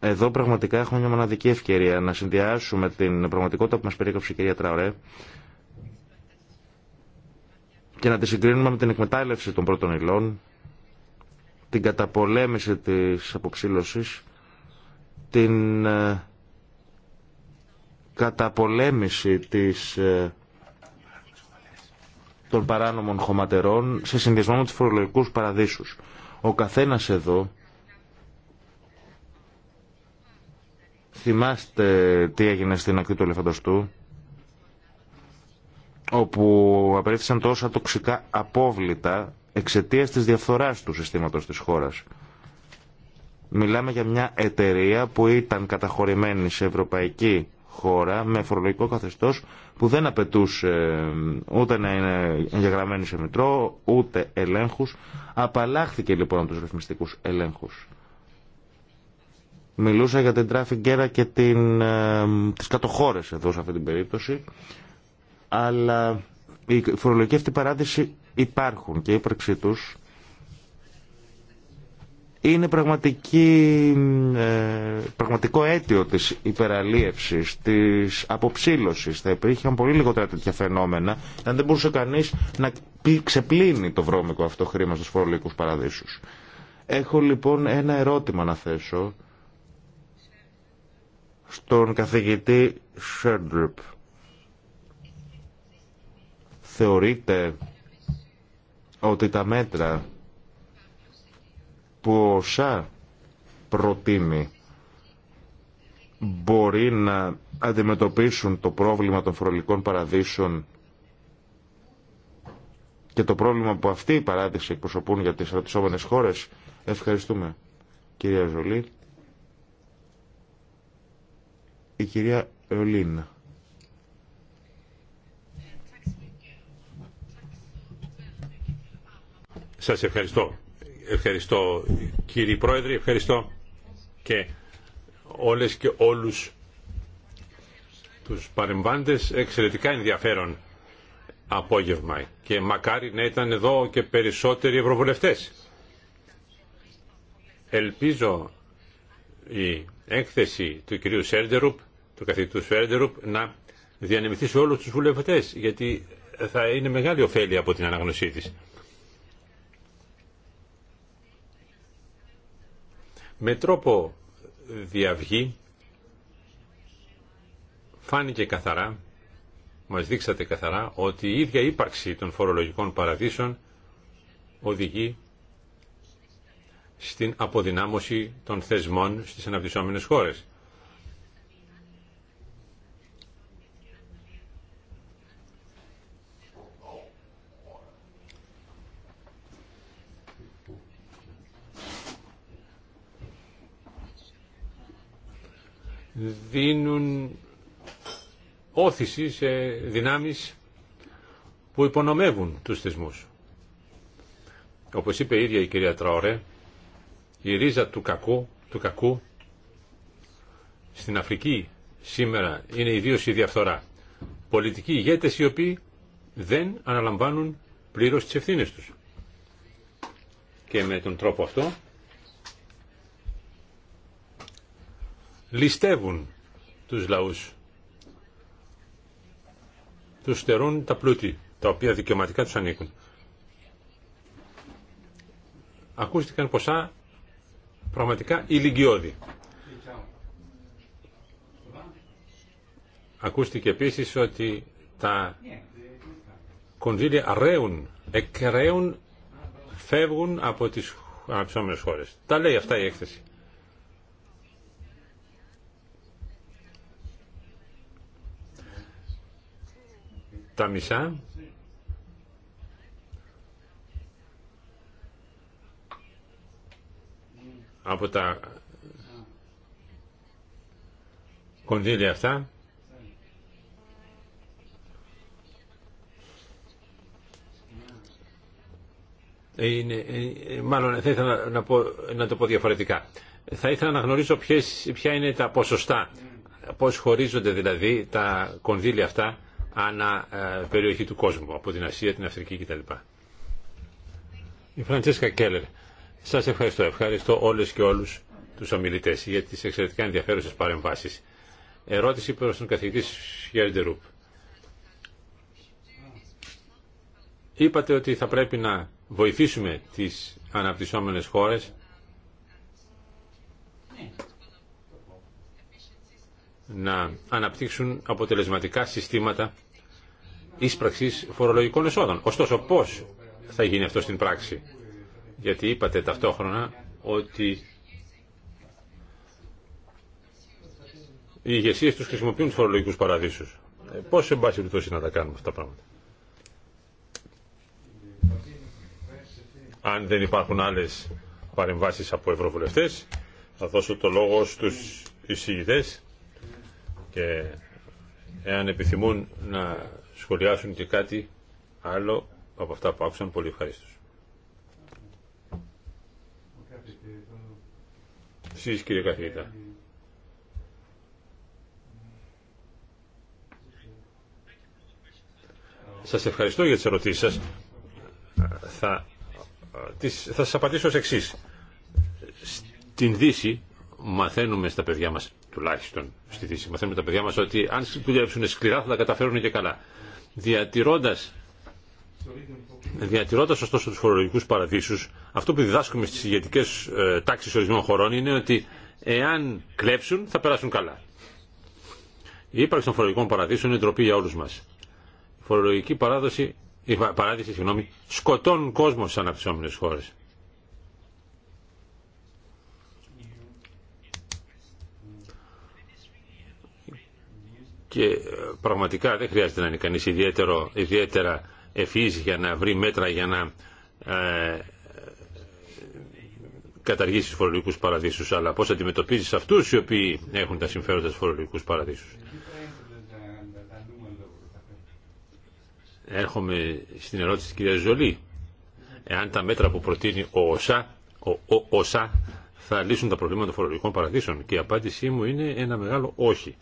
Εδώ πραγματικά έχουμε μια μοναδική ευκαιρία να συνδυάσουμε την πραγματικότητα που μας περίγραψε η κυρία Τραωρέ και να τη συγκρίνουμε με την εκμετάλλευση των πρώτων υλών, την καταπολέμηση της αποξήλωσης, την ε, καταπολέμηση της, ε, των παράνομων χωματερών σε συνδυασμό με τους φορολογικούς παραδείσους. Ο καθένας εδώ θυμάστε τι έγινε στην ακτή του Ελεφαντοστού όπου απερίφθησαν τόσα τοξικά απόβλητα εξαιτίας της διαφθοράς του συστήματος της χώρας. Μιλάμε για μια εταιρεία που ήταν καταχωρημένη σε ευρωπαϊκή χώρα με φορολογικό καθεστώς που δεν απαιτούσε ε, ούτε να είναι εγγεγραμμένη σε μητρό, ούτε ελέγχους. Απαλλάχθηκε λοιπόν από τους ρυθμιστικούς ελέγχους. Μιλούσα για την τράφικ και την, ε, τις κατοχώρες εδώ σε αυτή την περίπτωση αλλά η φορολογική αυτή παράδειση υπάρχουν και η ύπαρξή τους είναι πραγματική, ε, πραγματικό αίτιο της υπεραλίευσης, της αποψήλωσης. Θα υπήρχαν πολύ λιγότερα τέτοια φαινόμενα, αν δεν μπορούσε κανείς να ξεπλύνει το βρώμικο αυτό χρήμα στους φορολογικούς παραδείσους. Έχω λοιπόν ένα ερώτημα να θέσω στον καθηγητή Σέρντρουπ θεωρείτε ότι τα μέτρα που ο ΣΑ προτείνει μπορεί να αντιμετωπίσουν το πρόβλημα των φορολικών παραδείσων και το πρόβλημα που αυτοί οι παράδεισοι εκπροσωπούν για τις ερωτησόμενες χώρες. Ευχαριστούμε, κυρία Ζολή. Η κυρία Εολίνα. Σας ευχαριστώ. Ευχαριστώ κύριε Πρόεδρε, ευχαριστώ και όλες και όλους τους παρεμβάντες. Εξαιρετικά ενδιαφέρον απόγευμα και μακάρι να ήταν εδώ και περισσότεροι ευρωβουλευτές. Ελπίζω η έκθεση του κυρίου Σέρντερουπ, του καθηγητού Σέρντερουπ, να διανεμηθεί σε όλους τους βουλευτές, γιατί θα είναι μεγάλη ωφέλεια από την αναγνωσή της. Με τρόπο διαυγή φάνηκε καθαρά, μας δείξατε καθαρά, ότι η ίδια ύπαρξη των φορολογικών παραδείσων οδηγεί στην αποδυνάμωση των θεσμών στις αναπτυσσόμενες χώρες. δίνουν όθηση σε δυνάμεις που υπονομεύουν τους θεσμούς. Όπως είπε η ίδια η κυρία Τραωρέ, η ρίζα του κακού, του κακού στην Αφρική σήμερα είναι ιδίω η διαφθορά. Πολιτικοί ηγέτες οι οποίοι δεν αναλαμβάνουν πλήρως τις ευθύνες τους. Και με τον τρόπο αυτό ληστεύουν τους λαούς. Τους στερούν τα πλούτη, τα οποία δικαιωματικά τους ανήκουν. Ακούστηκαν ποσά πραγματικά ηλικιώδη. Ακούστηκε επίσης ότι τα κονδύλια ρέουν, εκραίουν, φεύγουν από τις αναψώμενες χώρες. Τα λέει αυτά η έκθεση. τα μισά από τα κονδύλια αυτά είναι, ε, ε, μάλλον θα ήθελα να, το πω διαφορετικά. Θα ήθελα να γνωρίσω ποια είναι τα ποσοστά, πώς χωρίζονται δηλαδή τα κονδύλια αυτά ανά ε, περιοχή του κόσμου, από την Ασία, την Αφρική κτλ. Η Φραντσέσκα Κέλλερ, σας ευχαριστώ. Ευχαριστώ όλες και όλους τους ομιλητές για τις εξαιρετικά ενδιαφέρουσες παρεμβάσεις. Ερώτηση προς τον καθηγητή Σιέρντερουπ. Είπατε ότι θα πρέπει να βοηθήσουμε τις αναπτυσσόμενες χώρες να αναπτύξουν αποτελεσματικά συστήματα πράξεις φορολογικών εσόδων. Ωστόσο, πώ θα γίνει αυτό στην πράξη. Γιατί είπατε ταυτόχρονα ότι οι ηγεσίε του χρησιμοποιούν φορολογικού φορολογικούς παραδείσους. Ε, πώς, εν πάση περιπτώσει, να τα κάνουμε αυτά τα πράγματα. Αν δεν υπάρχουν άλλε παρεμβάσει από ευρωβουλευτέ, θα δώσω το λόγο στου εισηγητέ και εάν επιθυμούν να σχολιάσουν και κάτι άλλο από αυτά που άκουσαν. Πολύ ευχαριστώ. Εσείς κύριε καθηγητά. Σας ευχαριστώ για τις ερωτήσεις σας. Θα, τις, θα σας απαντήσω ως εξής. Στην Δύση μαθαίνουμε στα παιδιά μας, τουλάχιστον στη Δύση, μαθαίνουμε τα παιδιά μας ότι αν δουλεύσουν σκληρά θα τα καταφέρουν και καλά. Διατηρώντας, διατηρώντας ωστόσο τους φορολογικούς παραδείσους, αυτό που διδάσκουμε στις ηγετικές ε, τάξεις ορισμένων χωρών είναι ότι εάν κλέψουν θα περάσουν καλά. Η ύπαρξη των φορολογικών παραδείσων είναι ντροπή για όλους μας. Η φορολογική παράδοση, η παράδειση συγγνώμη, σκοτώνουν κόσμο στι αναπτυσσόμενες χώρες. και ε, πραγματικά δεν χρειάζεται να είναι κανείς ιδιαίτερα ευφυής για να βρει μέτρα για να ε, καταργήσει τους φορολογικούς παραδείσους, αλλά πώς αντιμετωπίζεις αυτούς οι οποίοι έχουν τα συμφέροντα στους φορολογικούς παραδείσους. Έρχομαι στην ερώτηση της κυρίας Ζολή. Εάν τα μέτρα που προτείνει ο ΩΣΑ ο, θα λύσουν τα προβλήματα των φορολογικών παραδείσων. Και η απάντησή μου είναι ένα μεγάλο όχι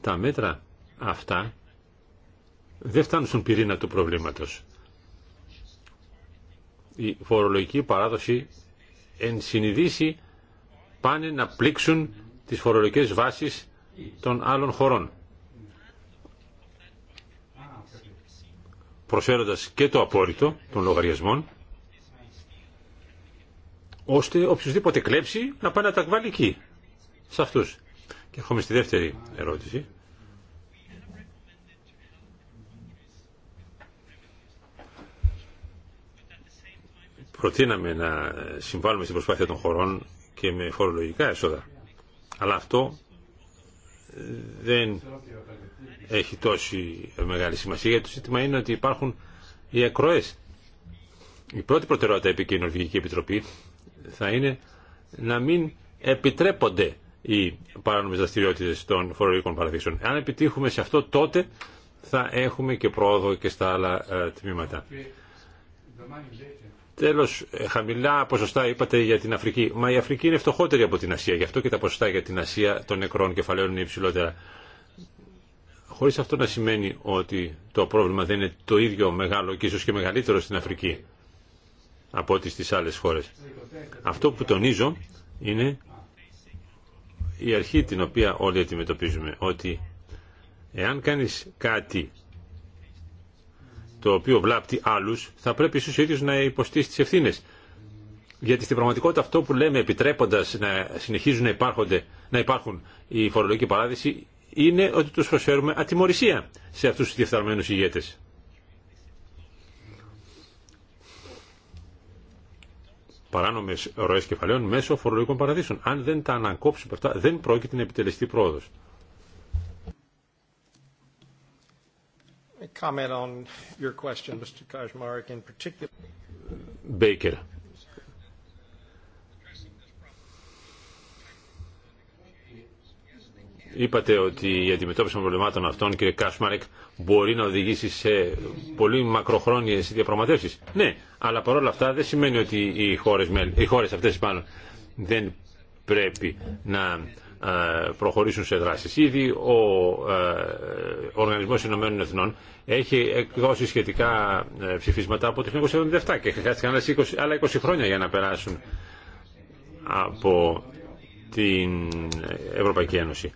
τα μέτρα αυτά δεν φτάνουν στον πυρήνα του προβλήματος. Η φορολογική παράδοση εν συνειδήσει πάνε να πλήξουν τις φορολογικές βάσεις των άλλων χωρών. Προσφέροντας και το απόρριτο των λογαριασμών, ώστε οποιοδήποτε κλέψει να πάει να τα βάλει εκεί, σε αυτούς. Και έρχομαι στη δεύτερη ερώτηση. Προτείναμε να συμβάλλουμε στην προσπάθεια των χωρών και με φορολογικά έσοδα. Αλλά αυτό δεν έχει τόση μεγάλη σημασία γιατί το ζήτημα είναι ότι υπάρχουν οι ακροές. Η πρώτη προτεραιότητα είπε και η Νορβηγική Επιτροπή θα είναι να μην επιτρέπονται οι παράνομε δραστηριότητε των φορολογικών παραδείσεων. Αν επιτύχουμε σε αυτό τότε θα έχουμε και πρόοδο και στα άλλα ε, τμήματα. Τέλο, ε, χαμηλά ποσοστά είπατε για την Αφρική. Μα η Αφρική είναι φτωχότερη από την Ασία. Γι' αυτό και τα ποσοστά για την Ασία των νεκρών κεφαλαίων είναι υψηλότερα. Χωρί αυτό να σημαίνει ότι το πρόβλημα δεν είναι το ίδιο μεγάλο και ίσω και μεγαλύτερο στην Αφρική από ό,τι στι άλλε χώρε. Αυτό που τονίζω είναι η αρχή την οποία όλοι αντιμετωπίζουμε, ότι εάν κάνεις κάτι το οποίο βλάπτει άλλους, θα πρέπει ίσως ο να υποστείς τις ευθύνες. Γιατί στην πραγματικότητα αυτό που λέμε επιτρέποντας να συνεχίζουν να, υπάρχονται, να υπάρχουν οι φορολογικοί παράδεισοι είναι ότι τους προσφέρουμε ατιμορρησία σε αυτούς τους διεφθαρμένους ηγέτες. Παράνομε ροές κεφαλαίων μέσω φορολογικών παραδείσων. Αν δεν τα ανακόψουμε αυτά, δεν πρόκειται να επιτελεστεί πρόοδος. Είπατε ότι η αντιμετώπιση των προβλημάτων αυτών, κύριε Κάσμαρεκ, μπορεί να οδηγήσει σε πολύ μακροχρόνιε διαπραγματεύσει. Ναι, αλλά παρόλα αυτά δεν σημαίνει ότι οι χώρες, οι χώρες αυτές πάνω δεν πρέπει να ε, προχωρήσουν σε δράσεις. Ήδη ο ε, Οργανισμός Ηνωμένων Εθνών έχει εκδώσει σχετικά ε, ψηφίσματα από το 1977 και χρειάστηκαν άλλα 20 χρόνια για να περάσουν από την Ευρωπαϊκή Ένωση.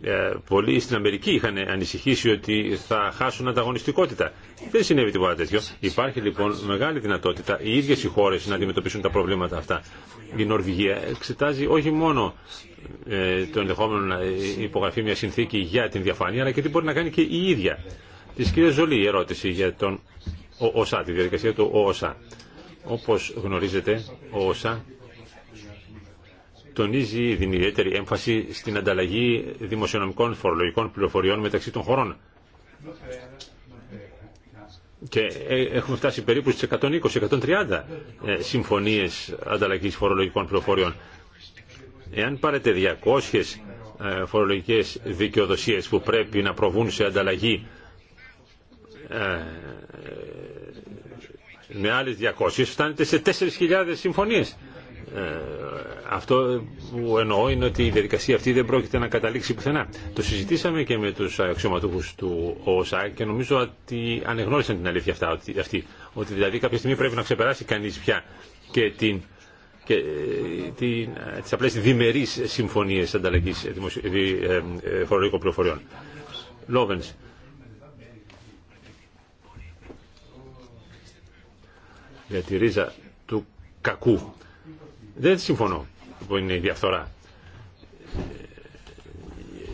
Ε, πολλοί στην Αμερική είχαν ανησυχήσει ότι θα χάσουν ανταγωνιστικότητα. Δεν συνέβη τίποτα τέτοιο. Υπάρχει λοιπόν μεγάλη δυνατότητα οι ίδιε οι χώρε να αντιμετωπίσουν τα προβλήματα αυτά. Η Νορβηγία εξετάζει όχι μόνο ε, το ενδεχόμενο να υπογραφεί μια συνθήκη για την διαφάνεια, αλλά και τι μπορεί να κάνει και η ίδια. Τη κυρία Ζολή η ερώτηση για τον ΟΣΑ, τη διαδικασία του ΟΣΑ. Όπω γνωρίζετε, ο ΟΣΑ τονίζει, η ιδιαίτερη έμφαση στην ανταλλαγή δημοσιονομικών φορολογικών πληροφοριών μεταξύ των χωρών. Και ε, έχουμε φτάσει περίπου στις 120-130 ε, συμφωνίες ανταλλαγής φορολογικών πληροφοριών. Εάν πάρετε 200 ε, φορολογικές δικαιοδοσίες που πρέπει να προβούν σε ανταλλαγή με άλλες 200, φτάνετε σε 4.000 συμφωνίες. Ε, αυτό που εννοώ είναι ότι η διαδικασία αυτή δεν πρόκειται να καταλήξει πουθενά. Το συζητήσαμε και με τους αξιωματούχους του ΟΣΑ και νομίζω ότι ανεγνώρισαν την αλήθεια αυτά, ότι, αυτή. Ότι δηλαδή κάποια στιγμή πρέπει να ξεπεράσει κανείς πια και την και ε, την, ε, τις απλές διμερείς συμφωνίες ανταλλαγής φορολογικών πληροφοριών. Λόβενς. Για τη ρίζα του κακού δεν συμφωνώ που είναι η διαφθορά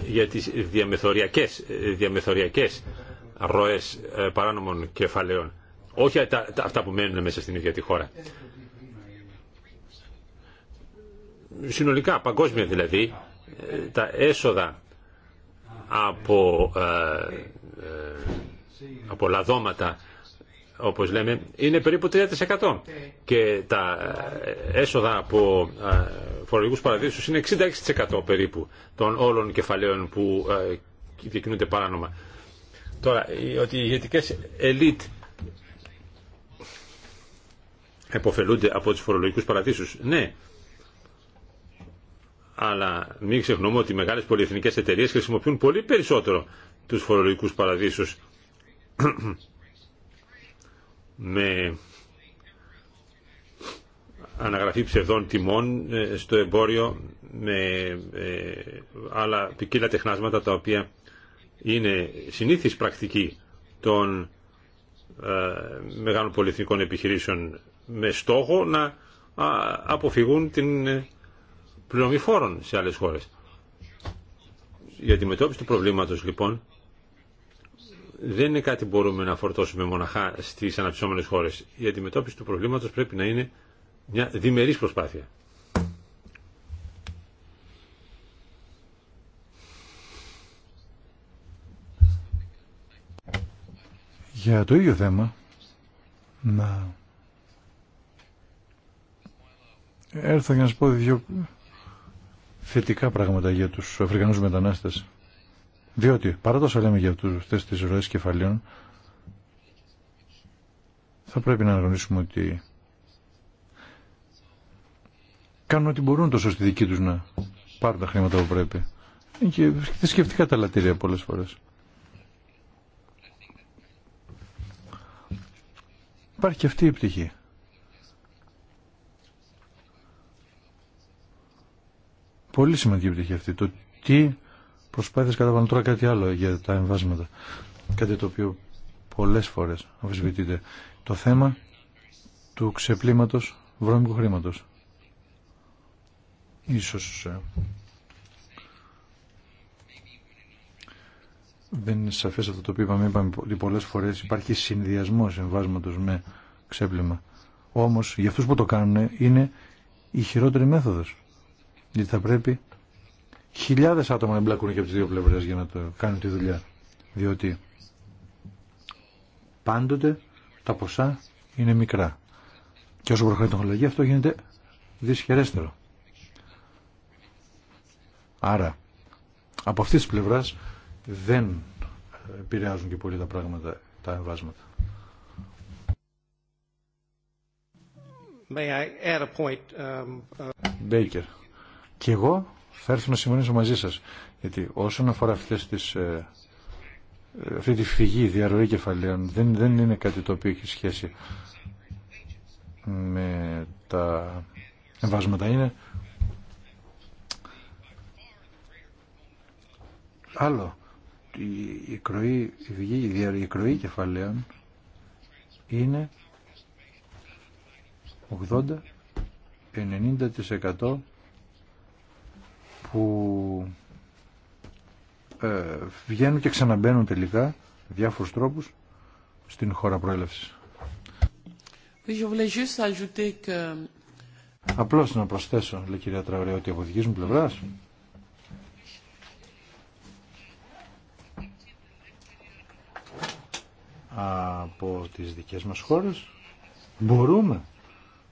για τις διαμεθοριακές, διαμεθοριακές ροές ε, παράνομων κεφαλαίων. Όχι αυτά που μένουν μέσα στην ίδια τη χώρα. Συνολικά, παγκόσμια δηλαδή, ε, τα έσοδα από, ε, από λαδώματα όπως λέμε, είναι περίπου 3% ναι. και τα ε, έσοδα από ε, φορολογικούς παραδείσους είναι 66% περίπου των όλων κεφαλαίων που διακινούνται ε, παράνομα. Τώρα, ότι οι ηγετικές ελίτ εποφελούνται από τους φορολογικούς παραδείσους, ναι, αλλά μην ξεχνούμε ότι οι μεγάλες πολυεθνικές εταιρείες χρησιμοποιούν πολύ περισσότερο τους φορολογικούς παραδείσους με αναγραφή ψευδών τιμών ε, στο εμπόριο με ε, άλλα ποικίλα τεχνάσματα τα οποία είναι συνήθις πρακτική των ε, μεγάλων πολυεθνικών επιχειρήσεων με στόχο να αποφυγούν την πληρωμή σε άλλες χώρες. Η αντιμετώπιση του προβλήματος λοιπόν δεν είναι κάτι που μπορούμε να φορτώσουμε μοναχά στι αναπτυσσόμενες χώρες. Η αντιμετώπιση του προβλήματος πρέπει να είναι μια διμερής προσπάθεια. Για το ίδιο θέμα, να έρθω για να σας πω δύο θετικά πράγματα για τους Αφρικανούς μετανάστες. Διότι, παρά τόσα λέμε για αυτέ τις ροέ κεφαλαίων, θα πρέπει να αναγνωρίσουμε ότι κάνουν ό,τι μπορούν τόσο στη δική τους να πάρουν τα χρήματα που πρέπει. Και θρησκευτικά τα λατήρια πολλές φορές. Υπάρχει και αυτή η πτυχή. Πολύ σημαντική πτυχή αυτή. Το τι προσπάθειες κατάβαλαν τώρα κάτι άλλο για τα εμβάσματα. Κάτι το οποίο πολλές φορές αμφισβητείται. Το θέμα του ξεπλήματος βρώμικου χρήματος. Ίσως ε, δεν είναι σαφές αυτό το οποίο είπαμε. Είπαμε ότι πολλές φορές υπάρχει συνδυασμός εμβάσματος με ξέπλυμα. Όμως για αυτούς που το κάνουν είναι η χειρότερη μέθοδος. Γιατί θα πρέπει χιλιάδες άτομα να εμπλακούν και από τις δύο πλευρές για να το κάνουν τη δουλειά. Διότι πάντοτε τα ποσά είναι μικρά. Και όσο προχωρεί η τεχνολογία αυτό γίνεται δυσχερέστερο. Άρα, από αυτή τη πλευρά δεν επηρεάζουν και πολύ τα πράγματα, τα εμβάσματα. May I a point, um, uh, Και εγώ θα έρθω να συμφωνήσω μαζί σας. Γιατί όσον αφορά αυτές τις, ε, αυτή τη φυγή, διαρροή κεφαλαίων, δεν, δεν είναι κάτι το οποίο έχει σχέση με τα εμβάσματα. Είναι άλλο. Η, η, κροή, η, η κεφαλαιων κεφαλαίων είναι 80-90% που ε, βγαίνουν και ξαναμπαίνουν τελικά διάφορους τρόπους στην χώρα προέλευσης. Απλώς να προσθέσω, λέει κυρία Τραωρέ, ότι από δικής μου πλευράς από τις δικές μας χώρες μπορούμε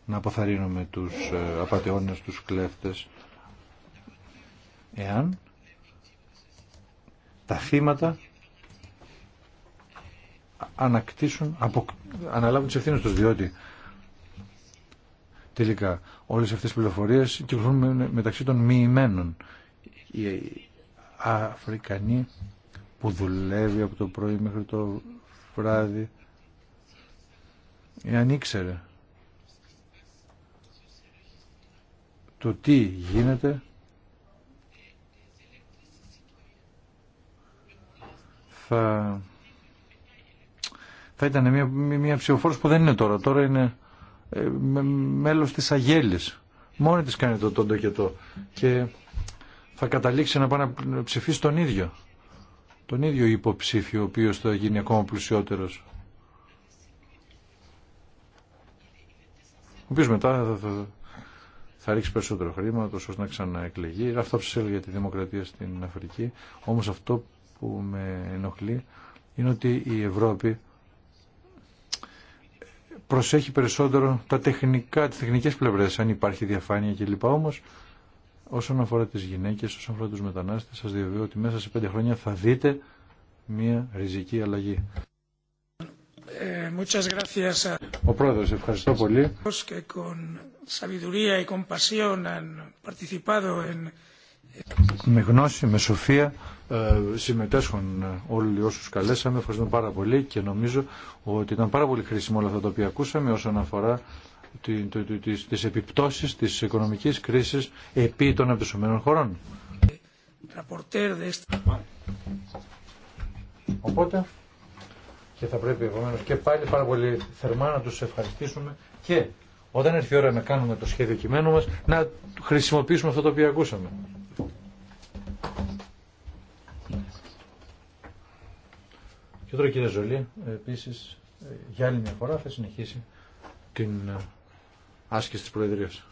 να αποθαρρύνουμε τους ε, απαταιώνες, τους κλέφτες εάν τα θύματα ανακτήσουν, απο, αναλάβουν τις ευθύνες τους, διότι τελικά όλες αυτές οι πληροφορίες κυκλοφορούν μεταξύ των μοιημένων. Οι Αφρικανοί που δουλεύει από το πρωί μέχρι το βράδυ, εάν ήξερε το τι γίνεται θα, θα ήταν μια, μια ψηφοφόρος που δεν είναι τώρα. Τώρα είναι ε, μέλος της Αγέλης. Μόνη της κάνει το τόντο και Και θα καταλήξει να πάει να ψηφίσει τον ίδιο. Τον ίδιο υποψήφιο ο οποίος θα γίνει ακόμα πλουσιότερος. Ο οποίος μετά θα, θα, θα ρίξει περισσότερο χρήμα, ώστε να ξαναεκλεγεί. Αυτό που σας για τη δημοκρατία στην Αφρική. Όμως αυτό που με ενοχλεί είναι ότι η Ευρώπη προσέχει περισσότερο τα τεχνικά, τις τεχνικές πλευρές, αν υπάρχει διαφάνεια κλπ. Όμως, όσον αφορά τις γυναίκες, όσον αφορά τους μετανάστες, σας διαβεβαιώ ότι μέσα σε πέντε χρόνια θα δείτε μια ριζική αλλαγή. Ε, muchas gracias. Ο πρόεδρος, ευχαριστώ πολύ με γνώση, με σοφία ε, συμμετέσχουν ε, όλοι όσους καλέσαμε. Ευχαριστούμε πάρα πολύ και νομίζω ότι ήταν πάρα πολύ χρήσιμο όλα αυτά τα οποία ακούσαμε όσον αφορά τις επιπτώσεις της οικονομικής κρίσης επί των απτυσσομένων χωρών. Οπότε και θα πρέπει επομένως και πάλι πάρα πολύ θερμά να τους ευχαριστήσουμε και όταν έρθει η ώρα να κάνουμε το σχέδιο κειμένου μας να χρησιμοποιήσουμε αυτό το οποίο ακούσαμε. Και τώρα κύριε Ζωλή, επίσης, ε, για άλλη μια φορά θα συνεχίσει την ε, άσκηση της Προεδρίας.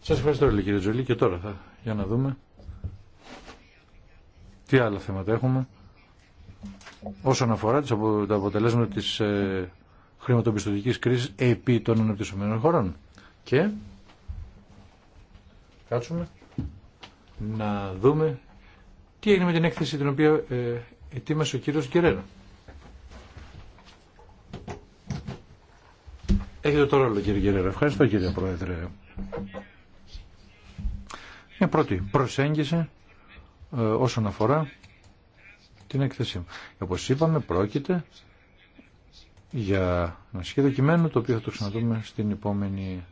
Σας ευχαριστώ πολύ, κύριε Ζωλή. και τώρα θα, για να δούμε τι άλλα θέματα έχουμε όσον αφορά τις, τα αποτελέσματα της ε, χρηματοπιστωτικής κρίσης επί των αναπτυσσομένων χωρών. Και κάτσουμε να δούμε τι έγινε με την έκθεση την οποία ε, ετοίμασε ο κύριος Γκερένα. Έχετε το ρόλο κύριε Γκερένα. Ευχαριστώ κύριε Πρόεδρε. Μια πρώτη προσέγγιση ε, όσον αφορά την έκθεσή μου. Όπως είπαμε πρόκειται για ένα σχέδιο κειμένου το οποίο θα το ξαναδούμε στην επόμενη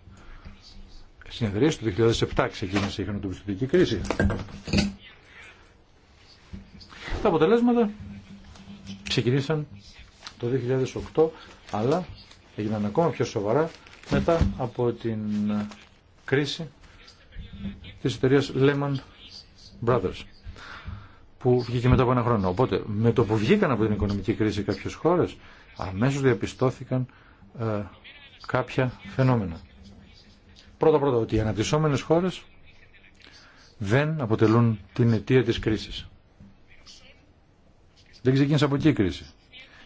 συνεδρία του 2007 ξεκίνησε η χρηματοπιστωτική κρίση τα αποτελέσματα ξεκινήσαν το 2008, αλλά έγιναν ακόμα πιο σοβαρά μετά από την κρίση της εταιρεία Lehman Brothers που βγήκε μετά από ένα χρόνο. Οπότε με το που βγήκαν από την οικονομική κρίση κάποιες χώρες αμέσως διαπιστώθηκαν ε, κάποια φαινόμενα. Πρώτα πρώτα ότι οι αναπτυσσόμενες χώρες δεν αποτελούν την αιτία της κρίσης. Δεν ξεκίνησε από εκεί η κρίση.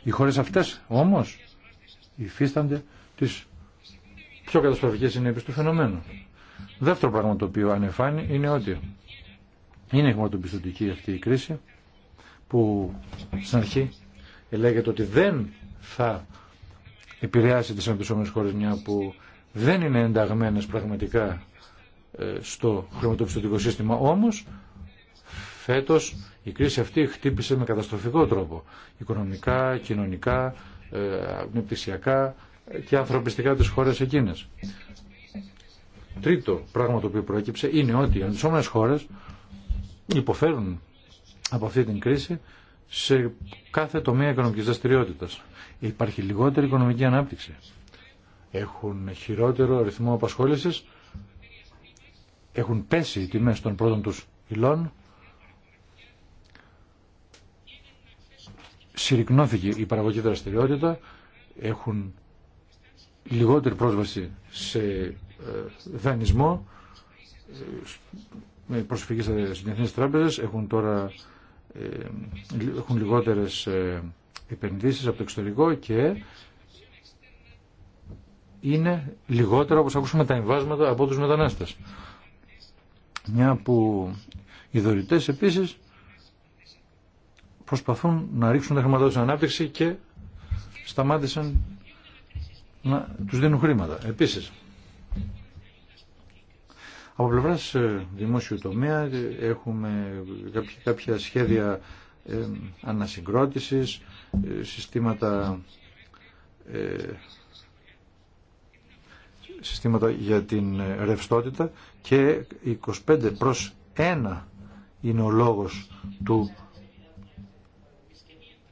Οι χώρες αυτές όμως υφίστανται τις πιο καταστροφικές συνέπειες του φαινομένου. Δεύτερο πράγμα το οποίο ανεφάνει είναι ότι είναι χρηματοπιστωτική αυτή η κρίση που στην αρχή λέγεται ότι δεν θα επηρεάσει τις αναπτυσσόμενες χώρες μια που δεν είναι ενταγμένες πραγματικά ε, στο χρηματοπιστωτικό σύστημα όμως Φέτος η κρίση αυτή χτύπησε με καταστροφικό τρόπο. Οικονομικά, κοινωνικά, ε, νηπτυσιακά και ανθρωπιστικά τις χώρες εκείνες. Τρίτο πράγμα το οποίο προέκυψε είναι ότι οι αντισόμενες χώρες υποφέρουν από αυτή την κρίση σε κάθε τομέα οικονομικής δραστηριότητα. Υπάρχει λιγότερη οικονομική ανάπτυξη. Έχουν χειρότερο αριθμό απασχόλησης. Έχουν πέσει οι τιμές των πρώτων τους υλών συρρυκνώθηκε η παραγωγική δραστηριότητα, έχουν λιγότερη πρόσβαση σε ε, δανεισμό, ε, με προσφυγή στις διεθνείς τράπεζες, έχουν τώρα ε, έχουν λιγότερες επενδύσεις από το εξωτερικό και είναι λιγότερο, όπως ακούσαμε, τα εμβάσματα από τους μετανάστες. Μια που οι δωρητές επίσης προσπαθούν να ρίξουν τα χρήματά στην ανάπτυξη και σταμάτησαν να τους δίνουν χρήματα. Επίσης, από πλευράς ε, δημόσιου τομέα ε, έχουμε κάποια σχέδια ε, ανασυγκρότησης, συστήματα, συστήματα για την ρευστότητα και 25 προς 1 είναι ο λόγος του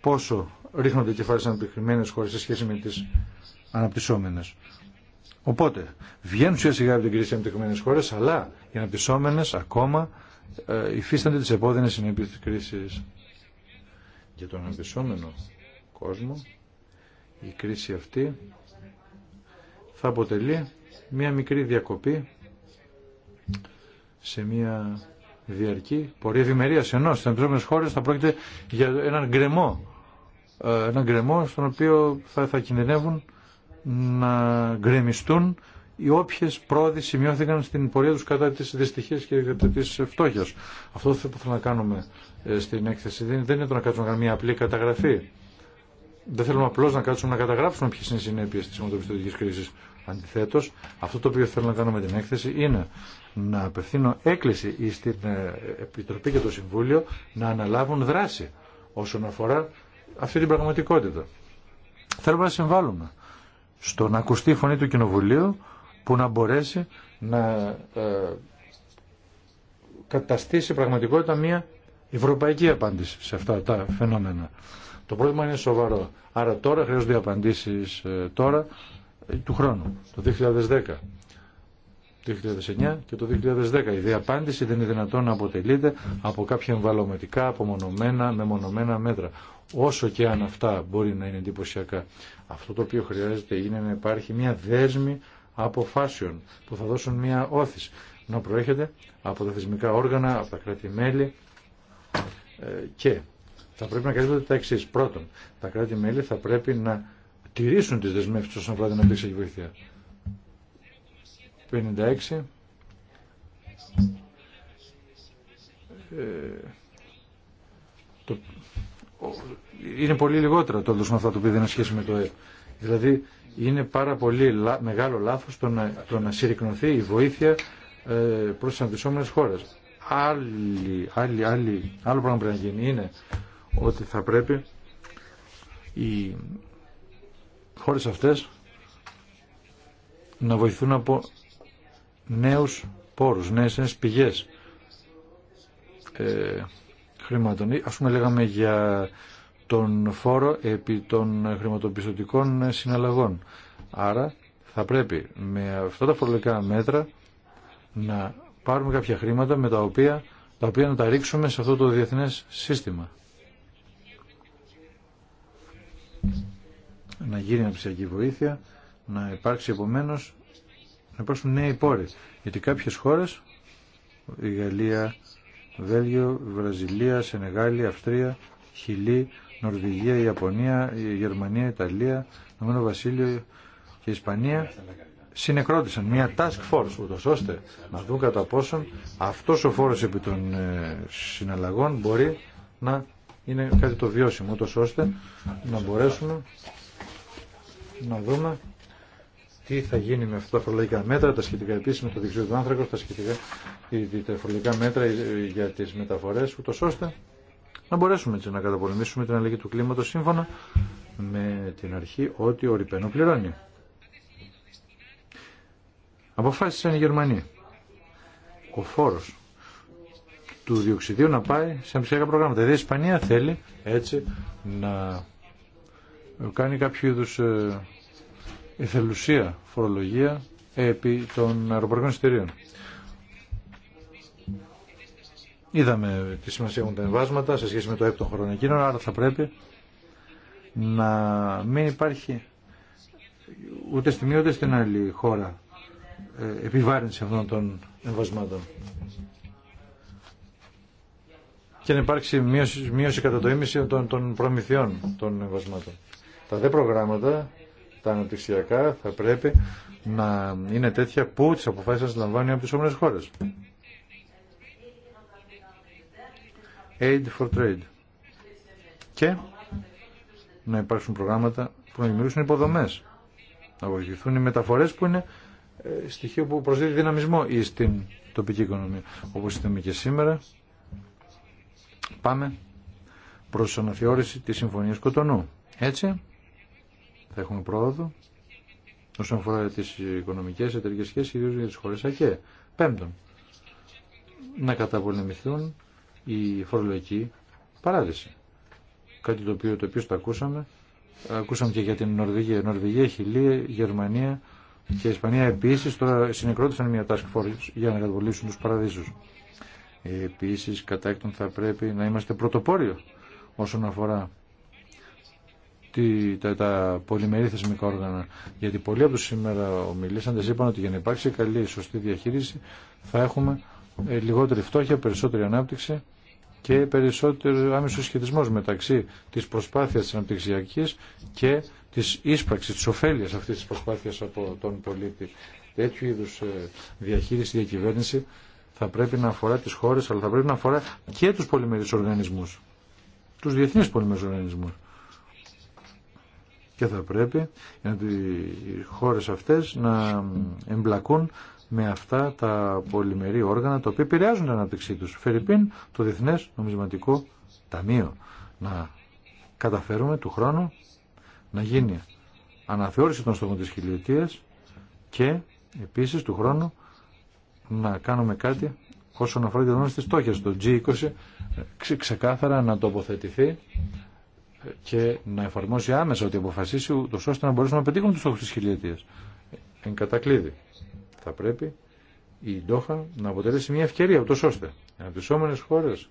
πόσο ρίχνονται κεφάλαια στις αναπτυχημένες χώρε σε σχέση με τι αναπτυσσόμενε. Οπότε, βγαίνουν σιγά σιγά από την κρίση οι αναπτυχμένες χώρες, αλλά οι αναπτυσσόμενε ακόμα ε, υφίστανται τις επώδυνες συνέπειε της κρίσης. Για τον αναπτυσσόμενο κόσμο, η κρίση αυτή θα αποτελεί μία μικρή διακοπή σε μία διαρκή πορεία ευημερία. Ενώ στι αναπτυσσόμενε χώρε θα πρόκειται για έναν γκρεμό ε, έναν γκρεμό στον οποίο θα, θα κινδυνεύουν να γκρεμιστούν οι όποιε πρόοδοι σημειώθηκαν στην πορεία του κατά τη δυστυχία και κατά τη φτώχεια. Αυτό που θέλω να κάνουμε ε, στην έκθεση δεν είναι το να κάτσουμε να κάνουμε μια απλή καταγραφή. Δεν θέλουμε απλώ να κάτσουμε να καταγράψουμε ποιε είναι οι συνέπειε τη χρηματοπιστωτική κρίση. Αντιθέτω, αυτό το οποίο θέλω να κάνω με την έκθεση είναι να απευθύνω έκκληση στην ε, Επιτροπή και το Συμβούλιο να αναλάβουν δράση όσον αφορά αυτή την πραγματικότητα. Θέλουμε να συμβάλλουμε στο να ακουστεί η φωνή του Κοινοβουλίου που να μπορέσει να ε, καταστήσει πραγματικότητα μια ευρωπαϊκή απάντηση σε αυτά τα φαινόμενα. Το πρόβλημα είναι σοβαρό. Άρα τώρα χρειάζονται απαντήσεις ε, τώρα ε, του χρόνου, το 2010. Το 2009 και το 2010. Η διαπάντηση δεν είναι δυνατόν να αποτελείται από κάποια εμβαλωματικά, απομονωμένα, μεμονωμένα μέτρα όσο και αν αυτά μπορεί να είναι εντυπωσιακά. Αυτό το οποίο χρειάζεται είναι να υπάρχει μια δέσμη αποφάσεων που θα δώσουν μια όθηση να προέρχεται από τα θεσμικά όργανα, από τα κράτη-μέλη ε, και θα πρέπει να καλύπτονται τα εξή. Πρώτον, τα κράτη-μέλη θα πρέπει να τηρήσουν τις δεσμεύσεις όσον αφορά την η βοήθεια. 56. Ε, το είναι πολύ λιγότερο το με αυτά το οποίο δεν σχέση με το ΕΕ. Δηλαδή είναι πάρα πολύ μεγάλο λάθος το να, το να η βοήθεια ε, προς τις αντισόμενες χώρες. Άλλη, άλλη, άλλη, άλλο πράγμα πρέπει να γίνει είναι ότι θα πρέπει οι χώρες αυτές να βοηθούν από νέους πόρους, νέες, νέες πηγές. Ε, χρημάτων. Ας πούμε λέγαμε για τον φόρο επί των χρηματοπιστωτικών συναλλαγών. Άρα θα πρέπει με αυτά τα φορολογικά μέτρα να πάρουμε κάποια χρήματα με τα οποία, τα οποία να τα ρίξουμε σε αυτό το διεθνές σύστημα. Να γίνει αναψιακή βοήθεια, να υπάρξει επομένως να υπάρξουν νέοι πόροι. Γιατί κάποιες χώρες, η Γαλλία, Βέλγιο, Βραζιλία, Σενεγάλη, Αυστρία, Χιλή, Νορβηγία, Ιαπωνία, Γερμανία, Ιταλία, Νομένο Βασίλειο και Ισπανία συνεκρότησαν μια task force ούτως ώστε να δουν κατά πόσον αυτός ο φόρος επί των ε, συναλλαγών μπορεί να είναι κάτι το βιώσιμο ούτως ώστε να μπορέσουμε να δούμε τι θα γίνει με αυτά τα φορολογικά μέτρα, τα σχετικά επίσημα με το δεξιό του άνθρακο, τα σχετικά τα φορολογικά μέτρα για τι μεταφορέ, ούτω ώστε να μπορέσουμε έτσι να καταπολεμήσουμε την αλλαγή του κλίματο σύμφωνα με την αρχή ότι ο Ριπένο πληρώνει. Αποφάσισαν οι Γερμανοί ο φόρο του διοξιδίου να πάει σε ψυχικά προγράμματα. Δηλαδή η Ισπανία θέλει έτσι να κάνει κάποιο είδου ε, εθελουσία φορολογία επί των αεροπορικών εισιτηρίων. Είδαμε τι σημασία έχουν τα εμβάσματα σε σχέση με το έπτον χρόνο εκείνο, άρα θα πρέπει να μην υπάρχει ούτε στη μία ούτε στην άλλη χώρα ε, επιβάρυνση αυτών των εμβασμάτων. Και να υπάρξει μείωση, μείωση κατά το ίμιση των, των προμηθειών των εμβασμάτων. Τα δε προγράμματα τα αναπτυξιακά θα πρέπει να είναι τέτοια που τις αποφάσεις σας λαμβάνει από τις όμορες χώρες. Aid for Trade. Και να υπάρξουν προγράμματα που να δημιουργήσουν υποδομές. Να βοηθηθούν οι μεταφορές που είναι ε, στοιχείο που προσδίδει δυναμισμό ή στην τοπική οικονομία. Όπως είδαμε και σήμερα, πάμε προς αναθεώρηση της Συμφωνίας Κοτονού. Έτσι, θα έχουμε πρόοδο όσον αφορά τις οικονομικές εταιρικές σχέσει, ιδίω για τι χώρε ΑΚΕ. Πέμπτον, να καταπολεμηθούν η φορολογική παράδειση. Κάτι το οποίο το οποίο το ακούσαμε. Ακούσαμε και για την Νορβηγία. Νορβηγία, Χιλία, Γερμανία και Ισπανία επίση τώρα συνεκρότησαν μια task force για να καταπολύσουν του παραδείσου. Επίση, κατά έκτον θα πρέπει να είμαστε πρωτοπόριο όσον αφορά τη, τα, τα πολυμερή θεσμικά όργανα. Γιατί πολλοί από του σήμερα ομιλήσαντες είπαν ότι για να υπάρξει καλή, σωστή διαχείριση θα έχουμε ε, λιγότερη φτώχεια, περισσότερη ανάπτυξη και περισσότερο άμεσο σχετισμό μεταξύ τη προσπάθεια τη αναπτυξιακή και τη ύπαρξη, τη ωφέλειά αυτή τη προσπάθεια από τον πολίτη. Τέτοιου είδους ε, διαχείριση, διακυβέρνηση θα πρέπει να αφορά τι χώρε, αλλά θα πρέπει να αφορά και του πολυμερεί οργανισμού, του διεθνεί πολυμερείς οργανισμού και θα πρέπει οι χώρες αυτές να εμπλακούν με αυτά τα πολυμερή όργανα τα οποία επηρεάζουν την ανάπτυξή τους. Φερρυπίν, το Διεθνές Νομισματικό Ταμείο. Να καταφέρουμε του χρόνου να γίνει αναθεώρηση των στόχων της χιλιετίας και επίσης του χρόνου να κάνουμε κάτι όσον αφορά τη δόνωση της στόχης. Το G20 ξεκάθαρα να τοποθετηθεί και να εφαρμόσει άμεσα ό,τι αποφασίσει ούτως ώστε να μπορέσουν να πετύχουν τους στόχους της χιλιετίας. Εν κατακλείδη θα πρέπει η Ντόχα να αποτελέσει μια ευκαιρία ούτως ώστε οι αναπτυσσόμενες χώρες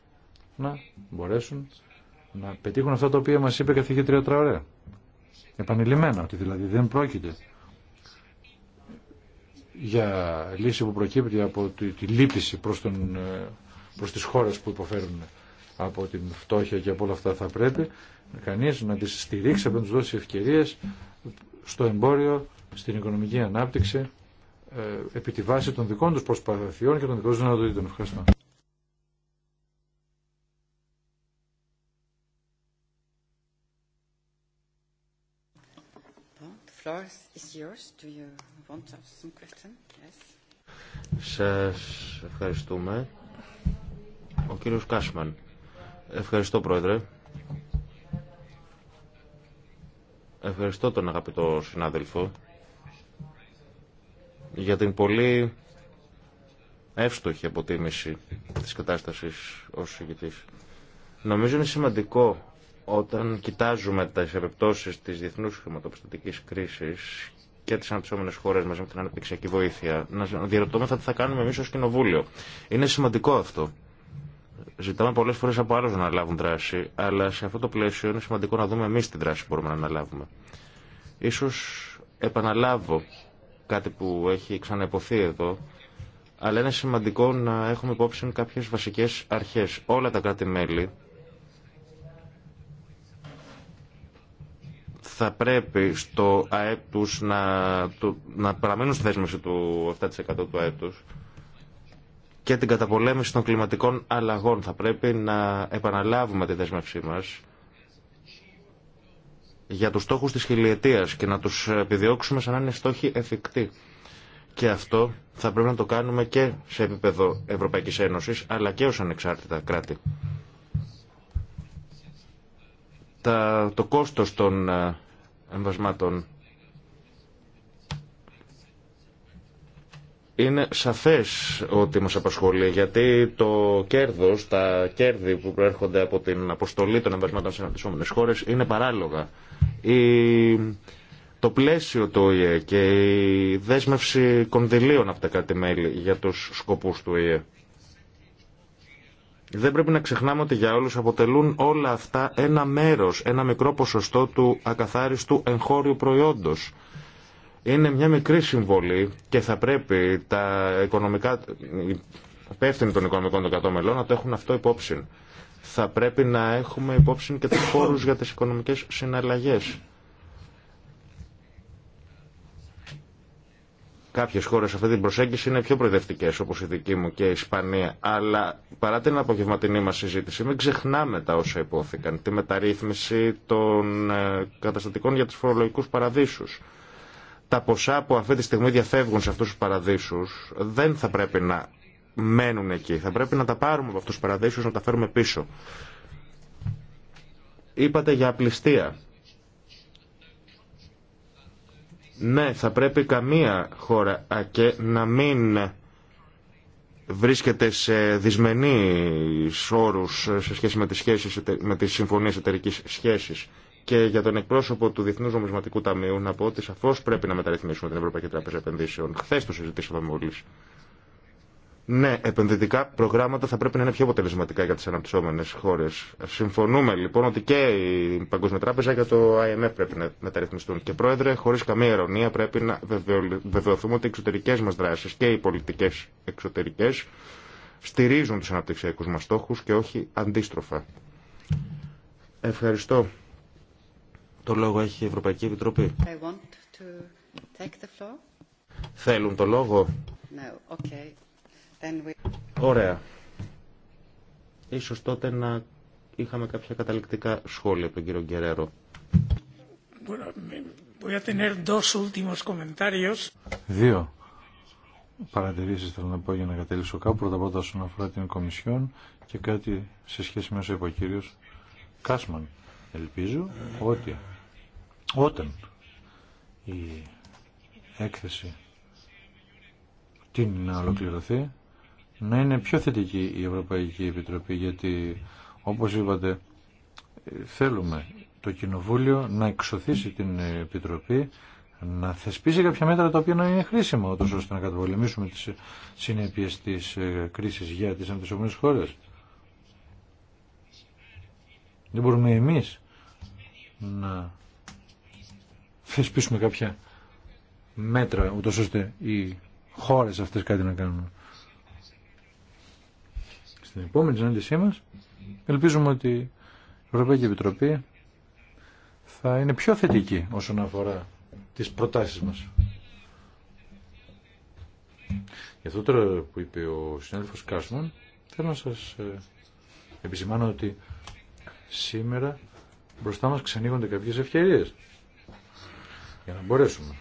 να μπορέσουν να πετύχουν αυτά τα οποία μας είπε η καθηγήτρια Τραωρέ. Επανειλημμένα ότι δηλαδή δεν πρόκειται για λύση που προκύπτει από τη, τη λύπηση προς, τον, ε, προς τις χώρες που υποφέρουν από την φτώχεια και από όλα αυτά θα πρέπει κανείς να τις στηρίξει, να τους δώσει ευκαιρίες στο εμπόριο, στην οικονομική ανάπτυξη, ε, επί τη βάση των δικών τους προσπαθειών και των δικών τους δυνατοτήτων. Ευχαριστώ. Σας ευχαριστούμε. Ο κύριος Κάσμαν. Ευχαριστώ, Πρόεδρε. Ευχαριστώ τον αγαπητό συνάδελφο για την πολύ εύστοχη αποτίμηση της κατάστασης ως ηγητής. Νομίζω είναι σημαντικό όταν κοιτάζουμε τις επιπτώσεις της διεθνούς χρηματοπιστωτικής κρίσης και τις αναπτυσσόμενες χώρες μαζί με την αναπτυξιακή βοήθεια. Να διαρωτώμεθα τι θα κάνουμε εμείς ως κοινοβούλιο. Είναι σημαντικό αυτό. Ζητάμε πολλέ φορέ από άλλου να αναλάβουν δράση, αλλά σε αυτό το πλαίσιο είναι σημαντικό να δούμε εμεί τη δράση που μπορούμε να αναλάβουμε. σω επαναλάβω κάτι που έχει ξαναεποθεί εδώ, αλλά είναι σημαντικό να έχουμε υπόψη κάποιε βασικέ αρχέ. Όλα τα κράτη-μέλη θα πρέπει στο ΑΕΠ τους να, το, να παραμείνουν στη δέσμευση του 7% του ΑΕΠ τους και την καταπολέμηση των κλιματικών αλλαγών. Θα πρέπει να επαναλάβουμε τη δέσμευσή μας για τους στόχους της χιλιετίας και να τους επιδιώξουμε σαν να είναι στόχοι εφικτοί. Και αυτό θα πρέπει να το κάνουμε και σε επίπεδο Ευρωπαϊκής Ένωσης, αλλά και ως ανεξάρτητα κράτη. Τα, το κόστος των ε, εμβασμάτων Είναι σαφές ότι μας απασχολεί, γιατί το κέρδος, τα κέρδη που προέρχονται από την αποστολή των εμβασμάτων σε αναπτυσσόμενες χώρες είναι παράλογα. Η... Το πλαίσιο του ΟΗΕ και η δέσμευση κονδυλίων από τα κάτι μέλη για τους σκοπούς του ΟΗΕ. Δεν πρέπει να ξεχνάμε ότι για όλους αποτελούν όλα αυτά ένα μέρος, ένα μικρό ποσοστό του ακαθάριστου εγχώριου προϊόντος είναι μια μικρή συμβολή και θα πρέπει τα οικονομικά, οι υπεύθυνοι των οικονομικών των κατώμελών να το έχουν αυτό υπόψη. Θα πρέπει να έχουμε υπόψη και τους φόρους για τις οικονομικές συναλλαγές. Κάποιες χώρες αυτή την προσέγγιση είναι πιο προεδευτικές όπως η δική μου και η Ισπανία αλλά παρά την απογευματινή μας συζήτηση μην ξεχνάμε τα όσα υπόθηκαν τη μεταρρύθμιση των ε, καταστατικών για τους φορολογικούς παραδείσους τα ποσά που αυτή τη στιγμή διαφεύγουν σε αυτούς τους παραδείσους δεν θα πρέπει να μένουν εκεί. Θα πρέπει να τα πάρουμε από αυτούς τους παραδείσους, να τα φέρουμε πίσω. Είπατε για απληστία. Ναι, θα πρέπει καμία χώρα και να μην βρίσκεται σε δυσμενείς όρους σε σχέση με τις, σχέσεις, με τις συμφωνίες εταιρικής σχέσης. Και για τον εκπρόσωπο του Διεθνού Νομισματικού Ταμείου να πω ότι σαφώ πρέπει να μεταρρυθμίσουμε την Ευρωπαϊκή Τράπεζα Επενδύσεων. Χθε το συζητήσαμε μόλι. Ναι, επενδυτικά προγράμματα θα πρέπει να είναι πιο αποτελεσματικά για τι αναπτυσσόμενε χώρε. Συμφωνούμε λοιπόν ότι και η Παγκόσμια Τράπεζα και το IMF πρέπει να μεταρρυθμιστούν. Και πρόεδρε, χωρί καμία ειρωνία, πρέπει να βεβαιωθούμε ότι οι εξωτερικέ μα δράσει και οι πολιτικέ εξωτερικέ στηρίζουν του αναπτυξιακού μα στόχου και όχι αντίστροφα. Ευχαριστώ. Το λόγο έχει η Ευρωπαϊκή Επιτροπή. Θέλουν το λόγο. No. Okay. Then we... Ωραία. Ίσως τότε να είχαμε κάποια καταληκτικά σχόλια από τον κύριο Γκερέρο. Δύο παρατηρήσεις θέλω να πω για να κατελήσω κάπου. Πρώτα πρώτα όσον αφορά την Κομισιόν και κάτι σε σχέση με όσο είπε ο κύριος Κάσμαν. Ελπίζω ότι όταν η έκθεση την να ολοκληρωθεί, να είναι πιο θετική η Ευρωπαϊκή Επιτροπή, γιατί όπως είπατε θέλουμε το Κοινοβούλιο να εξωθήσει την Επιτροπή να θεσπίσει κάποια μέτρα τα οποία να είναι χρήσιμα, ούτως ώστε να καταπολεμήσουμε τις συνέπειες της ε, κρίσης για τις αντισωμένες χώρες. Δεν μπορούμε εμείς να θεσπίσουμε κάποια μέτρα ούτως ώστε οι χώρες αυτές κάτι να κάνουν. Στην επόμενη συνάντησή μας ελπίζουμε ότι η Ευρωπαϊκή Επιτροπή θα είναι πιο θετική όσον αφορά τις προτάσεις μας. Για αυτό τώρα που είπε ο συνάδελφος Κάσμαν θέλω να σας ε, επισημάνω ότι σήμερα μπροστά μας ξανοίγονται κάποιες ευκαιρίες για να μπορέσουμε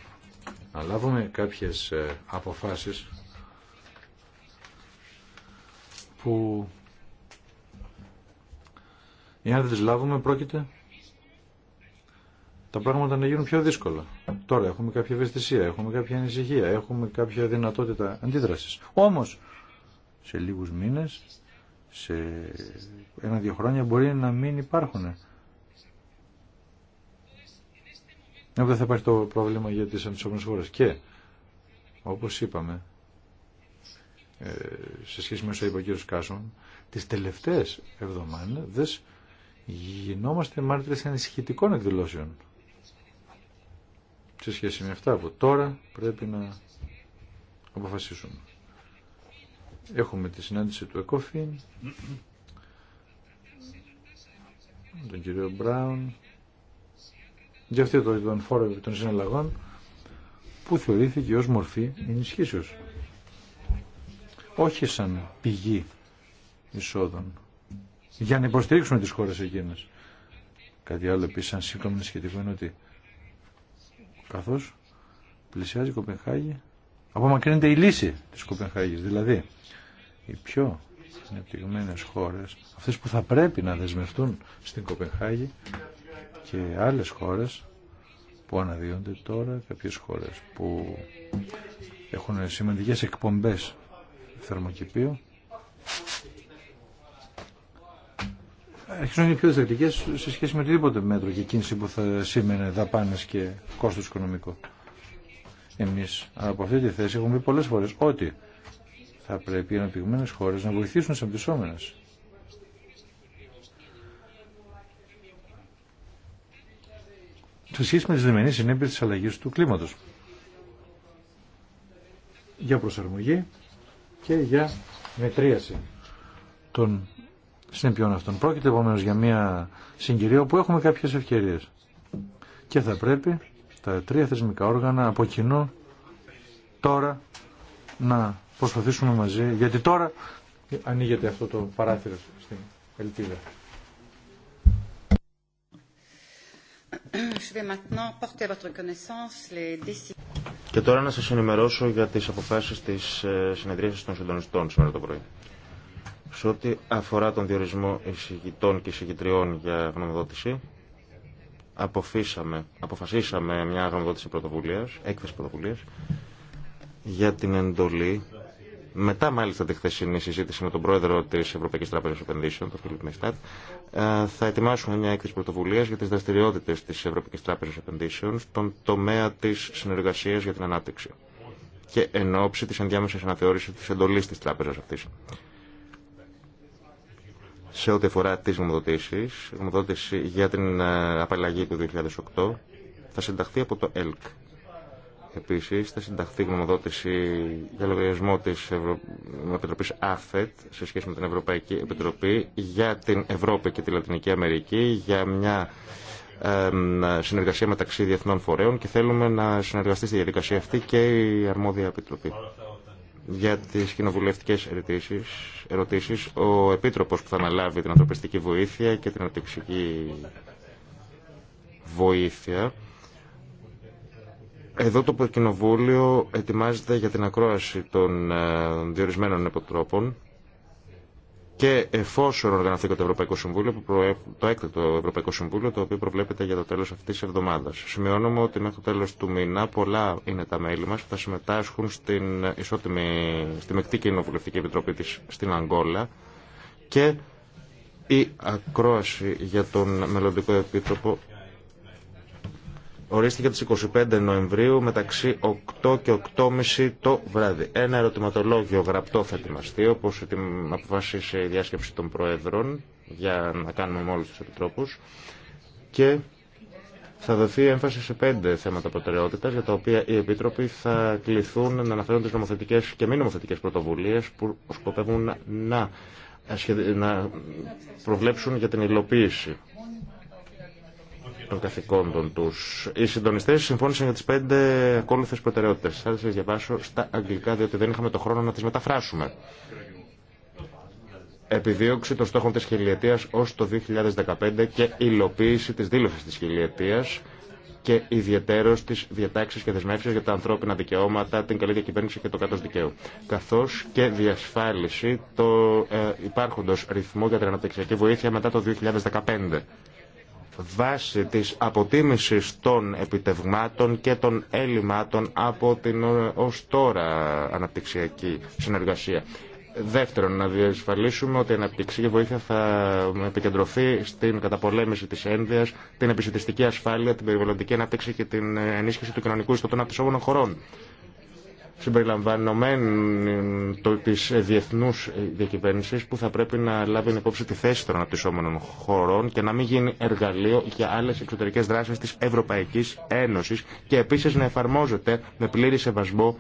να λάβουμε κάποιες ε, αποφάσεις που εάν δεν τις λάβουμε πρόκειται τα πράγματα να γίνουν πιο δύσκολα. Τώρα έχουμε κάποια ευαισθησία, έχουμε κάποια ανησυχία, έχουμε κάποια δυνατότητα αντίδρασης. Όμως, σε λίγους μήνες, σε ένα-δύο χρόνια μπορεί να μην υπάρχουν Ε, δεν θα υπάρχει το πρόβλημα για τις αντισόμενες ώρες. Και, όπως είπαμε, ε, σε σχέση με όσο είπε ο κύριος Κάσον, τις τελευταίες εβδομάδες γινόμαστε μάρτυρες ανησυχητικών εκδηλώσεων σε σχέση με αυτά που τώρα πρέπει να αποφασίσουμε. Έχουμε τη συνάντηση του ΕΚΟΦΗΝ, τον κύριο Μπράουν, για αυτό το, τον φόρο των συναλλαγών που θεωρήθηκε ως μορφή ενισχύσεως. Όχι σαν πηγή εισόδων για να υποστηρίξουμε τις χώρες εκείνες. Κάτι άλλο επίσης σαν σύγκομνη σχετικό είναι ότι καθώς πλησιάζει η Κοπενχάγη απομακρύνεται η λύση της Κοπενχάγης. Δηλαδή οι πιο ανεπτυγμένες χώρες, αυτές που θα πρέπει να δεσμευτούν στην Κοπενχάγη και άλλες χώρες που αναδύονται τώρα, κάποιες χώρες που έχουν σημαντικές εκπομπές θερμοκηπίου αρχίζουν να είναι πιο διδακτικές σε σχέση με οτιδήποτε μέτρο και κίνηση που θα σήμαινε δαπάνες και κόστος οικονομικό. Εμείς από αυτή τη θέση έχουμε πει πολλές φορές ότι θα πρέπει οι αναπτυγμένες χώρες να βοηθήσουν τις σε σχέση με τις δεμενείς συνέπειες της αλλαγής του κλίματος. Για προσαρμογή και για μετρίαση των συνεπειών αυτών. Πρόκειται επομένως για μια συγκυρία όπου έχουμε κάποιες ευκαιρίες. Και θα πρέπει τα τρία θεσμικά όργανα από κοινού τώρα να προσπαθήσουμε μαζί, γιατί τώρα ανοίγεται αυτό το παράθυρο στην ελπίδα. Και τώρα να σας ενημερώσω για τις αποφάσεις της ε, συνεδρίασης των συντονιστών σήμερα το πρωί. Σε ό,τι αφορά τον διορισμό εισηγητών και εισηγητριών για γνωμοδότηση, αποφασίσαμε μια γνωμοδότηση πρωτοβουλίας, έκθεση πρωτοβουλίας, για την εντολή μετά μάλιστα τη χθεσινή συζήτηση με τον πρόεδρο τη Ευρωπαϊκή Τράπεζα Επενδύσεων, τον Φίλιπ Μεστάτ, ε, θα ετοιμάσουμε μια έκθεση πρωτοβουλία για τι δραστηριότητε τη Ευρωπαϊκή Τράπεζα Επενδύσεων στον τομέα τη συνεργασία για την ανάπτυξη και εν ώψη τη ενδιάμεση αναθεώρηση τη εντολή τη τράπεζα αυτή. Σε ό,τι αφορά τι γνωμοδοτήσει, η γνωμοδότηση για την ε, απαλλαγή του 2008 θα συνταχθεί από το ΕΛΚ Επίση, θα συνταχθεί γνωμοδότηση για λογαριασμό τη Ευρω... ΑΦΕΤ σε σχέση με την Ευρωπαϊκή Επιτροπή για την Ευρώπη και τη Λατινική Αμερική για μια συνεργασία μεταξύ διεθνών φορέων και θέλουμε να συνεργαστεί στη διαδικασία αυτή και η αρμόδια επιτροπή. Για τι κοινοβουλευτικέ ερωτήσει, ο Επίτροπο που θα αναλάβει την ανθρωπιστική βοήθεια και την αναπτυξική βοήθεια εδώ το Κοινοβούλιο ετοιμάζεται για την ακρόαση των ε, διορισμένων υποτρόπων και εφόσον οργανωθεί το Ευρωπαϊκό Συμβούλιο, το έκτακτο Ευρωπαϊκό Συμβούλιο, το οποίο προβλέπεται για το τέλο αυτή τη εβδομάδα. Σημειώνουμε ότι μέχρι το τέλο του μήνα πολλά είναι τα μέλη μα που θα συμμετάσχουν στην ισότιμη, στη μεκτή κοινοβουλευτική επιτροπή τη στην Αγγόλα και η ακρόαση για τον μελλοντικό επίτροπο ορίστηκε τις 25 Νοεμβρίου μεταξύ 8 και 8.30 το βράδυ. Ένα ερωτηματολόγιο γραπτό θα ετοιμαστεί, όπως αποφασίσε η διάσκεψη των Προέδρων, για να κάνουμε με όλους τους επιτρόπους, και θα δοθεί έμφαση σε πέντε θέματα προτεραιότητας, για τα οποία οι Επίτροποι θα κληθούν να αναφέρουν τις νομοθετικές και μη νομοθετικές πρωτοβουλίες που σκοπεύουν να, να προβλέψουν για την υλοποίηση των καθηκόντων του. Οι συντονιστέ συμφώνησαν για τι πέντε ακόλουθε προτεραιότητε. Θα τι διαβάσω στα αγγλικά, διότι δεν είχαμε το χρόνο να τι μεταφράσουμε. Επιδίωξη των στόχων τη χιλιετία ω το 2015 και υλοποίηση τη δήλωση τη χιλιετία και ιδιαίτερω τη διατάξει και δεσμεύσει για τα ανθρώπινα δικαιώματα, την καλή διακυβέρνηση και το κράτο δικαίου. Καθώ και διασφάλιση το ε, υπάρχοντο ρυθμό για την αναπτυξιακή βοήθεια μετά το 2015 βάση της αποτίμησης των επιτευγμάτων και των έλλειμμάτων από την ε, ως τώρα αναπτυξιακή συνεργασία. Δεύτερον, να διασφαλίσουμε ότι η αναπτυξιακή βοήθεια θα επικεντρωθεί στην καταπολέμηση της ένδυας, την επισητιστική ασφάλεια, την περιβαλλοντική ανάπτυξη και την ε, ενίσχυση του κοινωνικού ιστοτών αναπτυσσόμενων χωρών συμπεριλαμβανομένων τη διεθνού διακυβέρνηση που θα πρέπει να λάβει υπόψη τη θέση των αναπτυσσόμενων χωρών και να μην γίνει εργαλείο για άλλε εξωτερικέ δράσει τη Ευρωπαϊκή Ένωση και επίση να εφαρμόζεται με πλήρη σεβασμό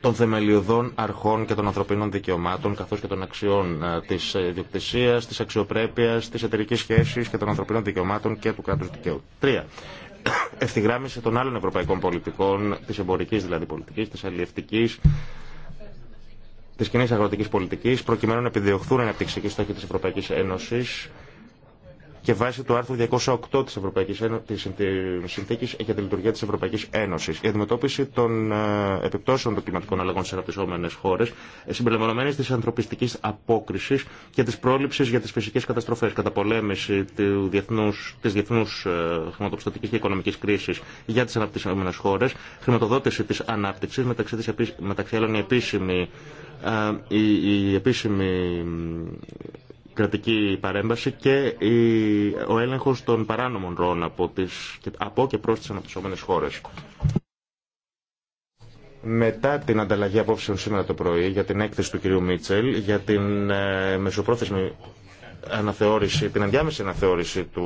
των θεμελιωδών αρχών και των ανθρωπίνων δικαιωμάτων, καθώς και των αξιών ε, της ιδιοκτησίας, της αξιοπρέπειας, της εταιρικής σχέσης και των ανθρωπίνων δικαιωμάτων και του κράτους δικαίου ευθυγράμμιση των άλλων ευρωπαϊκών πολιτικών, τη εμπορική δηλαδή πολιτικής, της αλληλευτικής, τη κοινή αγροτική πολιτική, προκειμένου να επιδιωχθούν αναπτυξικοί στόχοι της Ευρωπαϊκή Ένωση και βάσει του άρθρου 208 της, Ευρωπαϊκής, της Συνθήκης για τη Λειτουργία της Ευρωπαϊκής Ένωσης. Η αντιμετώπιση των ε, επιπτώσεων των κλιματικών αλλαγών στις αναπτυσσόμενες χώρες, ε, συμπεριλαμβανομένης της ανθρωπιστικής απόκρισης και της πρόληψης για τις φυσικές καταστροφές, κατά πολέμηση της διεθνούς ε, χρηματοπιστωτικής και οικονομικής κρίσης για τις αναπτυσσόμενες χώρες, χρηματοδότηση της ανάπτυξης, μεταξύ, της, μεταξύ άλλων η επίσημη, η επίσημη κρατική παρέμβαση και ο έλεγχος των παράνομων ροών από, τις, από και προς τις αναπτυσσόμενες χώρες. Μετά την ανταλλαγή απόψεων σήμερα το πρωί για την έκθεση του κυρίου Μίτσελ, για την ε, μεσοπρόθεσμη αναθεώρηση, την ενδιάμεση αναθεώρηση του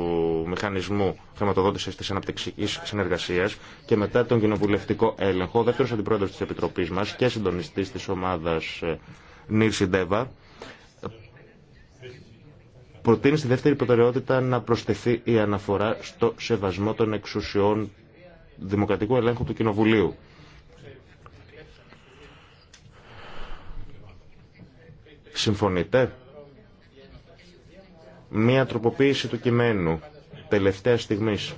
μηχανισμού χρηματοδότησης της αναπτυξικής συνεργασίας και μετά τον κοινοβουλευτικό έλεγχο, ο δεύτερος αντιπρόεδρος της Επιτροπής μας και συντονιστής της ομάδας ε, Νίρ Σιντέβα, προτείνει στη δεύτερη προτεραιότητα να προσθεθεί η αναφορά στο σεβασμό των εξουσιών δημοκρατικού ελέγχου του Κοινοβουλίου. Συμφωνείτε? Μία τροποποίηση του κειμένου τελευταία στιγμής.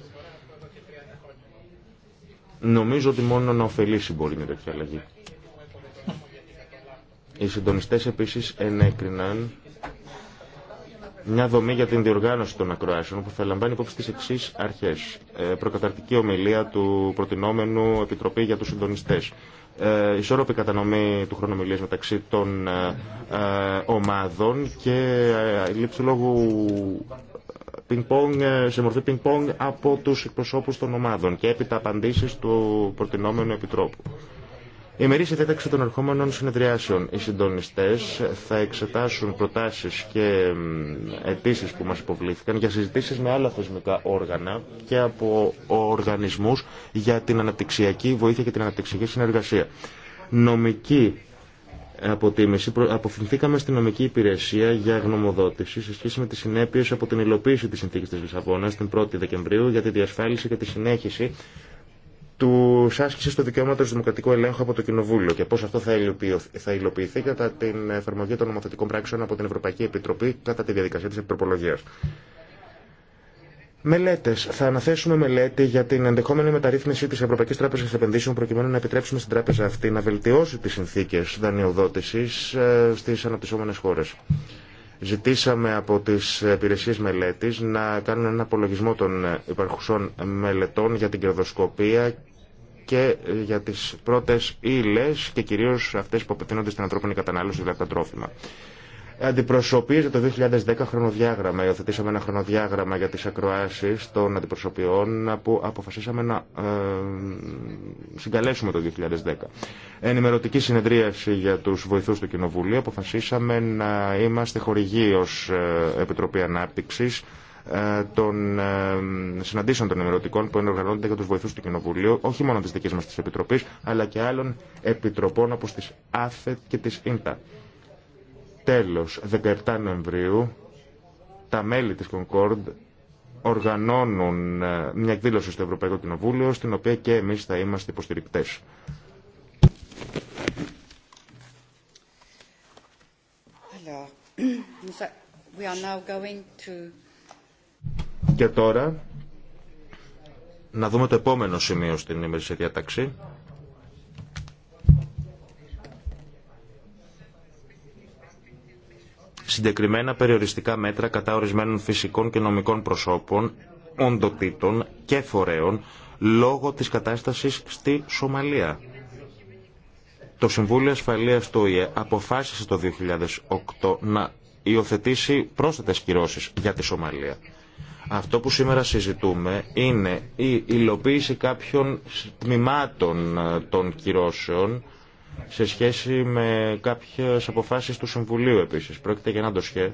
Νομίζω ότι μόνο να ωφελήσει μπορεί μια τροποποιηση του κειμενου τελευταια στιγμή. νομιζω οτι αλλαγή. Οι συντονιστές επίσης ενέκριναν μια δομή για την διοργάνωση των ακροάσεων που θα λαμβάνει υπόψη τι εξή αρχέ. Ε, προκαταρτική ομιλία του προτινόμενου Επιτροπή για του Συντονιστέ. Ε, ισόρροπη κατανομή του χρονομιλία μεταξύ των ε, ε, ομάδων και ε, λήψη λόγου σε μορφή πινκ-πονγκ από τους εκπροσώπους των ομάδων και έπειτα απαντήσεις του προτινόμενου επιτρόπου. Η μερίση διάταξη των ερχόμενων συνεδριάσεων. Οι συντονιστέ θα εξετάσουν προτάσει και αιτήσει που μα υποβλήθηκαν για συζητήσει με άλλα θεσμικά όργανα και από οργανισμού για την αναπτυξιακή βοήθεια και την αναπτυξιακή συνεργασία. Νομική αποτίμηση. Αποφυνθήκαμε στην νομική υπηρεσία για γνωμοδότηση σε σχέση με τι συνέπειε από την υλοποίηση τη συνθήκη τη Λισαβόνα την 1η Δεκεμβρίου για τη διασφάλιση και τη συνέχιση του άσκηση του δικαιώματο δημοκρατικού ελέγχου από το Κοινοβούλιο και πώ αυτό θα υλοποιηθεί, θα κατά την εφαρμογή των νομοθετικών πράξεων από την Ευρωπαϊκή Επιτροπή κατά τη διαδικασία τη επιτροπολογία. Μελέτε. Θα αναθέσουμε μελέτη για την ενδεχόμενη μεταρρύθμιση τη Ευρωπαϊκή Τράπεζα Επενδύσεων προκειμένου να επιτρέψουμε στην τράπεζα αυτή να βελτιώσει τι συνθήκε δανειοδότηση ε, στι αναπτυσσόμενε χώρε. Ζητήσαμε από τις υπηρεσίε μελέτης να κάνουν ένα απολογισμό των υπαρχουσών μελετών για την κερδοσκοπία και για τις πρώτες ύλες και κυρίως αυτές που απευθύνονται στην ανθρώπινη κατανάλωση, δηλαδή τα τρόφιμα. Αντιπροσωπίζεται το 2010 χρονοδιάγραμμα. Υιοθετήσαμε ένα χρονοδιάγραμμα για τι ακροασει των αντιπροσωπιών που αποφασίσαμε να ε, συγκαλέσουμε το 2010. Ενημερωτική συνεδρίαση για του βοηθού του Κοινοβουλίου. Αποφασίσαμε να είμαστε χορηγοί ως ε, Επιτροπή ανάπτυξη ε, των ε, συναντήσεων των ενημερωτικών που ενεργανώνται για του βοηθού του Κοινοβουλίου, όχι μόνο τη δική μα τη Επιτροπή, αλλά και άλλων επιτροπών όπω τη ΑΦΕΤ και τη ΙΝΤΑ. Τέλος, 17 Νοεμβρίου, τα μέλη της Concord οργανώνουν ε, μια εκδήλωση στο Ευρωπαϊκό Κοινοβούλιο, στην οποία και εμείς θα είμαστε υποστηρικτές. Και τώρα, να δούμε το επόμενο σημείο στην ημερήσια διάταξη. συγκεκριμένα περιοριστικά μέτρα κατά ορισμένων φυσικών και νομικών προσώπων, οντοτήτων και φορέων λόγω της κατάστασης στη Σομαλία. Το Συμβούλιο Ασφαλείας του ΟΗΕ αποφάσισε το 2008 να υιοθετήσει πρόσθετες κυρώσεις για τη Σομαλία. Αυτό που σήμερα συζητούμε είναι η υλοποίηση κάποιων τμήματων ε, των κυρώσεων σε σχέση με κάποιες αποφάσεις του Συμβουλίου επίσης. Πρόκειται για ένα ντοσχέ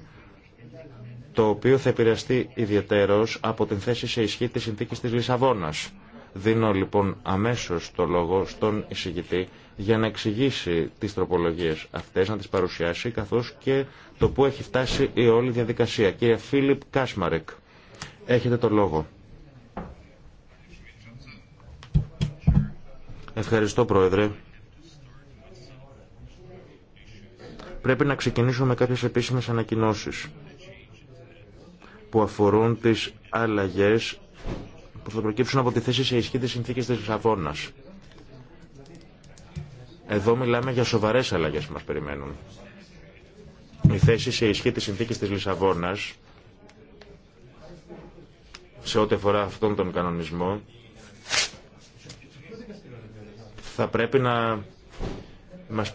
το οποίο θα επηρεαστεί ιδιαιτέρως από την θέση σε ισχύ της συνθήκης της Λισαβόνας. Δίνω λοιπόν αμέσως το λόγο στον εισηγητή για να εξηγήσει τις τροπολογίες αυτές, να τις παρουσιάσει, καθώς και το που έχει φτάσει η όλη διαδικασία. Κύριε Φίλιπ Κάσμαρεκ, έχετε το λόγο. Ευχαριστώ Πρόεδρε. Πρέπει να ξεκινήσουμε με κάποιες επίσημες ανακοινώσεις που αφορούν τις αλλαγές που θα προκύψουν από τη θέση σε ισχύ της συνθήκης της Λισαβόνας. Εδώ μιλάμε για σοβαρές αλλαγές που μας περιμένουν. Η θέση σε ισχύ της συνθήκης της Λισαβόνας σε ό,τι αφορά αυτόν τον κανονισμό θα πρέπει να μας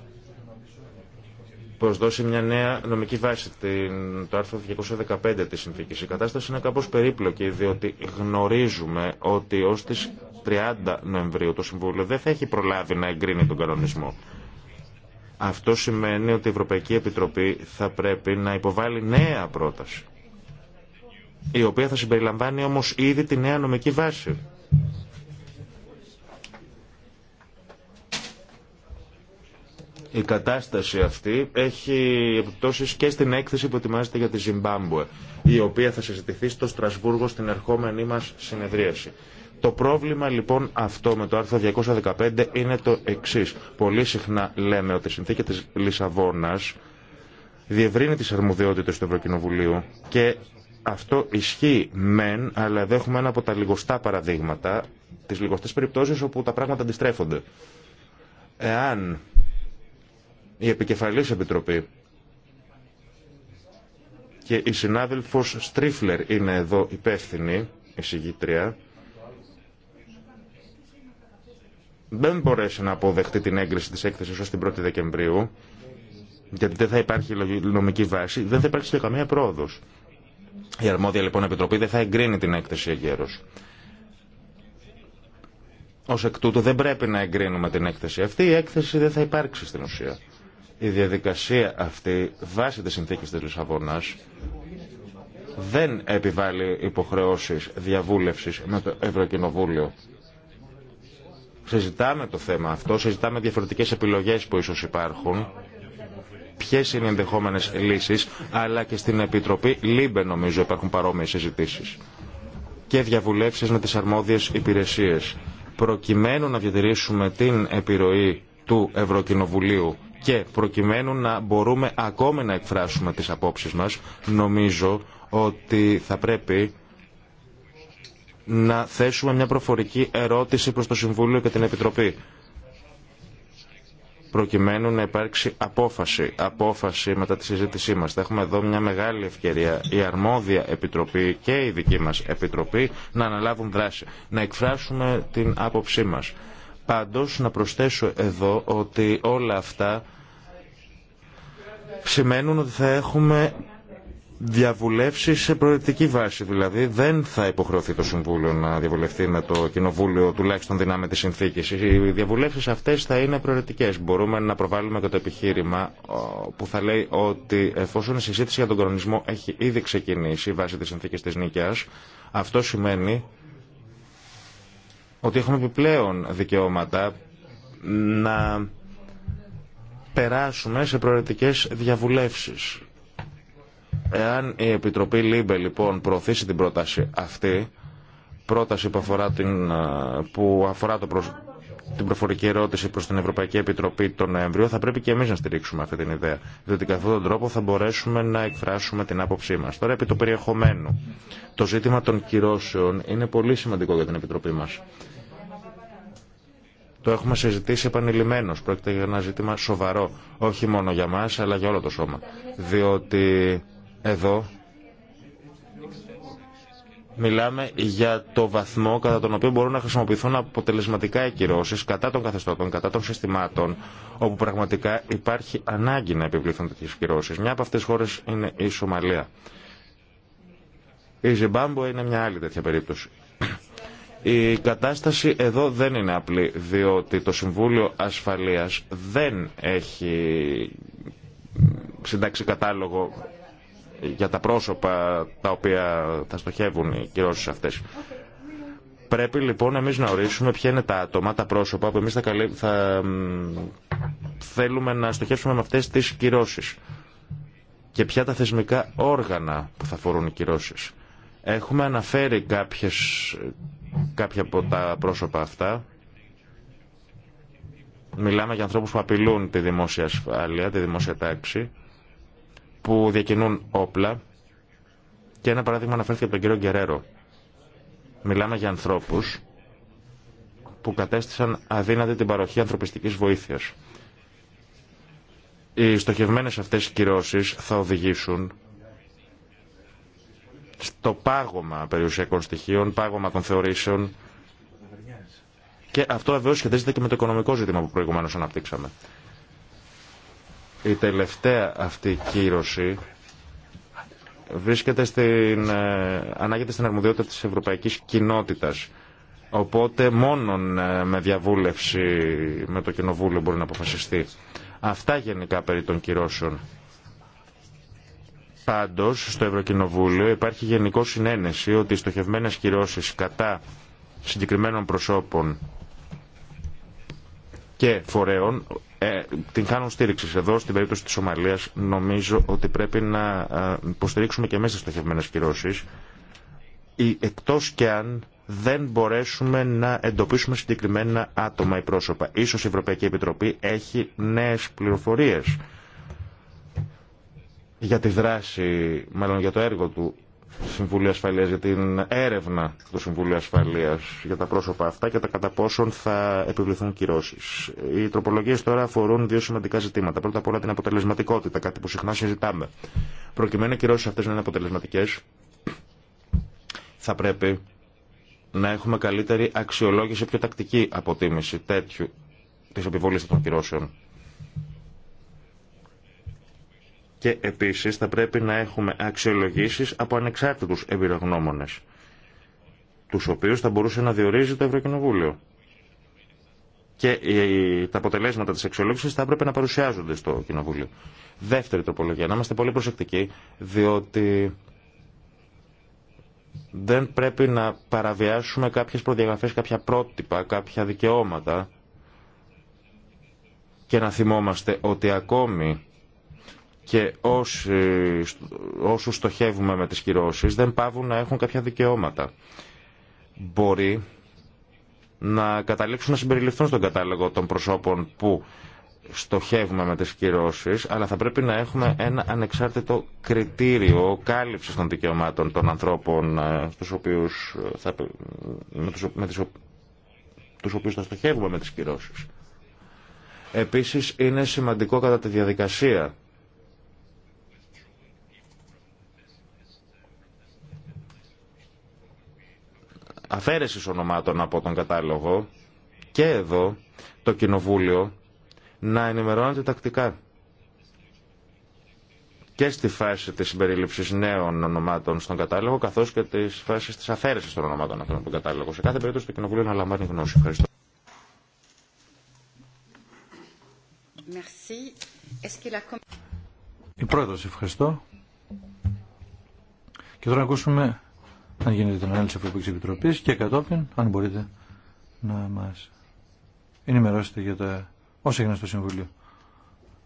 προσδώσει μια νέα νομική βάση, την, το άρθρο 215 της συνθήκης. Η κατάσταση είναι κάπως περίπλοκη, διότι γνωρίζουμε ότι ως τις 30 Νοεμβρίου το Συμβούλιο δεν θα έχει προλάβει να εγκρίνει τον κανονισμό. Αυτό σημαίνει ότι η Ευρωπαϊκή Επιτροπή θα πρέπει να υποβάλει νέα πρόταση, η οποία θα συμπεριλαμβάνει όμως ήδη τη νέα νομική βάση. Η κατάσταση αυτή έχει επιπτώσει και στην έκθεση που ετοιμάζεται για τη Ζιμπάμπουε, η οποία θα συζητηθεί στο Στρασβούργο στην ερχόμενή μα συνεδρίαση. Το πρόβλημα λοιπόν αυτό με το άρθρο 215 είναι το εξή. Πολύ συχνά λέμε ότι η συνθήκη τη Λισαβόνα διευρύνει τι αρμοδιότητε του Ευρωκοινοβουλίου και αυτό ισχύει μεν, αλλά εδώ έχουμε ένα από τα λιγοστά παραδείγματα, τι λιγοστέ περιπτώσει όπου τα πράγματα αντιστρέφονται. Εάν η επικεφαλής επιτροπή και η συνάδελφος Στρίφλερ είναι εδώ υπεύθυνη, εισηγήτρια, δεν μπορέσει να αποδεχτεί την έγκριση της έκθεσης ως την 1η Δεκεμβρίου, γιατί δεν θα υπάρχει νομική βάση, δεν θα υπάρξει και καμία πρόοδος. Η αρμόδια λοιπόν επιτροπή δεν θα εγκρίνει την έκθεση εγκαίρως. Ως εκ τούτου δεν πρέπει να εγκρίνουμε την έκθεση αυτή, η έκθεση δεν θα υπάρξει στην ουσία η διαδικασία αυτή βάσει της συνθήκη της Λισαβόνας δεν επιβάλλει υποχρεώσεις διαβούλευσης με το Ευρωκοινοβούλιο. Συζητάμε το θέμα αυτό, συζητάμε διαφορετικές επιλογές που ίσως υπάρχουν, ποιες είναι οι ενδεχόμενες λύσεις, αλλά και στην Επιτροπή ΛΥΜΠΕ νομίζω υπάρχουν παρόμοιες συζητήσεις και διαβουλεύσεις με τις αρμόδιες υπηρεσίες. Προκειμένου να διατηρήσουμε την επιρροή του Ευρωκοινοβουλίου και προκειμένου να μπορούμε ακόμη να εκφράσουμε τις απόψεις μας, νομίζω ότι θα πρέπει να θέσουμε μια προφορική ερώτηση προς το Συμβούλιο και την Επιτροπή προκειμένου να υπάρξει απόφαση, απόφαση μετά τη συζήτησή μας. Θα έχουμε εδώ μια μεγάλη ευκαιρία η αρμόδια επιτροπή και η δική μας επιτροπή να αναλάβουν δράση, να εκφράσουμε την άποψή μας. Πάντως να προσθέσω εδώ ότι όλα αυτά σημαίνουν ότι θα έχουμε διαβουλεύσει σε προαιρετική βάση. Δηλαδή δεν θα υποχρεωθεί το Συμβούλιο να διαβουλευτεί με το Κοινοβούλιο τουλάχιστον δυνάμει τη συνθήκη. Οι διαβουλεύσει αυτέ θα είναι προαιρετικέ. Μπορούμε να προβάλλουμε και το επιχείρημα που θα λέει ότι εφόσον η συζήτηση για τον κορονισμό έχει ήδη ξεκινήσει βάσει τη συνθήκη τη Νίκαια, αυτό σημαίνει ότι έχουμε επιπλέον δικαιώματα να περάσουμε σε προαιρετικές διαβουλεύσεις. Εάν η Επιτροπή ΛΥΜΠΕ λοιπόν προωθήσει την πρόταση αυτή, πρόταση που αφορά, την, ε, που αφορά το προφορική ερώτηση προς την Ευρωπαϊκή Επιτροπή τον Νοέμβριο, θα πρέπει και εμείς να στηρίξουμε αυτή την ιδέα, διότι καθ' αυτόν τον τρόπο θα μπορέσουμε να εκφράσουμε την άποψή μας. Τώρα επί το περιεχομένου, το ζήτημα των κυρώσεων είναι πολύ σημαντικό για την Επιτροπή μας. Το έχουμε συζητήσει επανειλημμένω. Πρόκειται για ένα ζήτημα σοβαρό. Όχι μόνο για μα, αλλά για όλο το σώμα. Διότι εδώ μιλάμε για το βαθμό κατά τον οποίο μπορούν να χρησιμοποιηθούν αποτελεσματικά οι κυρώσει κατά των καθεστώτων, κατά των συστημάτων, όπου πραγματικά υπάρχει ανάγκη να επιβληθούν τέτοιε κυρώσει. Μια από αυτέ τι χώρε είναι η Σομαλία. Η Ζιμπάμπο είναι μια άλλη τέτοια περίπτωση. Η κατάσταση εδώ δεν είναι απλή, διότι το Συμβούλιο Ασφαλείας δεν έχει συντάξει κατάλογο για τα πρόσωπα τα οποία θα στοχεύουν οι κυρώσεις αυτές. Πρέπει λοιπόν εμείς να ορίσουμε ποια είναι τα άτομα, τα πρόσωπα που εμείς θα, θέλουμε να στοχεύσουμε με αυτές τις κυρώσεις και ποια τα θεσμικά όργανα που θα φορούν οι κυρώσεις. Έχουμε αναφέρει κάποιες, κάποια από τα πρόσωπα αυτά. Μιλάμε για ανθρώπους που απειλούν τη δημόσια ασφάλεια, τη δημόσια τάξη, που διακινούν όπλα. Και ένα παράδειγμα αναφέρθηκε από τον κύριο Γκερέρο. Μιλάμε για ανθρώπους που κατέστησαν αδύνατη την παροχή ανθρωπιστικής βοήθειας. Οι στοχευμένες αυτές κυρώσεις θα οδηγήσουν στο πάγωμα περιουσιακών στοιχείων, πάγωμα των θεωρήσεων. Και αυτό βεβαίω σχετίζεται και με το οικονομικό ζήτημα που προηγουμένω αναπτύξαμε. Η τελευταία αυτή κύρωση βρίσκεται στην, ε, ανάγεται στην αρμοδιότητα της ευρωπαϊκής κοινότητας. Οπότε μόνον ε, με διαβούλευση με το κοινοβούλιο μπορεί να αποφασιστεί. Αυτά γενικά περί των κυρώσεων. Πάντω στο Ευρωκοινοβούλιο υπάρχει γενικό συνένεση ότι οι στοχευμένε κυρώσεις κατά συγκεκριμένων προσώπων και φορέων ε, την κάνουν στήριξη. Εδώ, στην περίπτωση της Ομαλία, νομίζω ότι πρέπει να ε, υποστηρίξουμε και μέσα στοχευμένες κυρώσεις ή εκτός και αν δεν μπορέσουμε να εντοπίσουμε συγκεκριμένα άτομα ή πρόσωπα. Ίσως η Ευρωπαϊκή Επιτροπή έχει νέες πληροφορίες για τη δράση, μάλλον για το έργο του Συμβουλίου Ασφαλείας, για την έρευνα του Συμβουλίου Ασφαλείας για τα πρόσωπα αυτά και τα κατά πόσον θα επιβληθούν κυρώσεις. Οι τροπολογίες τώρα αφορούν δύο σημαντικά ζητήματα. Πρώτα απ' όλα την αποτελεσματικότητα, κάτι που συχνά συζητάμε. Προκειμένου οι κυρώσεις αυτές να είναι αποτελεσματικές, θα πρέπει να έχουμε καλύτερη αξιολόγηση, πιο τακτική αποτίμηση τέτοιου της επιβολής των κυρώσεων. Και επίσης θα πρέπει να έχουμε αξιολογήσεις από ανεξάρτητους εμπειρογνώμονες, τους οποίους θα μπορούσε να διορίζει το Ευρωκοινοβούλιο. Και τα αποτελέσματα της αξιολόγησης θα έπρεπε να παρουσιάζονται στο Κοινοβούλιο. Δεύτερη τοπολογία, να είμαστε πολύ προσεκτικοί, διότι δεν πρέπει να παραβιάσουμε κάποιες προδιαγραφές, κάποια πρότυπα, κάποια δικαιώματα και να θυμόμαστε ότι ακόμη και όσοι, στοχεύουμε με τις κυρώσεις δεν πάβουν να έχουν κάποια δικαιώματα. Μπορεί να καταλήξουν να συμπεριληφθούν στον κατάλογο των προσώπων που στοχεύουμε με τις κυρώσεις, αλλά θα πρέπει να έχουμε ένα ανεξάρτητο κριτήριο κάλυψης των δικαιωμάτων των ανθρώπων ε, στους οποίους ε, θα, με τους, τους οποίους θα στοχεύουμε με τις κυρώσεις. Επίσης είναι σημαντικό κατά τη διαδικασία αφαίρεσης ονομάτων από τον κατάλογο και εδώ το Κοινοβούλιο να ενημερώνεται τακτικά και στη φάση της συμπερίληψης νέων ονομάτων στον κατάλογο, καθώς και τη φάση της αφαίρεσης των ονομάτων αυτών από τον κατάλογο. Σε κάθε περίπτωση το Κοινοβούλιο να λαμβάνει γνώση. Ευχαριστώ. Η πρόεδρος, ευχαριστώ. Και τώρα να ακούσουμε αν γίνεται την ανάλυση Ευρωπαϊκή Επιτροπή και κατόπιν, αν μπορείτε, να μα ενημερώσετε για τα όσα έγιναν στο Συμβούλιο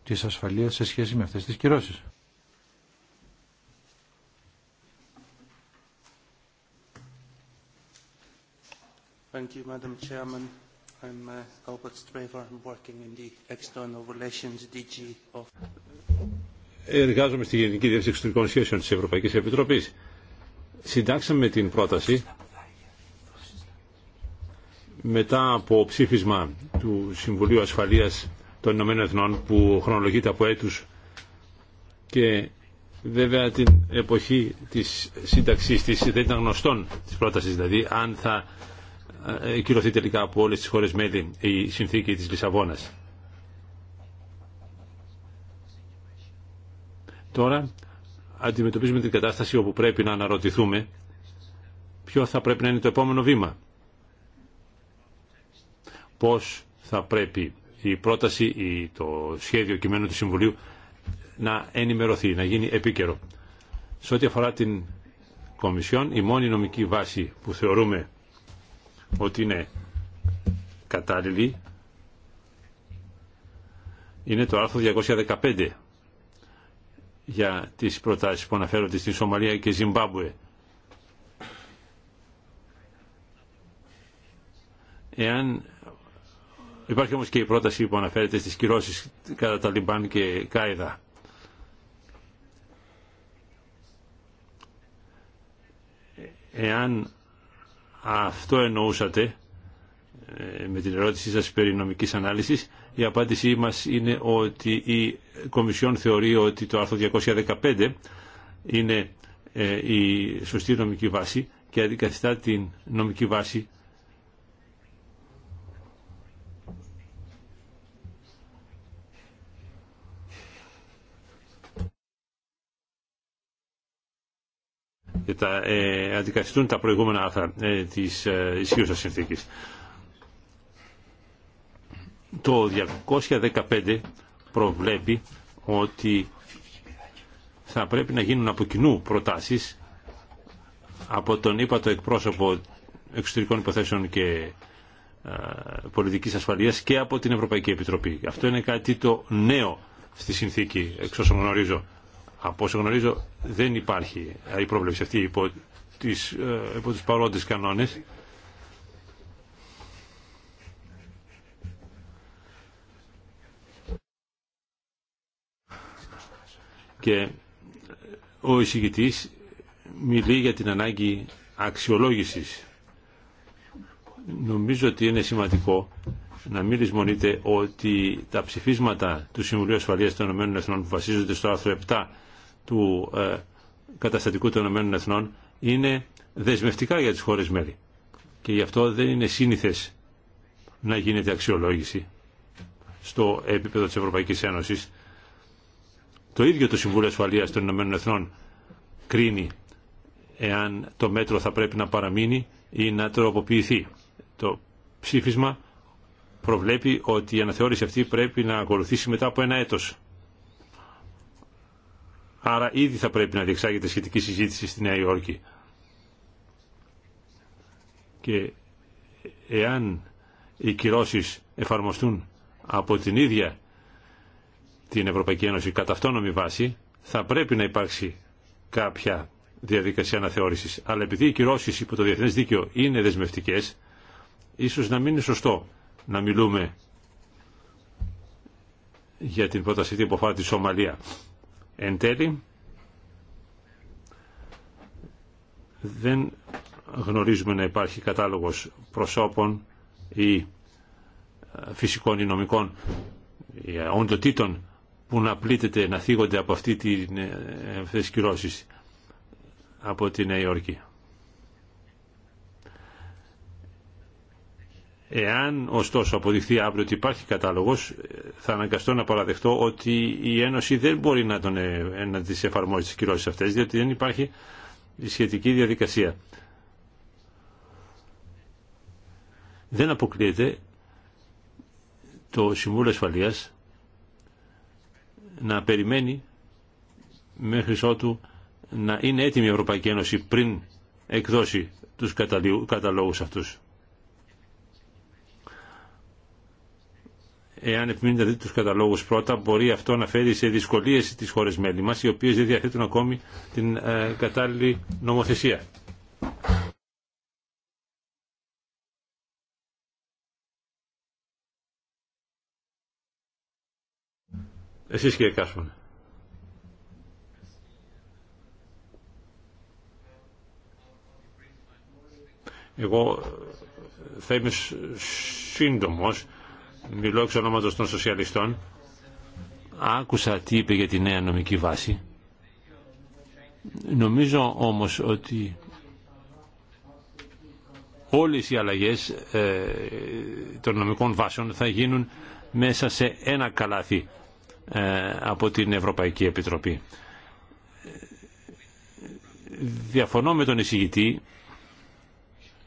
τη ασφαλεία σε σχέση με αυτέ τι κυρώσει. Thank you, Εργάζομαι στη Γενική Διεύθυνση Εξωτερικών Σχέσεων της Ευρωπαϊκής Επιτροπής συντάξαμε την πρόταση μετά από ψήφισμα του Συμβουλίου Ασφαλείας των Ηνωμένων Εθνών που χρονολογείται από έτους και βέβαια την εποχή της σύνταξής της δεν ήταν γνωστόν της πρότασης δηλαδή αν θα ε, κυρωθεί τελικά από όλες τις χώρες μέλη η συνθήκη της Λισαβόνας. Τώρα αντιμετωπίζουμε την κατάσταση όπου πρέπει να αναρωτηθούμε ποιο θα πρέπει να είναι το επόμενο βήμα. Πώς θα πρέπει η πρόταση ή το σχέδιο κειμένου του Συμβουλίου να ενημερωθεί, να γίνει επίκαιρο. Σε ό,τι αφορά την Κομισιόν, η μόνη νομική βάση που θεωρούμε ότι είναι κατάλληλη είναι το άρθρο 215 για τις προτάσεις που αναφέρονται στη Σομαλία και Ζιμπάμπουε. Εάν υπάρχει όμως και η πρόταση που αναφέρεται στις κυρώσεις κατά τα Λιμπάν και Κάιδα. Εάν αυτό εννοούσατε ε, με την ερώτησή σας περί νομικής ανάλυσης, η απάντησή μας είναι ότι η Κομισιόν θεωρεί ότι το άρθρο 215 είναι ε, η σωστή νομική βάση και αντικαθιστά την νομική βάση τα, ε, αντικαθιστούν τα προηγούμενα άρθρα ε, της ε, ισχύουσας συνθήκης. Το 215 προβλέπει ότι θα πρέπει να γίνουν από κοινού προτάσεις από τον ύπατο εκπρόσωπο εξωτερικών υποθέσεων και ε, πολιτικής ασφαλείας και από την Ευρωπαϊκή Επιτροπή. Αυτό είναι κάτι το νέο στη συνθήκη, εξ όσων γνωρίζω. Από όσο γνωρίζω δεν υπάρχει η πρόβλεψη αυτή υπό, τις, ε, υπό τους παρόντες κανόνες. και ο εισηγητής μιλεί για την ανάγκη αξιολόγησης. Νομίζω ότι είναι σημαντικό να μην λησμονείτε ότι τα ψηφίσματα του Συμβουλίου Ασφαλείας των ΗΕ Εθνών που βασίζονται στο άρθρο 7 του ε, καταστατικού των ΗΕ είναι δεσμευτικά για τις χώρες μέλη. Και γι' αυτό δεν είναι σύνηθες να γίνεται αξιολόγηση στο επίπεδο της Ευρωπαϊκής Ένωσης το ίδιο το Συμβούλιο Ασφαλείας των Ηνωμένων Εθνών κρίνει εάν το μέτρο θα πρέπει να παραμείνει ή να τροποποιηθεί. Το ψήφισμα προβλέπει ότι η αναθεώρηση αυτή πρέπει να ακολουθήσει μετά από ένα έτος. Άρα ήδη θα πρέπει να διεξάγεται σχετική συζήτηση στη Νέα Υόρκη. Και εάν οι κυρώσεις εφαρμοστούν από την ίδια την Ευρωπαϊκή Ένωση κατά αυτόνομη βάση, θα πρέπει να υπάρξει κάποια διαδικασία αναθεώρηση. Αλλά επειδή οι κυρώσει υπό το διεθνέ δίκαιο είναι δεσμευτικέ, ίσω να μην είναι σωστό να μιλούμε για την πρόταση που αφορά τη Σομαλία. Εν τέλει, δεν γνωρίζουμε να υπάρχει κατάλογος προσώπων ή φυσικών ή νομικών οντοτήτων που να πλήττεται, να θίγονται από αυτή την, ε, κυρώσει από τη Νέα Υόρκη. Εάν ωστόσο αποδειχθεί αύριο ότι υπάρχει κατάλογος, ε, θα αναγκαστώ να παραδεχτώ ότι η Ένωση δεν μπορεί να, τον, ε, να τις εφαρμόσει τις κυρώσεις αυτές, διότι δεν υπάρχει σχετική διαδικασία. Δεν αποκλείεται το Συμβούλιο Ασφαλείας να περιμένει μέχρι ότου να είναι έτοιμη η Ευρωπαϊκή Ένωση πριν εκδώσει τους καταλόγους αυτούς. Εάν επιμείνετε δείτε τους καταλόγους πρώτα, μπορεί αυτό να φέρει σε δυσκολίες τις χώρες μέλη μας, οι οποίες δεν διαθέτουν ακόμη την ε, κατάλληλη νομοθεσία. Εσείς κύριε Κάσμαν. Εγώ θα είμαι σύντομος, μιλώ εξ ονόματος των σοσιαλιστών. Άκουσα τι είπε για τη νέα νομική βάση. Νομίζω όμως ότι όλες οι αλλαγές ε, των νομικών βάσεων θα γίνουν μέσα σε ένα καλάθι ε, από την Ευρωπαϊκή Επιτροπή. Διαφωνώ με τον εισηγητή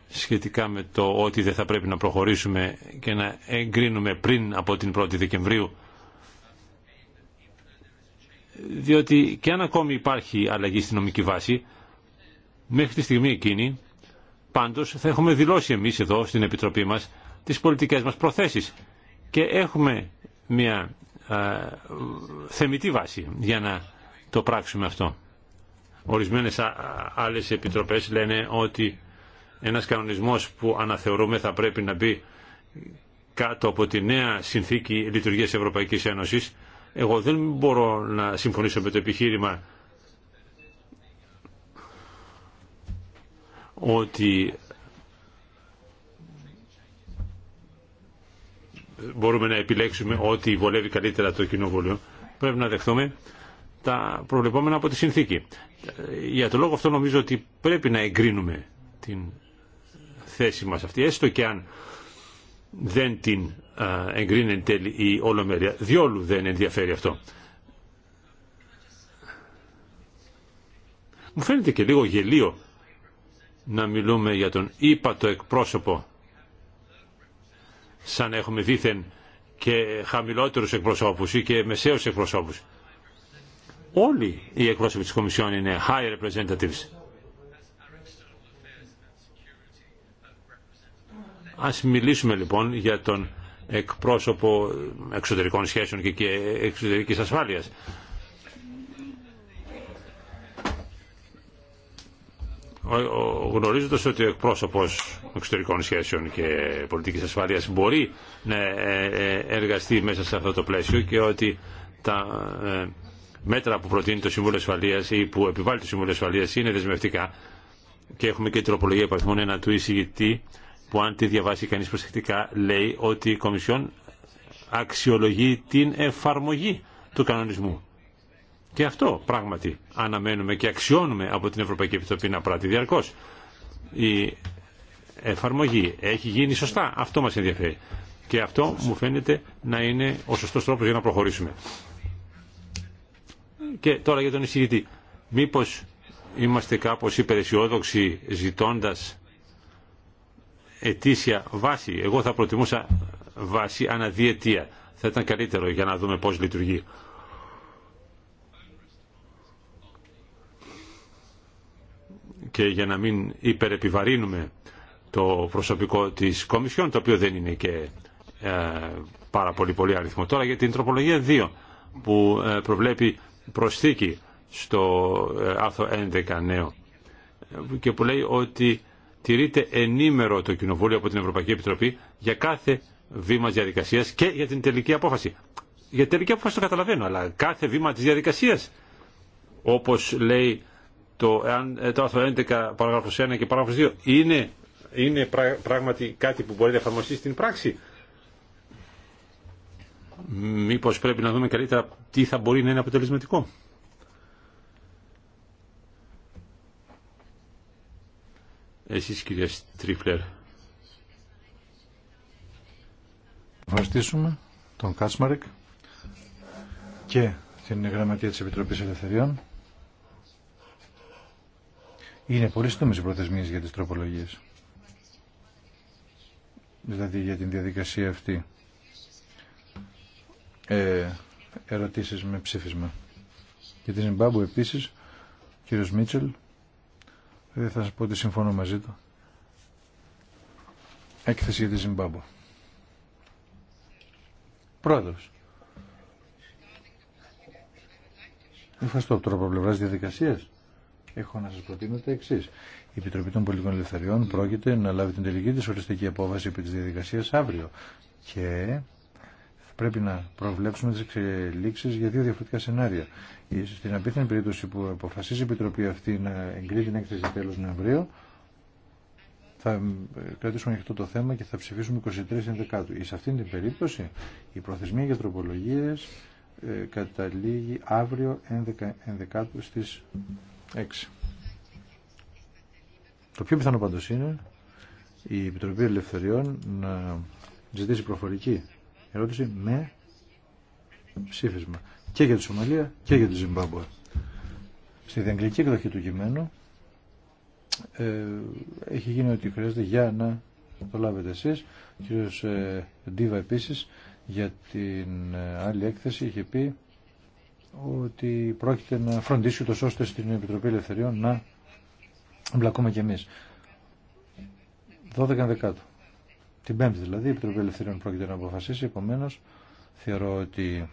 σχετικά με το ότι δεν θα πρέπει να προχωρήσουμε και να εγκρίνουμε πριν από την 1η Δεκεμβρίου διότι και αν ακόμη υπάρχει αλλαγή στην νομική βάση μέχρι τη στιγμή εκείνη πάντως θα έχουμε δηλώσει εμείς εδώ στην Επιτροπή μας τις πολιτικές μας προθέσεις και έχουμε μια θεμητή βάση για να το πράξουμε αυτό. Ορισμένες άλλες επιτροπές λένε ότι ένας κανονισμός που αναθεωρούμε θα πρέπει να μπει κάτω από τη νέα συνθήκη λειτουργίας Ευρωπαϊκής Ένωσης. Εγώ δεν μπορώ να συμφωνήσω με το επιχείρημα ότι μπορούμε να επιλέξουμε ό,τι βολεύει καλύτερα το κοινοβούλιο. Πρέπει να δεχθούμε τα προβλεπόμενα από τη συνθήκη. Για τον λόγο αυτό νομίζω ότι πρέπει να εγκρίνουμε την θέση μας αυτή, έστω και αν δεν την εγκρίνει εν τέλει η Ολομέρεια. Διόλου δεν ενδιαφέρει αυτό. Μου φαίνεται και λίγο γελίο να μιλούμε για τον ύπατο εκπρόσωπο σαν έχουμε δήθεν και χαμηλότερους εκπροσώπους ή και μεσαίους εκπροσώπους. Όλοι οι εκπρόσωποι της Κομισιόν είναι high representatives. Ας μιλήσουμε λοιπόν για τον εκπρόσωπο εξωτερικών σχέσεων και εξωτερικής ασφάλειας. γνωρίζοντας ότι ο εκπρόσωπος εξωτερικών σχέσεων και πολιτικής ασφάλειας μπορεί να ε, ε, εργαστεί μέσα σε αυτό το πλαίσιο και ότι τα ε, μέτρα που προτείνει το Συμβούλιο Ασφαλείας ή που επιβάλλει το Συμβούλιο Ασφαλείας είναι δεσμευτικά και έχουμε και τροπολογία υπαριθμών ένα του εισηγητή που αν τη διαβάσει κανείς προσεκτικά λέει ότι η Κομισιόν αξιολογεί την εφαρμογή του κανονισμού. Και αυτό πράγματι αναμένουμε και αξιώνουμε από την Ευρωπαϊκή Επιτροπή να πράττει διαρκώ. Η εφαρμογή έχει γίνει σωστά. Αυτό μα ενδιαφέρει. Και αυτό μου φαίνεται να είναι ο σωστό τρόπο για να προχωρήσουμε. Και τώρα για τον εισηγητή. Μήπω είμαστε κάπω υπεραισιόδοξοι ζητώντα ετήσια βάση. Εγώ θα προτιμούσα βάση αναδιετία. Θα ήταν καλύτερο για να δούμε πώς λειτουργεί. και για να μην υπερεπιβαρύνουμε το προσωπικό της Κομισιόν, το οποίο δεν είναι και ε, πάρα πολύ πολύ αριθμό. Τώρα για την τροπολογία 2 που ε, προβλέπει προσθήκη στο ε, άρθρο 11 νέο και που λέει ότι τηρείται ενήμερο το Κοινοβούλιο από την Ευρωπαϊκή Επιτροπή για κάθε βήμα διαδικασία και για την τελική απόφαση. Για την τελική απόφαση το καταλαβαίνω, αλλά κάθε βήμα τη διαδικασία, όπω λέει το, εάν, ε, το άρθρο 11 παράγραφος 1 και παράγραφος 2 είναι, είναι πράγματι κάτι που μπορεί να εφαρμοστεί στην πράξη. Μήπως πρέπει να δούμε καλύτερα τι θα μπορεί να είναι αποτελεσματικό. Εσείς κυρία Στρίφλερ. Ευχαριστήσουμε τον Κάσμαρικ και την Γραμματεία της Επιτροπής Ελευθεριών είναι πολύ σύντομε οι προθεσμίε για τι τροπολογίε. Δηλαδή για την διαδικασία αυτή. Ε, ερωτήσεις με ψήφισμα. Για την Ζιμπάμπου επίσης, κύριος Μίτσελ, δεν θα σας πω ότι συμφωνώ μαζί του. Έκθεση για τη Ζιμπάμπου. Πρόεδρος. Ευχαριστώ από τώρα από πλευράς διαδικασίας έχω να σα προτείνω τα εξή. Η Επιτροπή των Πολιτικών Ελευθεριών πρόκειται να λάβει την τελική τη οριστική απόφαση επί τη διαδικασία αύριο και πρέπει να προβλέψουμε τι εξελίξει για δύο διαφορετικά σενάρια. Στην απίθανη περίπτωση που αποφασίζει η Επιτροπή αυτή να εγκρίνει την έκθεση τέλο Νοεμβρίου, θα ε, κρατήσουμε ανοιχτό το θέμα και θα ψηφίσουμε 23 Ιανουαρίου. Σε αυτήν την περίπτωση η προθεσμία για τροπολογίε ε, καταλήγει αύριο 11 στι. στις το πιο πιθανό πάντως είναι η Επιτροπή Ελευθεριών να ζητήσει προφορική ερώτηση με ψήφισμα και για τη Σομαλία και για τη Ζιμπάμπουα. Στη αγγλική εκδοχή του κειμένου ε, έχει γίνει ότι χρειάζεται για να το λάβετε εσείς. Ο κ. Ε, Ντίβα επίσης για την ε, άλλη έκθεση είχε πει ότι πρόκειται να φροντίσει ούτως ώστε στην Επιτροπή Ελευθεριών να εμπλακούμε κι εμείς. 12 δεκάτου. Την Πέμπτη δηλαδή, η Επιτροπή Ελευθεριών πρόκειται να αποφασίσει, επομένως θεωρώ ότι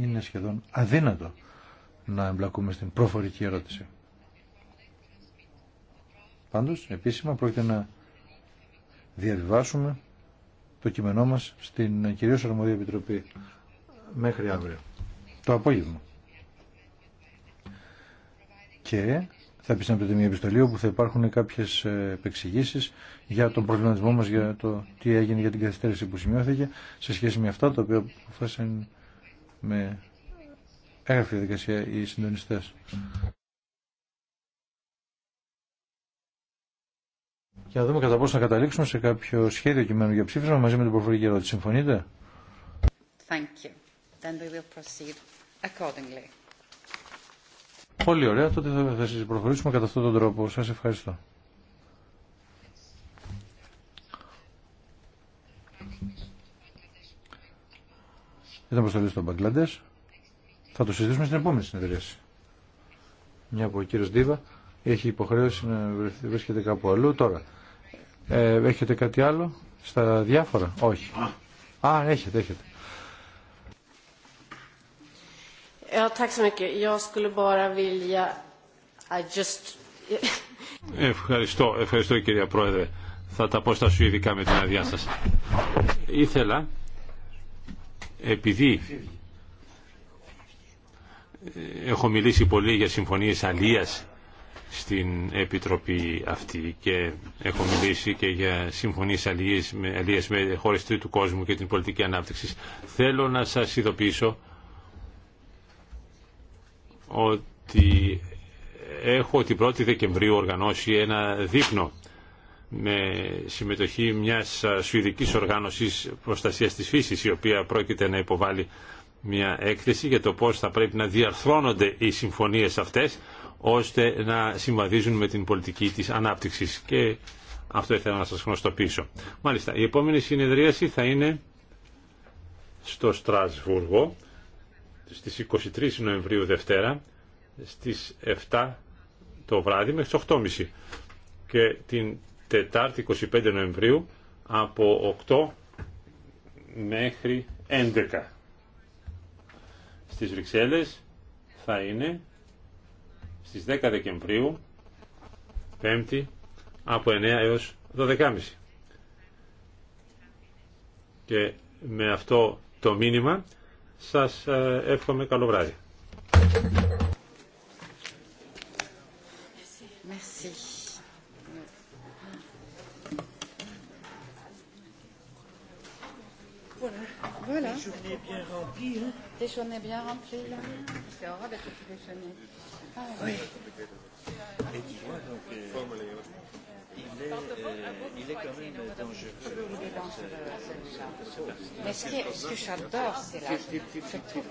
είναι σχεδόν αδύνατο να εμπλακούμε στην προφορική ερώτηση. Πάντως, επίσημα πρόκειται να διαβιβάσουμε το κείμενό μας στην κυρίως αρμόδια επιτροπή μέχρι αύριο το απόγευμα. Και θα επιστρέψετε μια επιστολή όπου θα υπάρχουν κάποιε επεξηγήσει για τον προβληματισμό μα για το τι έγινε για την καθυστέρηση που σημειώθηκε σε σχέση με αυτά τα οποία αποφάσισαν με έγραφη διαδικασία οι συντονιστέ. Και να δούμε κατά πόσο να καταλήξουμε σε κάποιο σχέδιο κειμένου για ψήφισμα μαζί με την προφορική ερώτηση. Συμφωνείτε? Thank you. Then we will proceed. Πολύ ωραία. Τότε θα, σα προχωρήσουμε κατά αυτόν τον τρόπο. Σας ευχαριστώ. Ήταν προσταλή τον Μπαγκλαντές. Θα το συζητήσουμε στην επόμενη συνεδρίαση. Μια από ο κύριος Ντίβα έχει υποχρέωση να βρίσκεται κάπου αλλού. Τώρα, ε, έχετε κάτι άλλο στα διάφορα. Όχι. Α, έχετε, έχετε. Ευχαριστώ, ευχαριστώ κυρία Πρόεδρε. Θα τα πω στα σου ειδικά με την αδειά σας. Ήθελα, επειδή έχω μιλήσει πολύ για συμφωνίες αλίας στην Επιτροπή αυτή και έχω μιλήσει και για συμφωνίες αλίας με, με χώρες τρίτου κόσμου και την πολιτική ανάπτυξη. Θέλω να σας ειδοποιήσω ότι έχω την 1η Δεκεμβρίου οργανώσει ένα δείπνο με συμμετοχή μιας σουηδικής οργάνωσης προστασίας της φύσης η οποία πρόκειται να υποβάλει μια έκθεση για το πώς θα πρέπει να διαρθρώνονται οι συμφωνίες αυτές ώστε να συμβαδίζουν με την πολιτική της ανάπτυξης και αυτό ήθελα να σας γνωστοποιήσω. Μάλιστα, η επόμενη συνεδρίαση θα είναι στο Στρασβούργο στις 23 Νοεμβρίου Δευτέρα στις 7 το βράδυ μέχρι τις 8.30 και την Τετάρτη 25 Νοεμβρίου από 8 μέχρι 11. Στις Βρυξέλλες θα είναι στις 10 Δεκεμβρίου, 5η, από 9 έως 12.30. Και με αυτό το μήνυμα σας εύχομαι καλό βράδυ. Voilà. journées bien remplies. Hein. journées bien remplies. Là. C'est horrible que tu oui il, est, quand même dangereux. Mais ce que j'adore, c'est la...